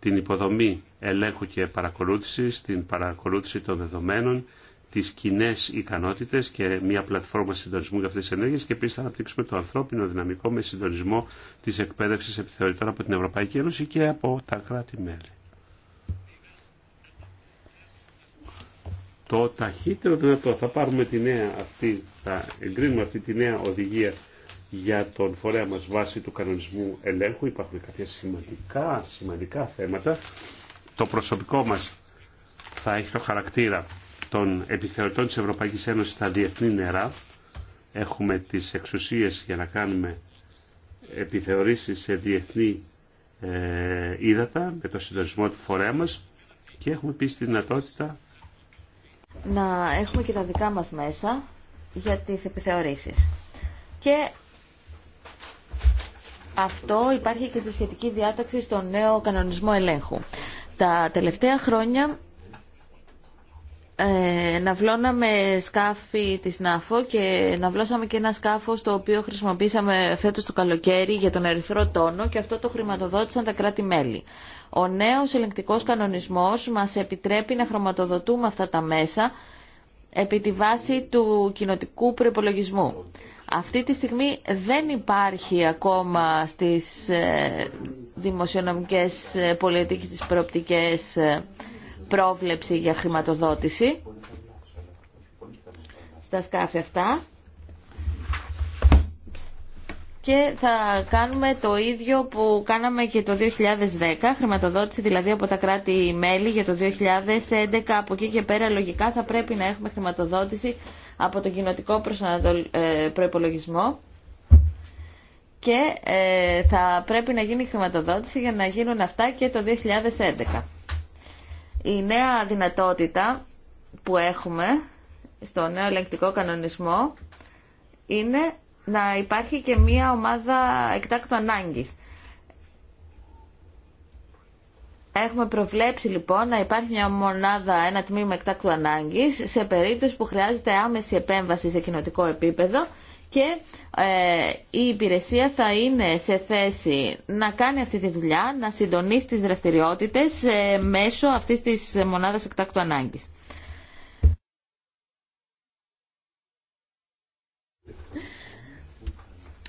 B: την υποδομή ελέγχου και παρακολούθησης, την παρακολούθηση των δεδομένων, τις κοινέ ικανότητες και μια πλατφόρμα συντονισμού για αυτές τις ενέργειες και επίσης θα αναπτύξουμε το ανθρώπινο δυναμικό με συντονισμό της εκπαίδευσης επιθεωρητών από την Ευρωπαϊκή Ένωση και από τα κράτη-μέλη. το ταχύτερο δυνατό. Θα πάρουμε τη νέα αυτή, θα εγκρίνουμε αυτή τη νέα οδηγία για τον φορέα μας βάσει του κανονισμού ελέγχου. Υπάρχουν κάποια σημαντικά, σημαντικά θέματα. Το προσωπικό μας θα έχει το χαρακτήρα των επιθεωρητών της Ευρωπαϊκής Ένωσης στα διεθνή νερά. Έχουμε τις εξουσίες για να κάνουμε επιθεωρήσεις σε διεθνή ε, ύδατα με το συντονισμό του φορέα μας και έχουμε επίσης τη δυνατότητα
C: να έχουμε και τα δικά μας μέσα για τις επιθεωρήσεις. Και αυτό υπάρχει και στη σχετική διάταξη στο νέο κανονισμό ελέγχου. Τα τελευταία χρόνια ε, ναυλώναμε σκάφη της ΝΑΦΟ και ναυλώσαμε και ένα σκάφος το οποίο χρησιμοποίησαμε φέτος το καλοκαίρι για τον ερυθρό τόνο και αυτό το χρηματοδότησαν τα κράτη-μέλη. Ο νέος ελεγκτικός κανονισμός μας επιτρέπει να χρωματοδοτούμε αυτά τα μέσα επί τη βάση του κοινοτικού προπολογισμού. Αυτή τη στιγμή δεν υπάρχει ακόμα στις ε, δημοσιονομικές ε, πολιτικές προοπτικές ε, πρόβλεψη για χρηματοδότηση στα σκάφη αυτά και θα κάνουμε το ίδιο που κάναμε και το 2010, χρηματοδότηση δηλαδή από τα κράτη-μέλη για το 2011. Από εκεί και πέρα λογικά θα πρέπει να έχουμε χρηματοδότηση από τον κοινοτικό ε, προϋπολογισμό και ε, θα πρέπει να γίνει χρηματοδότηση για να γίνουν αυτά και το 2011. Η νέα δυνατότητα που έχουμε στο νέο ελεγκτικό κανονισμό είναι να υπάρχει και μία ομάδα εκτάκτου ανάγκης. Έχουμε προβλέψει λοιπόν να υπάρχει μια μονάδα, ένα τμήμα εκτάκτου ανάγκης σε περίπτωση που χρειάζεται άμεση επέμβαση σε κοινοτικό επίπεδο και ε, η υπηρεσία θα είναι σε θέση να κάνει αυτή τη δουλειά, να συντονίσει τις δραστηριότητες ε, μέσω αυτής της μονάδας εκτάκτου ανάγκης.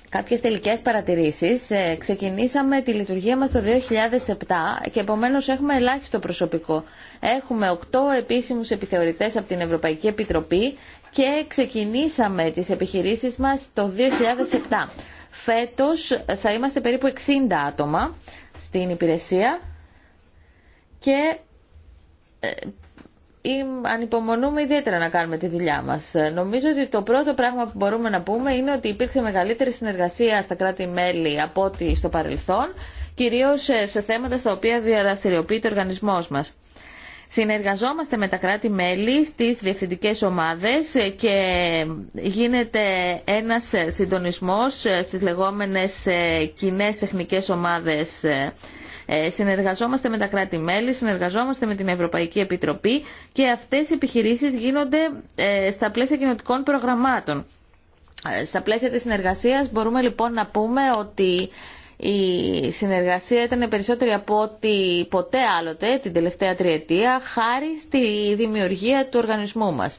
C: Κάποιες τελικές παρατηρήσεις. Ε, ξεκινήσαμε τη λειτουργία μας το 2007 και επομένως έχουμε ελάχιστο προσωπικό. Έχουμε 8 επίσημους επιθεωρητές από την Ευρωπαϊκή Επιτροπή, και ξεκινήσαμε τις επιχειρήσεις μας το 2007. Φέτος θα είμαστε περίπου 60 άτομα στην υπηρεσία και ε, ανυπομονούμε ιδιαίτερα να κάνουμε τη δουλειά μας. Νομίζω ότι το πρώτο πράγμα που μπορούμε να πούμε είναι ότι υπήρξε μεγαλύτερη συνεργασία στα κράτη-μέλη από ό,τι στο παρελθόν, κυρίως ε, σε θέματα στα οποία διαδραστηριοποιείται ο οργανισμός μας. Συνεργαζόμαστε με τα κράτη-μέλη στις διευθυντικές ομάδες και γίνεται ένας συντονισμός στις λεγόμενες κοινέ τεχνικές ομάδες ε, συνεργαζόμαστε με τα κράτη-μέλη, συνεργαζόμαστε με την Ευρωπαϊκή Επιτροπή και αυτές οι επιχειρήσεις γίνονται ε, στα πλαίσια κοινοτικών προγραμμάτων. Ε, στα πλαίσια της συνεργασίας μπορούμε λοιπόν να πούμε ότι η συνεργασία ήταν περισσότερη από ό,τι ποτέ άλλοτε την τελευταία τριετία χάρη στη δημιουργία του οργανισμού μας.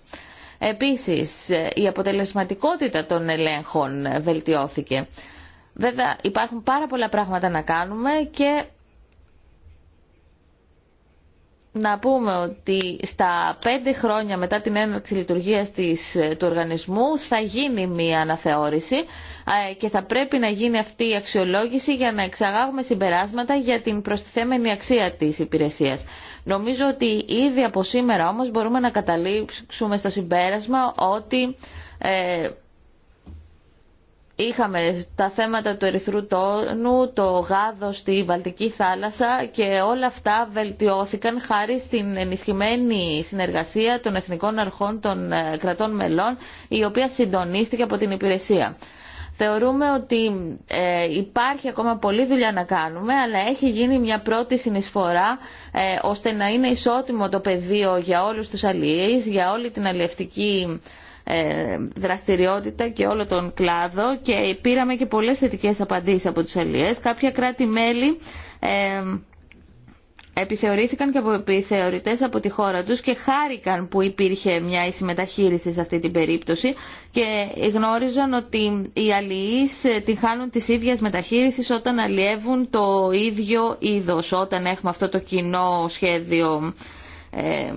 C: Επίσης, η αποτελεσματικότητα των ελέγχων βελτιώθηκε. Βέβαια, υπάρχουν πάρα πολλά πράγματα να κάνουμε και να πούμε ότι στα πέντε χρόνια μετά την έναρξη λειτουργίας της, του οργανισμού θα γίνει μία αναθεώρηση ε, και θα πρέπει να γίνει αυτή η αξιολόγηση για να εξαγάγουμε συμπεράσματα για την προστιθέμενη αξία της υπηρεσίας. Νομίζω ότι ήδη από σήμερα όμως μπορούμε να καταλήξουμε στο συμπέρασμα ότι ε, είχαμε τα θέματα του ερυθρού τόνου, το γάδο στη Βαλτική θάλασσα και όλα αυτά βελτιώθηκαν χάρη στην ενισχυμένη συνεργασία των εθνικών αρχών των ε, κρατών μελών η οποία συντονίστηκε από την υπηρεσία. Θεωρούμε ότι ε, υπάρχει ακόμα πολλή δουλειά να κάνουμε, αλλά έχει γίνει μια πρώτη συνεισφορά ε, ώστε να είναι ισότιμο το πεδίο για όλους τους αλλιείς, για όλη την αλλιευτική ε, δραστηριότητα και όλο τον κλάδο και πήραμε και πολλές θετικές απαντήσεις από τους αλλιες καποια Κάποια κράτη-μέλη ε, επιθεωρήθηκαν και από επιθεωρητές από τη χώρα τους και χάρηκαν που υπήρχε μια ίση μεταχείριση σε αυτή την περίπτωση και γνώριζαν ότι οι αλληλεί ε, τη χάνουν τη ίδια μεταχείρισης όταν αλλιεύουν το ίδιο είδο όταν έχουμε αυτό το κοινό σχέδιο ε,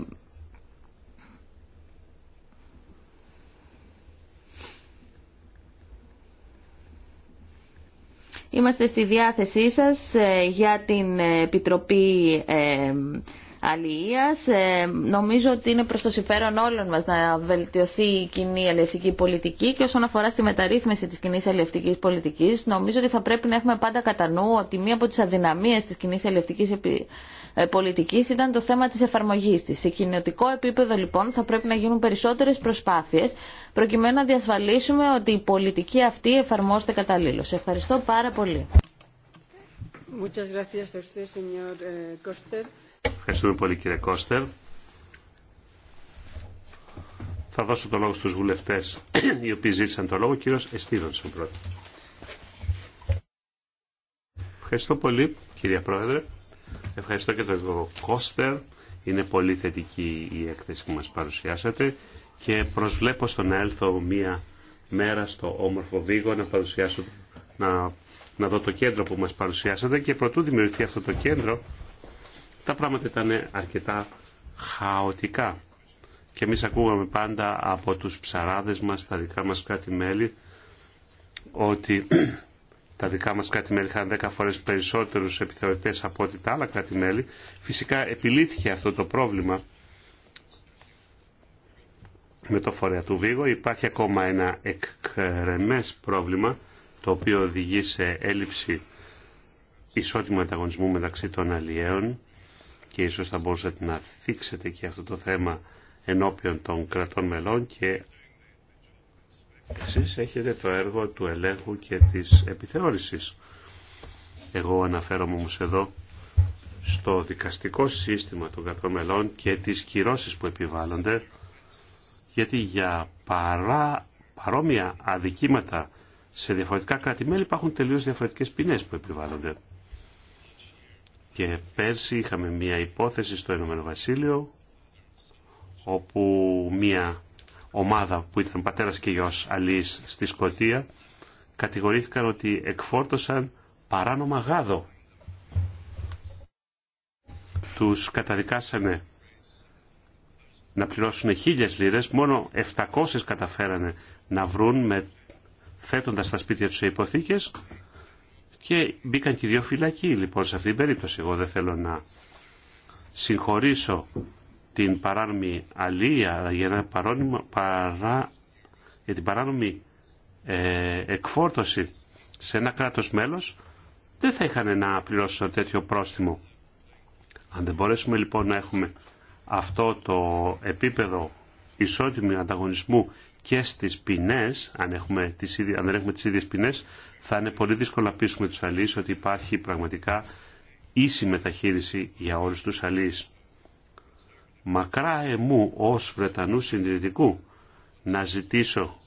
C: Είμαστε στη διάθεσή σας ε, για την ε, Επιτροπή ε, Αλληλείας. Νομίζω ότι είναι προς το συμφέρον όλων μας να βελτιωθεί η κοινή αλληλευτική πολιτική και όσον αφορά στη μεταρρύθμιση της κοινής αλληλευτικής πολιτικής, νομίζω ότι θα πρέπει να έχουμε πάντα κατά νου ότι μία από τις αδυναμίες της κοινής αλληλευτικής πολιτικής ήταν το θέμα της εφαρμογής της. Σε κοινωτικό επίπεδο λοιπόν θα πρέπει να γίνουν περισσότερες προσπάθειες προκειμένου να διασφαλίσουμε ότι η πολιτική αυτή εφαρμόζεται καταλήλως. Ευχαριστώ πάρα πολύ.
A: Eh,
B: Ευχαριστούμε πολύ κύριε Κώστερ. Θα δώσω το λόγο στους βουλευτές οι οποίοι ζήτησαν το λόγο. Κύριος Εστίδων, στον πρώτο. Ευχαριστώ πολύ κυρία Πρόεδρε. Ευχαριστώ και τον κύριο Κώστερ. Είναι πολύ θετική η έκθεση που μας παρουσιάσατε και προσβλέπω στο να έλθω μία μέρα στο όμορφο Βίγο να παρουσιάσω να, να δω το κέντρο που μας παρουσιάσατε και προτού δημιουργηθεί αυτό το κέντρο τα πράγματα ήταν αρκετά χαοτικά και εμείς ακούγαμε πάντα από τους ψαράδες μας, τα δικά μας κάτι μέλη ότι [CLEARS THROAT] τα δικά μας κράτη-μέλη είχαν 10 φορές περισσότερους επιθεωρητές από ό,τι τα άλλα κράτη-μέλη. Φυσικά επιλύθηκε αυτό το πρόβλημα με το φορέα του Βίγο. Υπάρχει ακόμα ένα εκκρεμές πρόβλημα το οποίο οδηγεί σε έλλειψη ισότιμου ανταγωνισμού μεταξύ των αλλιέων και ίσως θα μπορούσατε να θίξετε και αυτό το θέμα ενώπιον των κρατών μελών και εσείς έχετε το έργο του ελέγχου και της επιθεώρησης. Εγώ αναφέρομαι όμως εδώ στο δικαστικό σύστημα των κρατών μελών και τις κυρώσεις που επιβάλλονται γιατί για παρά, παρόμοια αδικήματα σε διαφορετικά κράτη-μέλη υπάρχουν τελείως διαφορετικές ποινές που επιβάλλονται. Και πέρσι είχαμε μια υπόθεση στο Ηνωμένο Βασίλειο όπου μια ομάδα που ήταν πατέρας και γιος αλής στη Σκοτία κατηγορήθηκαν ότι εκφόρτωσαν παράνομα γάδο. Τους καταδικάσανε να πληρώσουν χίλιες λίρες, μόνο 700 καταφέρανε να βρουν με, θέτοντας τα σπίτια τους σε υποθήκες και μπήκαν και δύο φυλακοί λοιπόν σε αυτήν την περίπτωση. Εγώ δεν θέλω να συγχωρήσω την παράνομη αλία για, ένα παρόνυμο, παρά, την παράνομη ε, εκφόρτωση σε ένα κράτος μέλος δεν θα είχαν να πληρώσουν τέτοιο πρόστιμο. Αν δεν μπορέσουμε λοιπόν να έχουμε αυτό το επίπεδο ισότιμου ανταγωνισμού και στις ποινές, αν, έχουμε τις ίδιες, αν δεν έχουμε τις ίδιες ποινές, θα είναι πολύ δύσκολο να πείσουμε τους αλληλείς ότι υπάρχει πραγματικά ίση μεταχείριση για όλους τους αλληλείς. Μακρά εμού ως Βρετανού συντηρητικού να ζητήσω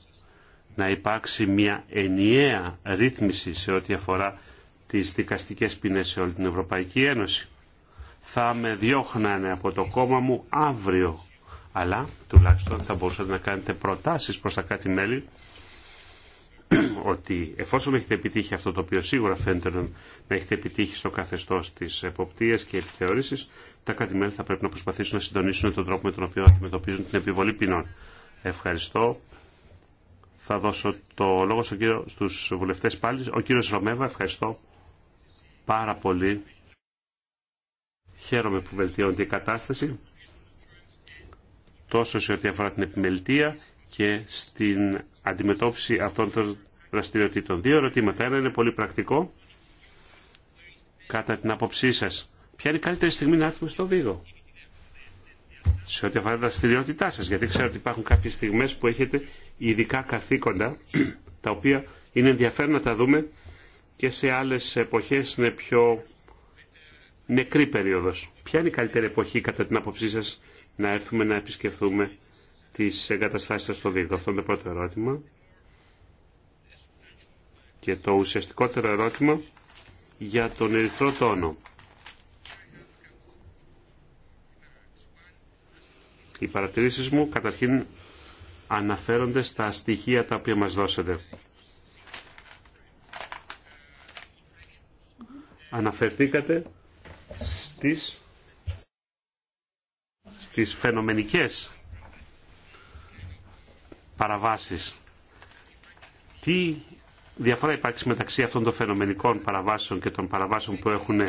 B: να υπάρξει μια ενιαία ρύθμιση σε ό,τι αφορά τις δικαστικές ποινές σε όλη την Ευρωπαϊκή Ένωση θα με διώχνανε από το κόμμα μου αύριο. Αλλά τουλάχιστον θα μπορούσατε να κάνετε προτάσεις προς τα κάτι μέλη [CLEARS THROAT] ότι εφόσον έχετε επιτύχει αυτό το οποίο σίγουρα φαίνεται να έχετε επιτύχει στο καθεστώς της εποπτείας και επιθεώρησης, τα κάτι μέλη θα πρέπει να προσπαθήσουν να συντονίσουν τον τρόπο με τον οποίο αντιμετωπίζουν την επιβολή ποινών. Ευχαριστώ. Θα δώσω το λόγο στον κύριο, στους βουλευτές πάλι. Ο κύριος Ρωμέβα, ευχαριστώ πάρα πολύ Χαίρομαι που βελτιώνεται η κατάσταση τόσο σε ό,τι αφορά την επιμελητία και στην αντιμετώπιση αυτών των δραστηριοτήτων. Δύο ερωτήματα. Ένα είναι πολύ πρακτικό. Κατά την άποψή σα, ποια είναι η καλύτερη στιγμή να έρθουμε στο Βίγο σε ό,τι αφορά τα δραστηριότητά σα, γιατί ξέρω ότι υπάρχουν κάποιε στιγμέ που έχετε ειδικά καθήκοντα τα οποία είναι ενδιαφέρον να τα δούμε και σε άλλε εποχέ είναι πιο νεκρή περίοδος. Ποια είναι η καλύτερη εποχή κατά την άποψή σας να έρθουμε να επισκεφθούμε τις εγκαταστάσεις στο Δίκτυο. Αυτό είναι το πρώτο ερώτημα. Και το ουσιαστικότερο ερώτημα για τον ερυθρό τόνο. Οι παρατηρήσεις μου καταρχήν αναφέρονται στα στοιχεία τα οποία μας δώσετε. Αναφερθήκατε στις, στις φαινομενικές παραβάσεις. Τι διαφορά υπάρχει μεταξύ αυτών των φαινομενικών παραβάσεων και των παραβάσεων που έχουν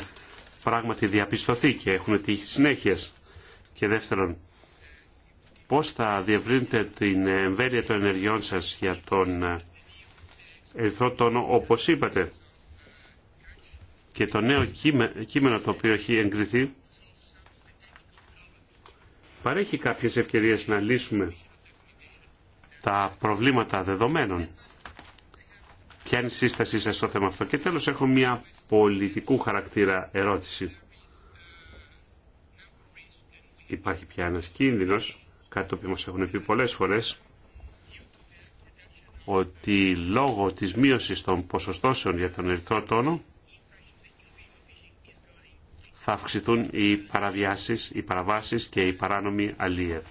B: πράγματι διαπιστωθεί και έχουν τύχει συνέχειες. Και δεύτερον, πώς θα διευρύνετε την εμβέλεια των ενεργειών σας για τον ε, ερυθρό τόνο, όπως είπατε, και το νέο κείμενο το οποίο έχει εγκριθεί παρέχει κάποιες ευκαιρίες να λύσουμε τα προβλήματα δεδομένων. Ποια είναι η σύστασή σας στο θέμα αυτό. Και τέλος έχω μια πολιτικού χαρακτήρα ερώτηση. Υπάρχει πια ένας κίνδυνος, κάτι το οποίο μας έχουν πει πολλές φορές, ότι λόγω της μείωσης των ποσοστώσεων για τον ερυθρό τόνο θα αυξηθούν οι παραβιάσεις, οι παραβάσεις και οι παράνομοι αλίευ.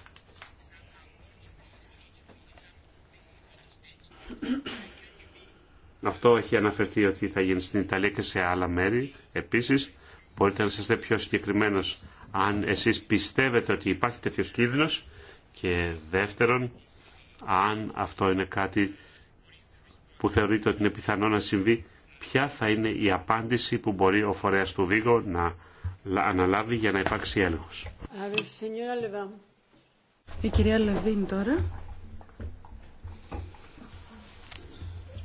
B: Αυτό έχει αναφερθεί ότι θα γίνει στην Ιταλία και σε άλλα μέρη. Επίσης, μπορείτε να είστε πιο συγκεκριμένο, αν εσείς πιστεύετε ότι υπάρχει τέτοιο κίνδυνος και δεύτερον, αν αυτό είναι κάτι που θεωρείτε ότι είναι πιθανό να συμβεί, ποια θα είναι η απάντηση που μπορεί ο φορέας του Βίγο να αναλάβει για να υπάρξει έλεγχος.
D: Η κυρία Λεβίν τώρα.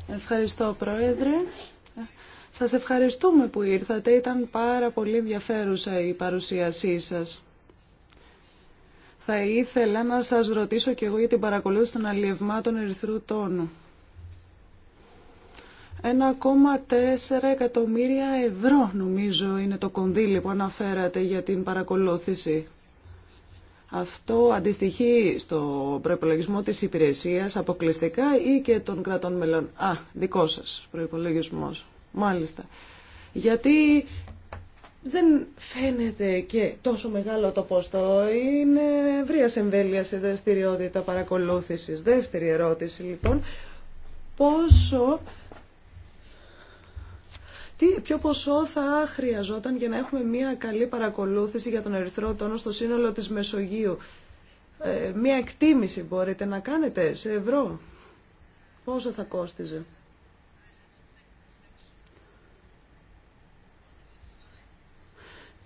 D: Ευχαριστώ Πρόεδρε. Σας ευχαριστούμε που ήρθατε. Ήταν πάρα πολύ ενδιαφέρουσα η παρουσίασή σας. Θα ήθελα να σας ρωτήσω κι εγώ για την παρακολούθηση των αλλιευμάτων ερυθρού τόνου. 1,4 εκατομμύρια ευρώ νομίζω είναι το κονδύλι που αναφέρατε για την παρακολούθηση. Αυτό αντιστοιχεί στο προπολογισμό της υπηρεσίας αποκλειστικά ή και των κρατών μελών. Α, δικό σας προϋπολογισμός. Μάλιστα. Γιατί δεν φαίνεται και τόσο μεγάλο το ποστό. Είναι ευρεία εμβέλεια σε δραστηριότητα παρακολούθησης. Δεύτερη ερώτηση λοιπόν. Πόσο τι, ποιο ποσό θα χρειαζόταν για να έχουμε μια καλή παρακολούθηση για τον ερυθρό τόνο στο σύνολο της Μεσογείου. Ε, μια εκτίμηση μπορείτε να κάνετε σε ευρώ. Πόσο θα κόστιζε.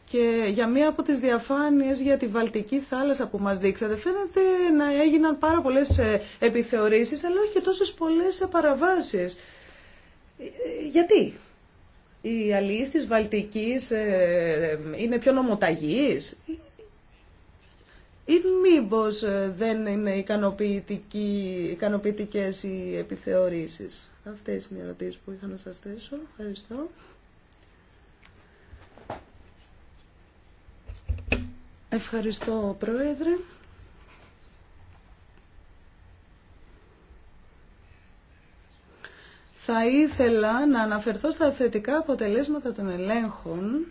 D: Και για μία από τις διαφάνειες για τη Βαλτική θάλασσα που μας δείξατε φαίνεται να έγιναν πάρα πολλές ε, επιθεωρήσεις αλλά όχι και τόσες πολλές παραβάσεις. Ε, γιατί? οι αλληλείς της Βαλτικής ε, ε, είναι πιο νομοταγείς ή μήπως ε, δεν είναι ικανοποιητικές οι επιθεωρήσεις. Αυτές είναι οι ερωτήσεις που είχα να σας θέσω. Ευχαριστώ. Ευχαριστώ, Πρόεδρε. Θα ήθελα να αναφερθώ στα θετικά αποτελέσματα των ελέγχων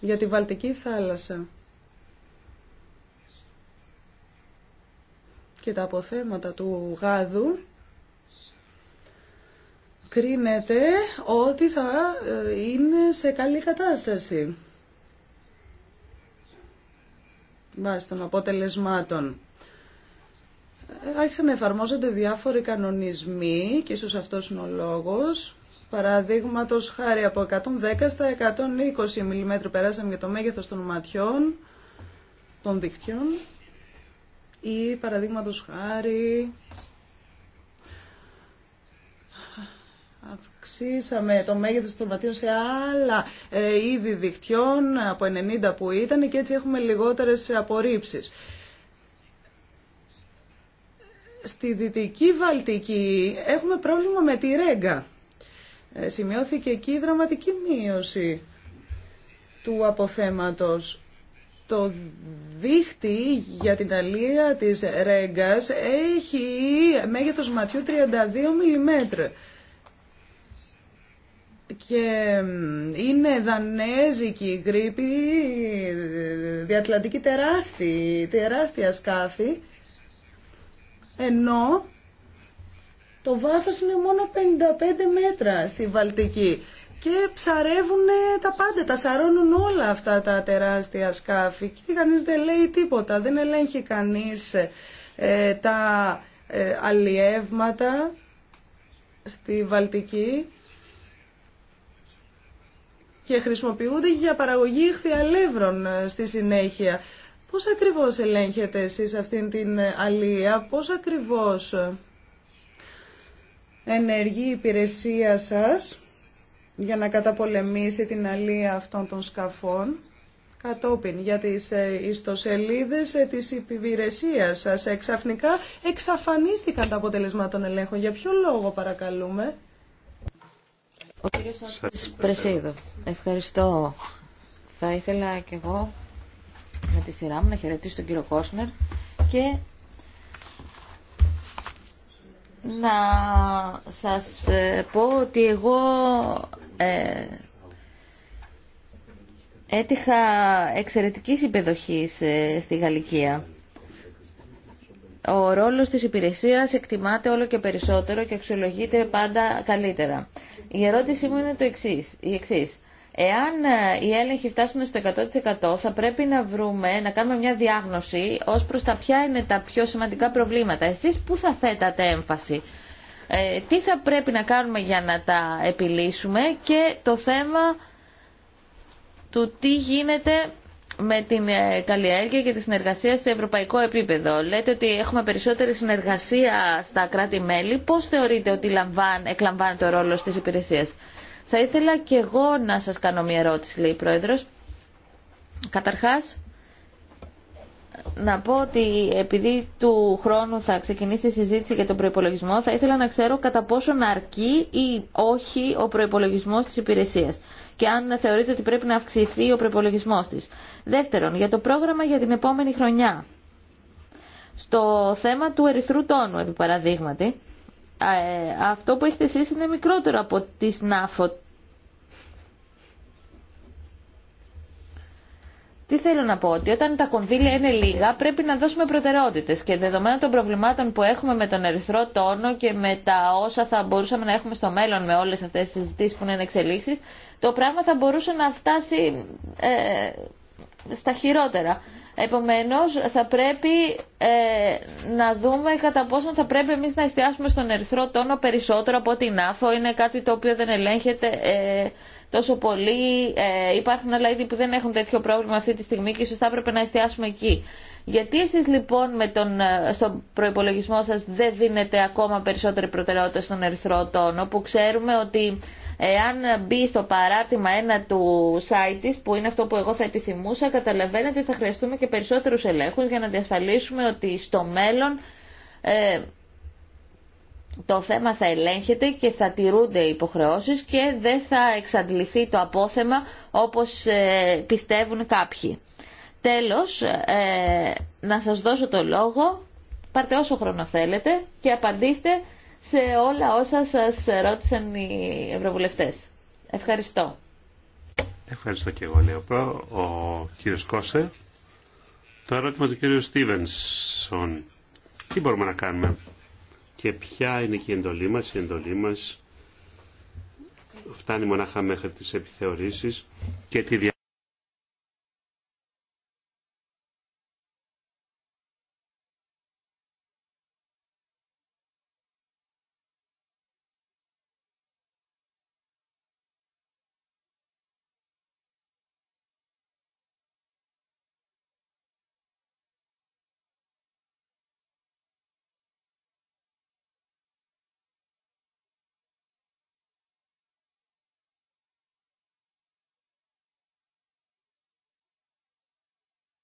D: για τη Βαλτική θάλασσα και τα αποθέματα του γάδου κρίνεται ότι θα ε, είναι σε καλή κατάσταση βάσει των αποτελεσμάτων άρχισαν να εφαρμόζονται διάφοροι κανονισμοί και ίσως αυτός είναι ο λόγος. Παραδείγματο χάρη από 110 στα 120 mm περάσαμε για το μέγεθος των ματιών, των δικτυών ή παραδείγματο χάρη αυξήσαμε το μέγεθος των ματιών σε άλλα ε, είδη δικτυών από 90 που ήταν και έτσι έχουμε λιγότερες απορρίψεις. Στη Δυτική Βαλτική έχουμε πρόβλημα με τη Ρέγκα. Ε, σημειώθηκε εκεί δραματική μείωση του αποθέματος. Το δίχτυ για την αλία της Ρέγκας έχει μέγεθος ματιού 32 mm και είναι δανέζικη γρήπη, ε, διατλαντική τεράστια τεράστια σκάφη ενώ το βάθος είναι μόνο 55 μέτρα στη Βαλτική και ψαρεύουν τα πάντα, τα σαρώνουν όλα αυτά τα τεράστια σκάφη και κανείς δεν λέει τίποτα, δεν ελέγχει κανείς ε, τα ε, αλλιεύματα στη Βαλτική και χρησιμοποιούνται για παραγωγή χθιαλεύρων ε, στη συνέχεια. Πώς ακριβώς ελέγχετε εσείς αυτήν την αλία, πώς ακριβώς ενεργεί η υπηρεσία σας για να καταπολεμήσει την αλία αυτών των σκαφών κατόπιν για τις ιστοσελίδες της υπηρεσία σας. Εξαφνικά εξαφανίστηκαν τα αποτελέσματα των ελέγχων. Για ποιο λόγο παρακαλούμε. Ο κύριος
C: Ευχαριστώ. Θα ήθελα κι εγώ με τη σειρά μου να χαιρετήσω τον κύριο Κόσνερ και να σας ε, πω ότι εγώ ε, έτυχα εξαιρετικής υπεδοχής ε, στη Γαλλικία. Ο ρόλος της υπηρεσίας εκτιμάται όλο και περισσότερο και αξιολογείται πάντα καλύτερα. Η ερώτησή μου είναι το εξής, η εξής. Εάν ε, οι έλεγχοι φτάσουν στο 100% θα πρέπει να βρούμε, να κάνουμε μια διάγνωση ως προς τα ποια είναι τα πιο σημαντικά προβλήματα. Εσείς πού θα θέτατε έμφαση, ε, τι θα πρέπει να κάνουμε για να τα επιλύσουμε και το θέμα του τι γίνεται με την ε, καλλιέργεια και τη συνεργασία σε ευρωπαϊκό επίπεδο. Λέτε ότι έχουμε περισσότερη συνεργασία στα κράτη-μέλη. Πώς θεωρείτε ότι εκλαμβάνεται ο ρόλο της υπηρεσίας. Θα ήθελα και εγώ να σας κάνω μια ερώτηση, λέει η Πρόεδρος. Καταρχάς, να πω ότι επειδή του χρόνου θα ξεκινήσει η συζήτηση για τον προϋπολογισμό, θα ήθελα να ξέρω κατά πόσο να αρκεί ή όχι ο προπολογισμό της υπηρεσίας και αν θεωρείτε ότι πρέπει να αυξηθεί ο προπολογισμό της. Δεύτερον, για το πρόγραμμα για την επόμενη χρονιά. Στο θέμα του ερυθρού τόνου, επί παραδείγματι, ε, αυτό που έχετε εσείς είναι μικρότερο από τη ΣΝΑΦΟ. Τι θέλω να πω, ότι όταν τα κονδύλια είναι λίγα πρέπει να δώσουμε προτεραιότητες και δεδομένα των προβλημάτων που έχουμε με τον ερυθρό τόνο και με τα όσα θα μπορούσαμε να έχουμε στο μέλλον με όλες αυτές τις συζητήσεις που είναι εξελίξεις, το πράγμα θα μπορούσε να φτάσει ε, στα χειρότερα. Επομένως, θα πρέπει ε, να δούμε κατά πόσο θα πρέπει εμείς να εστιάσουμε στον ερθρό τόνο περισσότερο από την άφο. Είναι κάτι το οποίο δεν ελέγχεται ε, τόσο πολύ. Ε, υπάρχουν άλλα είδη που δεν έχουν τέτοιο πρόβλημα αυτή τη στιγμή και ίσως θα έπρεπε να εστιάσουμε εκεί. Γιατί εσείς λοιπόν με τον, στον προϋπολογισμό σας δεν δίνετε ακόμα περισσότερη προτεραιότητα στον ερθρό τόνο που ξέρουμε ότι Εάν μπει στο παράρτημα ένα του site που είναι αυτό που εγώ θα επιθυμούσα, καταλαβαίνετε ότι θα χρειαστούμε και περισσότερους ελέγχους για να διασφαλίσουμε ότι στο μέλλον ε, το θέμα θα ελέγχεται και θα τηρούνται οι υποχρεώσεις και δεν θα εξαντληθεί το απόθεμα όπως ε, πιστεύουν κάποιοι. Τέλος, ε, να σας δώσω το λόγο, πάρτε όσο χρόνο θέλετε και απαντήστε σε όλα όσα σας ρώτησαν οι ευρωβουλευτές. Ευχαριστώ.
B: Ευχαριστώ και εγώ, Λεωπρό. Ο κύριος Κώσε. Το ερώτημα του κύριου Στίβενσον. Τι μπορούμε να κάνουμε και ποια είναι και η εντολή μας. Η εντολή μας φτάνει μονάχα μέχρι τις επιθεωρήσεις και τη